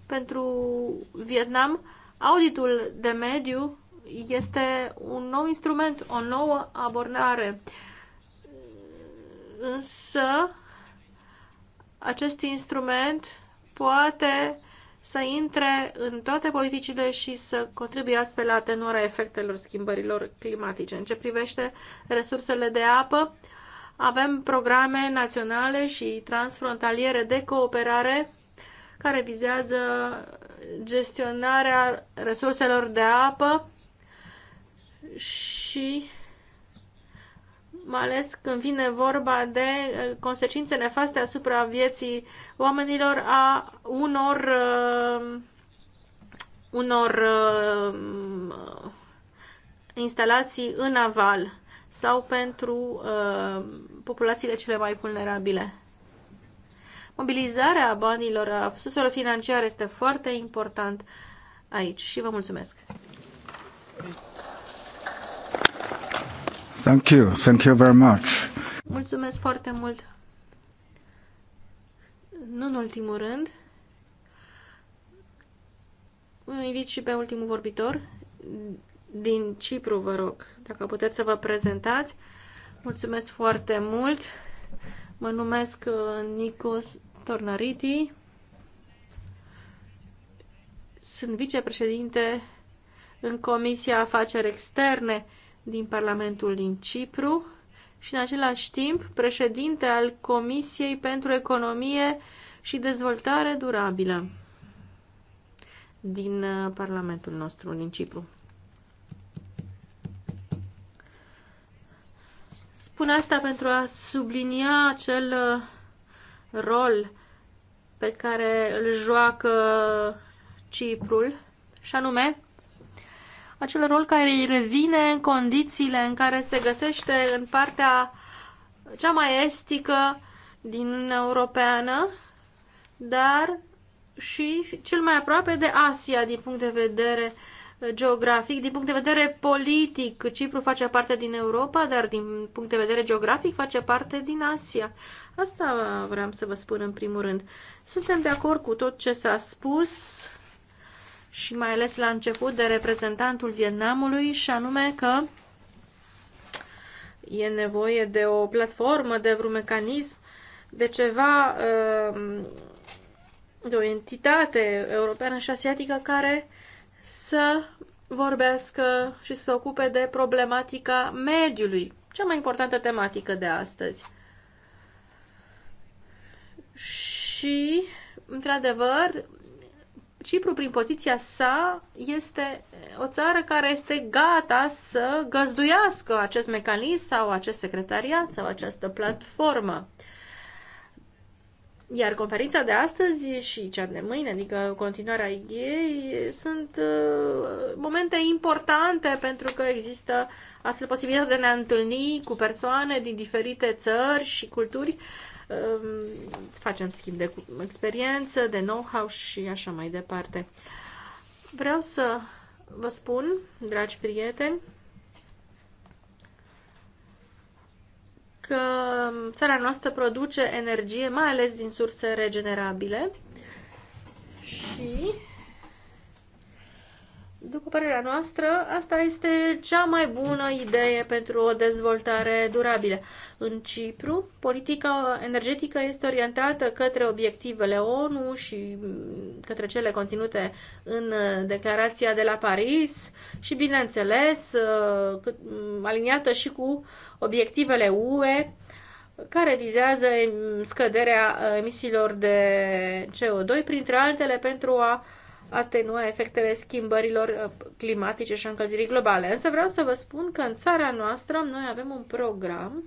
Speaker 3: Pentru Vietnam, auditul de mediu este un nou instrument, o nouă abordare. Însă, acest instrument poate să intre în toate politicile și să contribuie astfel la atenuarea efectelor schimbărilor climatice. În ce privește resursele de apă, avem programe naționale și transfrontaliere de cooperare care vizează gestionarea resurselor de apă și mai ales când vine vorba de uh, consecințe nefaste asupra vieții oamenilor, a unor, uh, unor uh, instalații în aval sau pentru uh, populațiile cele mai vulnerabile. Mobilizarea banilor, a surselor financiare este foarte important aici și vă mulțumesc!
Speaker 1: Thank you. Thank you very much.
Speaker 3: Mulțumesc foarte mult. Nu în ultimul rând, invit și pe ultimul vorbitor din Cipru, vă rog, dacă puteți să vă prezentați. Mulțumesc foarte mult. Mă numesc uh, Nicos Tornariti. Sunt vicepreședinte în Comisia Afaceri Externe din Parlamentul din Cipru și în același timp președinte al Comisiei pentru Economie și Dezvoltare Durabilă din uh, Parlamentul nostru din Cipru. Spun asta pentru a sublinia acel uh, rol pe care îl joacă Ciprul, și anume acel rol care îi revine în condițiile în care se găsește în partea cea mai estică din Uniunea Europeană, dar și cel mai aproape de Asia din punct de vedere geografic, din punct de vedere politic, Cipru face parte din Europa, dar din punct de vedere geografic face parte din Asia. Asta vreau să vă spun în primul rând. Suntem de acord cu tot ce s-a spus și mai ales la început de reprezentantul Vietnamului și anume că e nevoie de o platformă, de vreun mecanism, de ceva, uh, de o entitate europeană și asiatică care să vorbească și să se ocupe de problematica mediului, cea mai importantă tematică de astăzi. Și, într-adevăr, Cipru, prin poziția sa, este o țară care este gata să găzduiască acest mecanism sau acest secretariat sau această platformă. Iar conferința de astăzi și cea de mâine, adică continuarea ei, sunt uh, momente importante pentru că există astfel posibilitatea de a ne întâlni cu persoane din diferite țări și culturi facem schimb de experiență, de know-how și așa mai departe. Vreau să vă spun, dragi prieteni, că țara noastră produce energie, mai ales din surse regenerabile și după părerea noastră, asta este cea mai bună idee pentru o dezvoltare durabilă. În Cipru, politica energetică este orientată către obiectivele ONU și mm, către cele conținute în declarația de la Paris și, bineînțeles, uh, mm, aliniată și cu obiectivele UE care vizează mm, scăderea uh, emisiilor de CO2, printre altele pentru a atenua efectele schimbărilor uh, climatice și a încălzirii globale. Însă vreau să vă spun că în țara noastră noi avem un program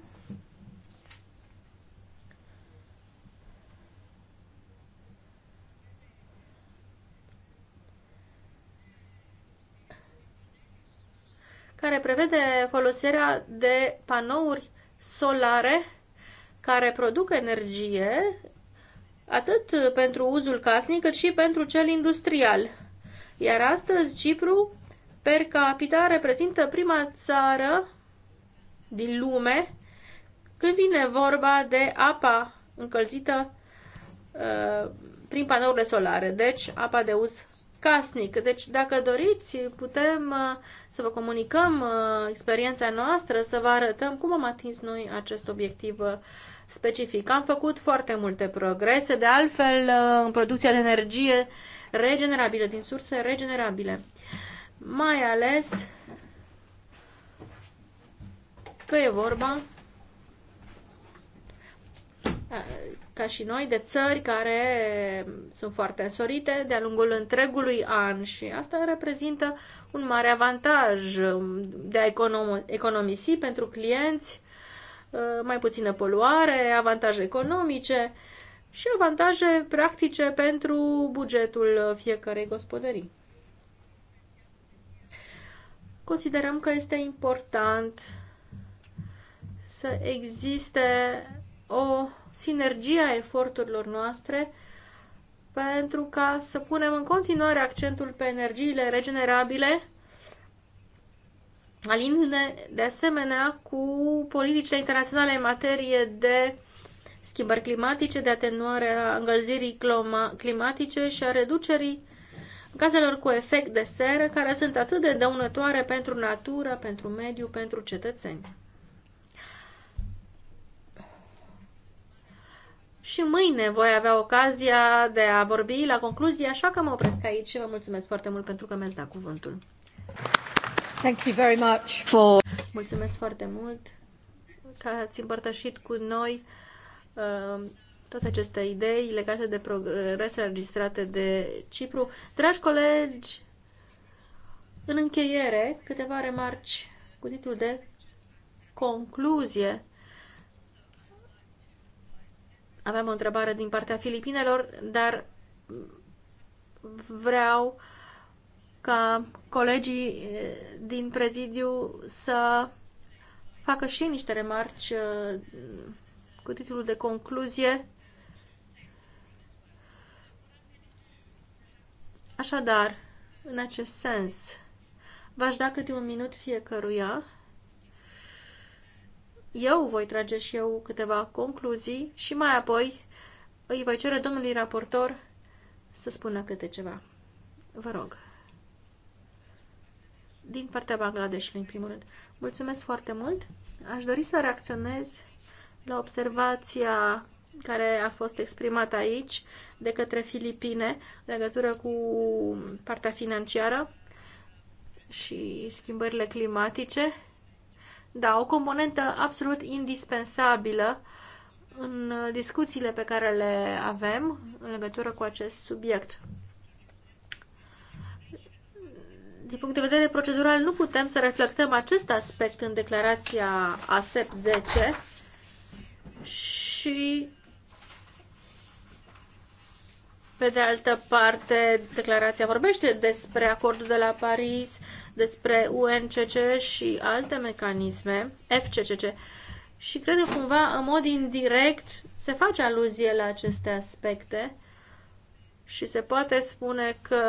Speaker 3: care prevede folosirea de panouri solare care produc energie atât uh, pentru uzul casnic, cât și pentru cel industrial. Iar astăzi Cipru, per capita, reprezintă prima țară din lume când vine vorba de apa încălzită uh, prin panourile solare, deci apa de uz casnic. Deci, dacă doriți, putem uh, să vă comunicăm uh, experiența noastră, să vă arătăm cum am atins noi acest obiectiv uh, specific. Am făcut foarte multe progrese, de altfel, uh, în producția de energie regenerabilă, din surse regenerabile. Mai ales că e vorba uh, ca și noi, de țări care sunt foarte însorite de-a lungul întregului an și asta reprezintă un mare avantaj de a economisi pentru clienți Uh, mai puțină poluare, avantaje economice și avantaje practice pentru bugetul fiecarei gospodării. Considerăm că este important să existe o sinergie a eforturilor noastre pentru ca să punem în continuare accentul pe energiile regenerabile alinde de asemenea cu politicile internaționale în materie de schimbări climatice, de atenuare a încălzirii climatice și a reducerii gazelor cu efect de seră, care sunt atât de dăunătoare pentru natură, pentru mediu, pentru cetățeni. Și mâine voi avea ocazia de a vorbi la concluzie, așa că mă opresc aici și vă mulțumesc foarte mult pentru că mi-ați dat cuvântul. Thank you very much for... Mulțumesc foarte mult că ați împărtășit cu noi uh, toate aceste idei legate de progresele înregistrate de Cipru. Dragi colegi, în încheiere, câteva remarci cu titlul de concluzie. Aveam o întrebare din partea Filipinelor, dar vreau uh, ca colegii eh, din prezidiu să facă și niște remarci eh, cu titlul de concluzie. Așadar, în acest sens, v-aș da câte un minut fiecăruia. Eu voi trage și eu câteva concluzii și mai apoi îi voi cere domnului raportor să spună câte ceva. Vă rog din partea Bangladeshului, în primul rând. Mulțumesc foarte mult! Aș dori să reacționez la observația care a fost exprimată aici de către Filipine în legătură cu partea financiară și schimbările climatice. Da, o componentă absolut indispensabilă în discuțiile pe care le avem în legătură cu acest subiect din punct de vedere procedural, nu putem să reflectăm acest aspect în declarația ASEP 10 și, pe de altă parte, declarația vorbește despre acordul de la Paris, despre UNCC și alte mecanisme, FCCC, și cred că cumva, în mod indirect, se face aluzie la aceste aspecte și se poate spune că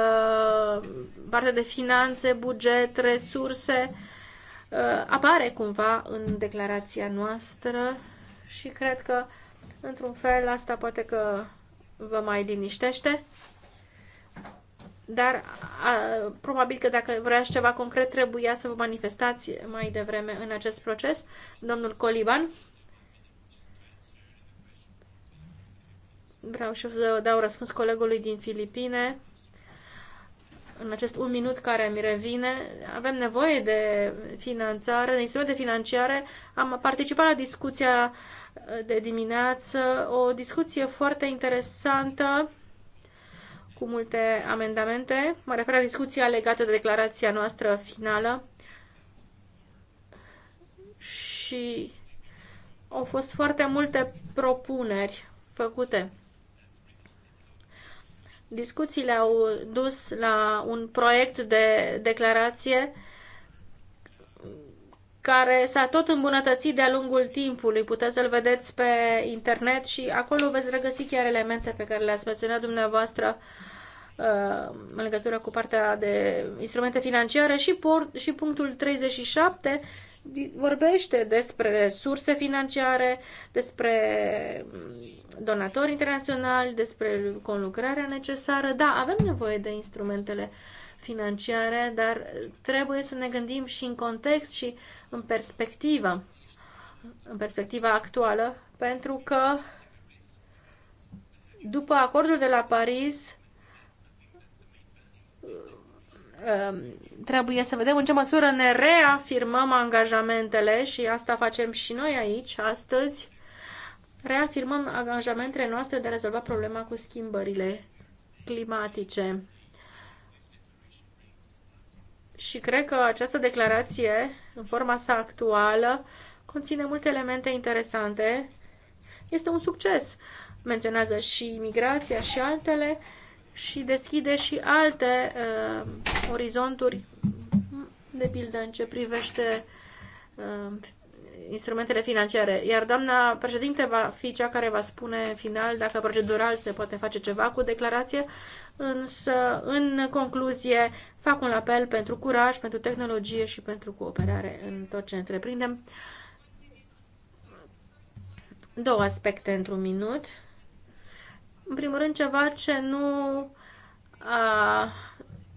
Speaker 3: partea de finanțe, buget, resurse uh, apare cumva în declarația noastră și cred că într-un fel asta poate că vă mai liniștește dar a, probabil că dacă vreați ceva concret trebuia să vă manifestați mai devreme în acest proces. Domnul Coliban Vreau și eu să dau răspuns colegului din Filipine. În acest un minut care mi revine, avem nevoie de finanțare, de instrumente financiare. Am participat la discuția uh, de dimineață, o discuție foarte interesantă cu multe amendamente. Mă refer la discuția legată de declarația noastră finală și au fost foarte multe propuneri făcute. Discuțiile au dus la un proiect de declarație care s-a tot îmbunătățit de-a lungul timpului. Puteți să-l vedeți pe internet și acolo veți regăsi chiar elemente pe care le-ați menționat dumneavoastră uh, în legătură cu partea de instrumente financiare și, por, și punctul 37 vorbește despre surse financiare, despre donatori internaționali, despre conlucrarea necesară. Da, avem nevoie de instrumentele financiare, dar trebuie să ne gândim și în context și în perspectivă, în perspectiva actuală, pentru că după acordul de la Paris um, trebuie să vedem în ce măsură ne reafirmăm angajamentele și asta facem și noi aici astăzi reafirmăm angajamentele noastre de a rezolva problema cu schimbările climatice. Și cred că această declarație, în forma sa actuală, conține multe elemente interesante. Este un succes. Menționează și migrația și altele și deschide și alte uh, orizonturi, de pildă în ce privește uh, instrumentele financiare. Iar doamna președinte va fi cea care va spune în final dacă procedural se poate face ceva cu declarație, însă în concluzie fac un apel pentru curaj, pentru tehnologie și pentru cooperare în tot ce întreprindem. Două aspecte într-un minut. În primul rând ceva ce nu a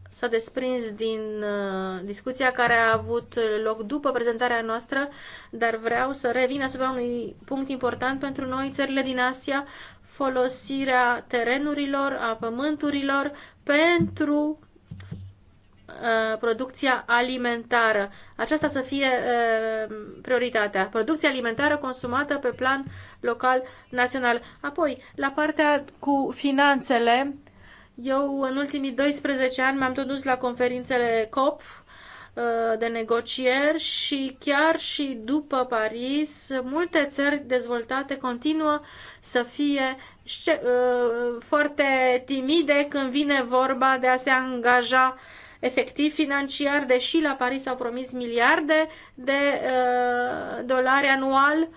Speaker 3: s-a desprins din uh, discuția care a avut loc după prezentarea noastră, dar vreau să revin asupra unui punct important pentru noi, țările din Asia, folosirea terenurilor, a pământurilor pentru uh, producția alimentară. Aceasta să fie uh, prioritatea. Producția alimentară consumată pe plan local, național. Apoi, la partea cu finanțele, eu, în ultimii 12 ani, m-am tot dus la conferințele COP uh, de negocieri și chiar și după Paris, multe țări dezvoltate continuă să fie uh, foarte timide când vine vorba de a se angaja efectiv financiar, deși la Paris au promis miliarde de uh, dolari anual.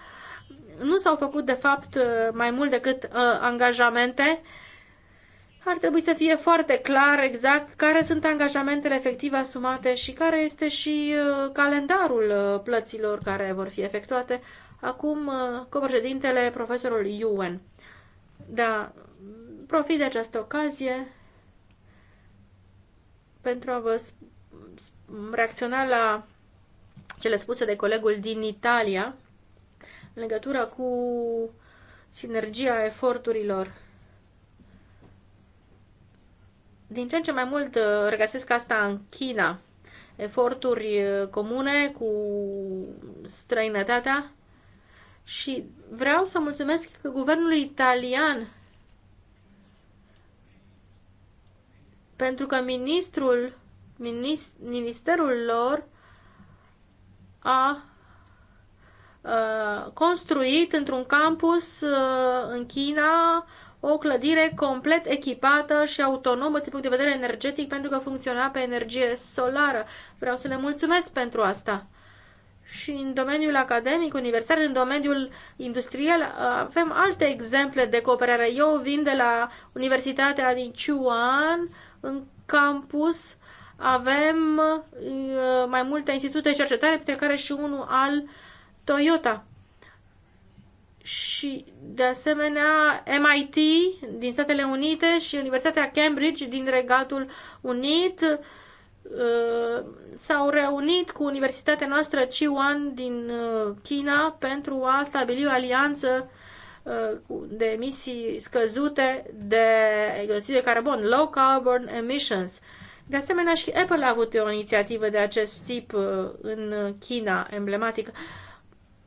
Speaker 3: Nu s-au făcut, de fapt, mai mult decât angajamente ar trebui să fie foarte clar exact care sunt angajamentele efective asumate și care este și uh, calendarul uh, plăților care vor fi efectuate. Acum, uh, copreședintele, profesorul Yuen. Da, profit de această ocazie pentru a vă reacționa la cele spuse de colegul din Italia în legătură cu sinergia eforturilor Din ce în ce mai mult uh, regăsesc asta în China. Eforturi uh, comune cu străinătatea și vreau să mulțumesc că guvernul italian pentru că ministrul, minist, ministerul lor a, a uh, construit într-un campus a, în China o clădire complet echipată și autonomă din punct de vedere energetic pentru că funcționa pe energie solară. Vreau să le mulțumesc pentru asta. Și în domeniul academic, universitar, în domeniul industrial, avem alte exemple de cooperare. Eu vin de la Universitatea din Chuan, în campus avem uh, mai multe institute de cercetare, printre care și unul al Toyota și, de asemenea, MIT din Statele Unite și Universitatea Cambridge din Regatul Unit uh, s-au reunit cu Universitatea noastră Chiwan din uh, China pentru a stabili o alianță uh, de emisii scăzute de dioxid de carbon, low carbon emissions. De asemenea, și Apple a avut o inițiativă de acest tip în China, emblematică.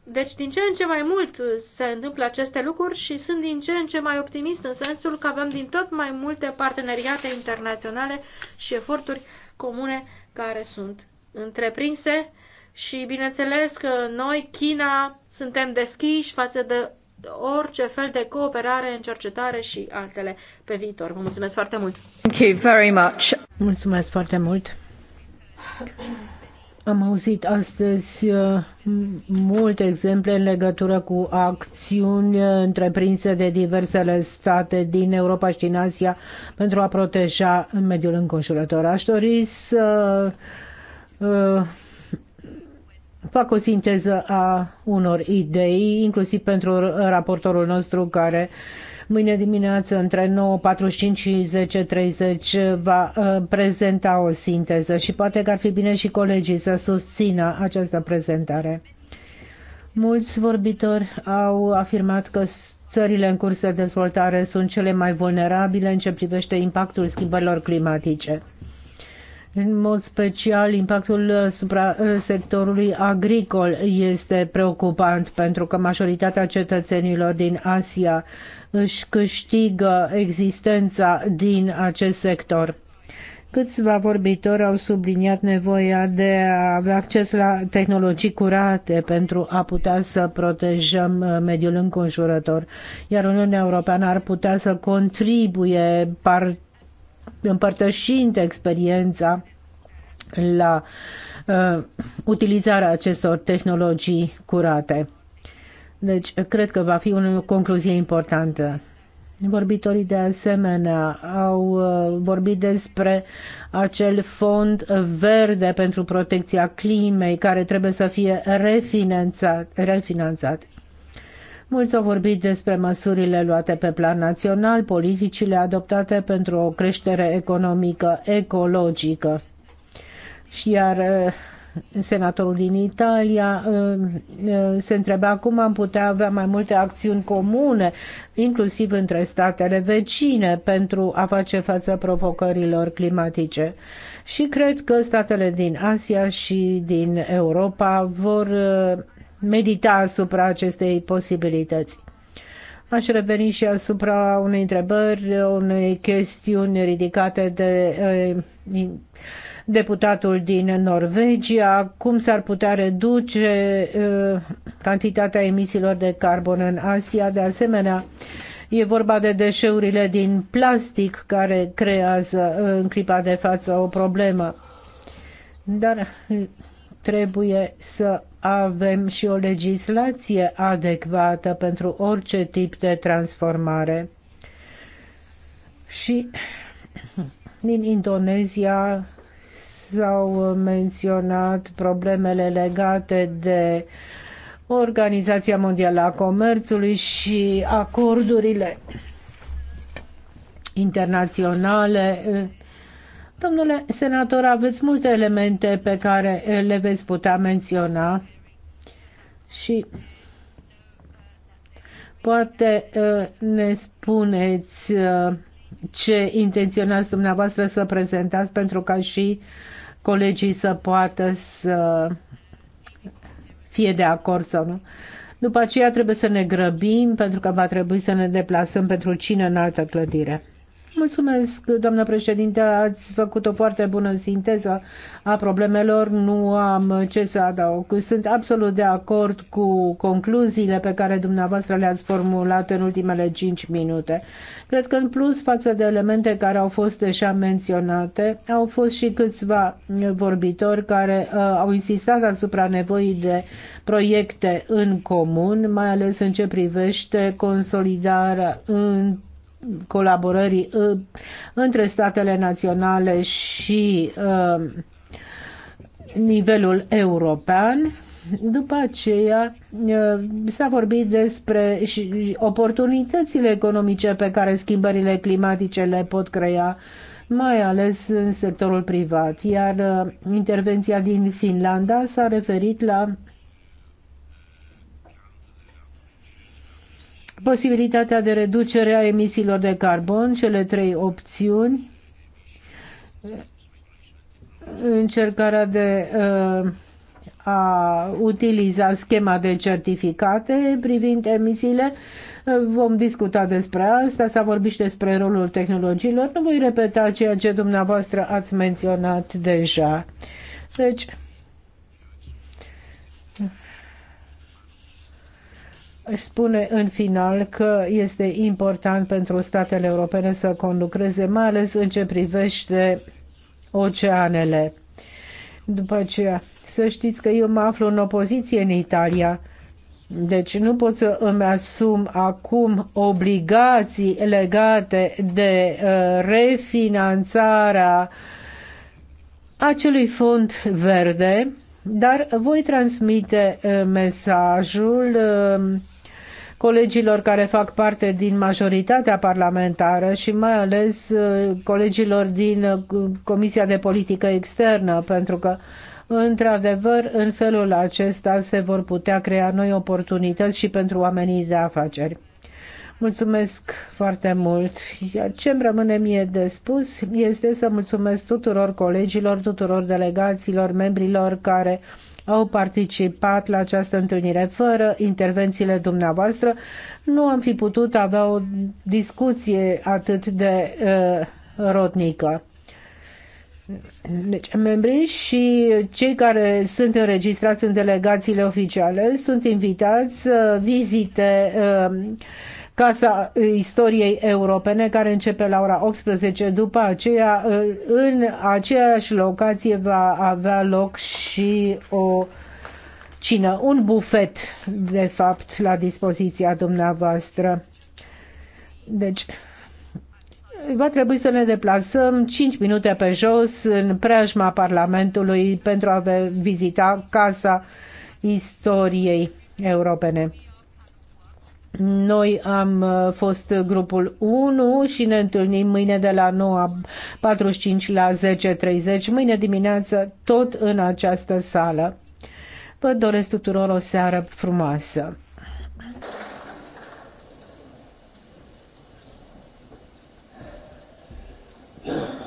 Speaker 3: Deci din ce în ce mai mult uh, se întâmplă aceste lucruri și sunt din ce în ce mai optimist în sensul că avem din tot mai multe parteneriate internaționale și eforturi comune care sunt întreprinse și bineînțeles că noi, China, suntem deschiși față de orice fel de cooperare în cercetare și altele pe viitor. Vă mulțumesc foarte mult!
Speaker 1: Thank you very much! Mulțumesc foarte mult! Am auzit astăzi uh, multe exemple în legătură cu acțiuni uh, întreprinse de diversele state din Europa și din Asia pentru a proteja mediul înconjurător. Aș dori să uh, fac o sinteză a unor idei, inclusiv pentru raportorul nostru care Mâine dimineață, între 9.45 și 10.30, va uh, prezenta o sinteză și poate că ar fi bine și colegii să susțină această prezentare. Mulți vorbitori au afirmat că țările în curs de dezvoltare sunt cele mai vulnerabile în ce privește impactul schimbărilor climatice. În mod special, impactul asupra uh, uh, sectorului agricol este preocupant pentru că majoritatea cetățenilor din Asia își câștigă existența din acest sector. Câțiva vorbitori au subliniat nevoia de a avea acces la tehnologii curate pentru a putea să protejăm uh, mediul înconjurător, iar Uniunea Europeană ar putea să contribuie par- împărtășind experiența la uh, utilizarea acestor tehnologii curate. Deci, cred că va fi o concluzie importantă. Vorbitorii de asemenea au uh, vorbit despre acel fond verde pentru protecția climei care trebuie să fie refinanțat. refinanțat. Mulți au vorbit despre măsurile luate pe plan național, politicile adoptate pentru o creștere economică ecologică. Și iar uh, senatorul din Italia uh, uh, se întreba cum am putea avea mai multe acțiuni comune, inclusiv între statele vecine, pentru a face față provocărilor climatice. Și cred că statele din Asia și din Europa vor uh, medita asupra acestei posibilități. Aș reveni și asupra unei întrebări, unei chestiuni ridicate de deputatul din Norvegia, cum s-ar putea reduce uh, cantitatea emisiilor de carbon în Asia. De asemenea, E vorba de deșeurile din plastic care creează uh, în clipa de față o problemă. Dar uh, trebuie să avem și o legislație adecvată pentru orice tip de transformare. Și din Indonezia S-au menționat problemele legate de Organizația Mondială a Comerțului și acordurile internaționale. Domnule senator, aveți multe elemente pe care le veți putea menționa și poate uh, ne spuneți uh, ce intenționați dumneavoastră să prezentați pentru ca și uh, colegii să poată să fie de acord sau nu. După aceea trebuie să ne grăbim pentru că va trebui să ne deplasăm pentru cine în altă clădire. Mulțumesc, doamnă președinte, ați făcut o foarte bună sinteză a problemelor, nu am ce să adaug. Sunt absolut de acord cu concluziile pe care dumneavoastră le-ați formulat în ultimele 5 minute. Cred că în plus față de elemente care au fost deja menționate, au fost și câțiva vorbitori care uh, au insistat asupra nevoii de proiecte în comun, mai ales în ce privește consolidarea în colaborării uh, între statele naționale și uh, nivelul european. După aceea uh, s-a vorbit despre oportunitățile economice pe care schimbările climatice le pot crea, mai ales în sectorul privat. Iar intervenția din Finlanda s-a referit la posibilitatea de reducere a emisiilor de carbon, cele trei opțiuni, încercarea de uh, a utiliza schema de certificate privind emisiile. Vom discuta despre asta, s-a vorbit și despre rolul tehnologiilor. Nu voi repeta ceea ce dumneavoastră ați menționat deja. Deci, spune în final că este important pentru statele europene să conlucreze, mai ales în ce privește oceanele. După aceea, să știți că eu mă aflu în opoziție în Italia, deci nu pot să îmi asum acum obligații legate de uh, refinanțarea acelui fond verde, dar voi transmite uh, mesajul uh, colegilor care fac parte din majoritatea parlamentară și mai ales uh, colegilor din uh, Comisia de Politică Externă, pentru că Într-adevăr, în felul acesta se vor putea crea noi oportunități și pentru oamenii de afaceri. Mulțumesc foarte mult. Iar ce îmi rămâne mie de spus este să mulțumesc tuturor colegilor, tuturor delegaților, membrilor care au participat la această întâlnire. Fără intervențiile dumneavoastră nu am fi putut avea o discuție atât de uh, rodnică. Deci, membrii și cei care sunt înregistrați în delegațiile oficiale sunt invitați să vizite uh, Casa Istoriei Europene, care începe la ora 18. După aceea, în aceeași locație va avea loc și o cină, un bufet, de fapt, la dispoziția dumneavoastră. Deci, va trebui să ne deplasăm 5 minute pe jos în preajma Parlamentului pentru a vizita Casa Istoriei Europene. Noi am uh, fost grupul 1 și ne întâlnim mâine de la 9.45 la 10.30, mâine dimineață tot în această sală. Vă doresc tuturor o seară frumoasă!
Speaker 2: Yeah.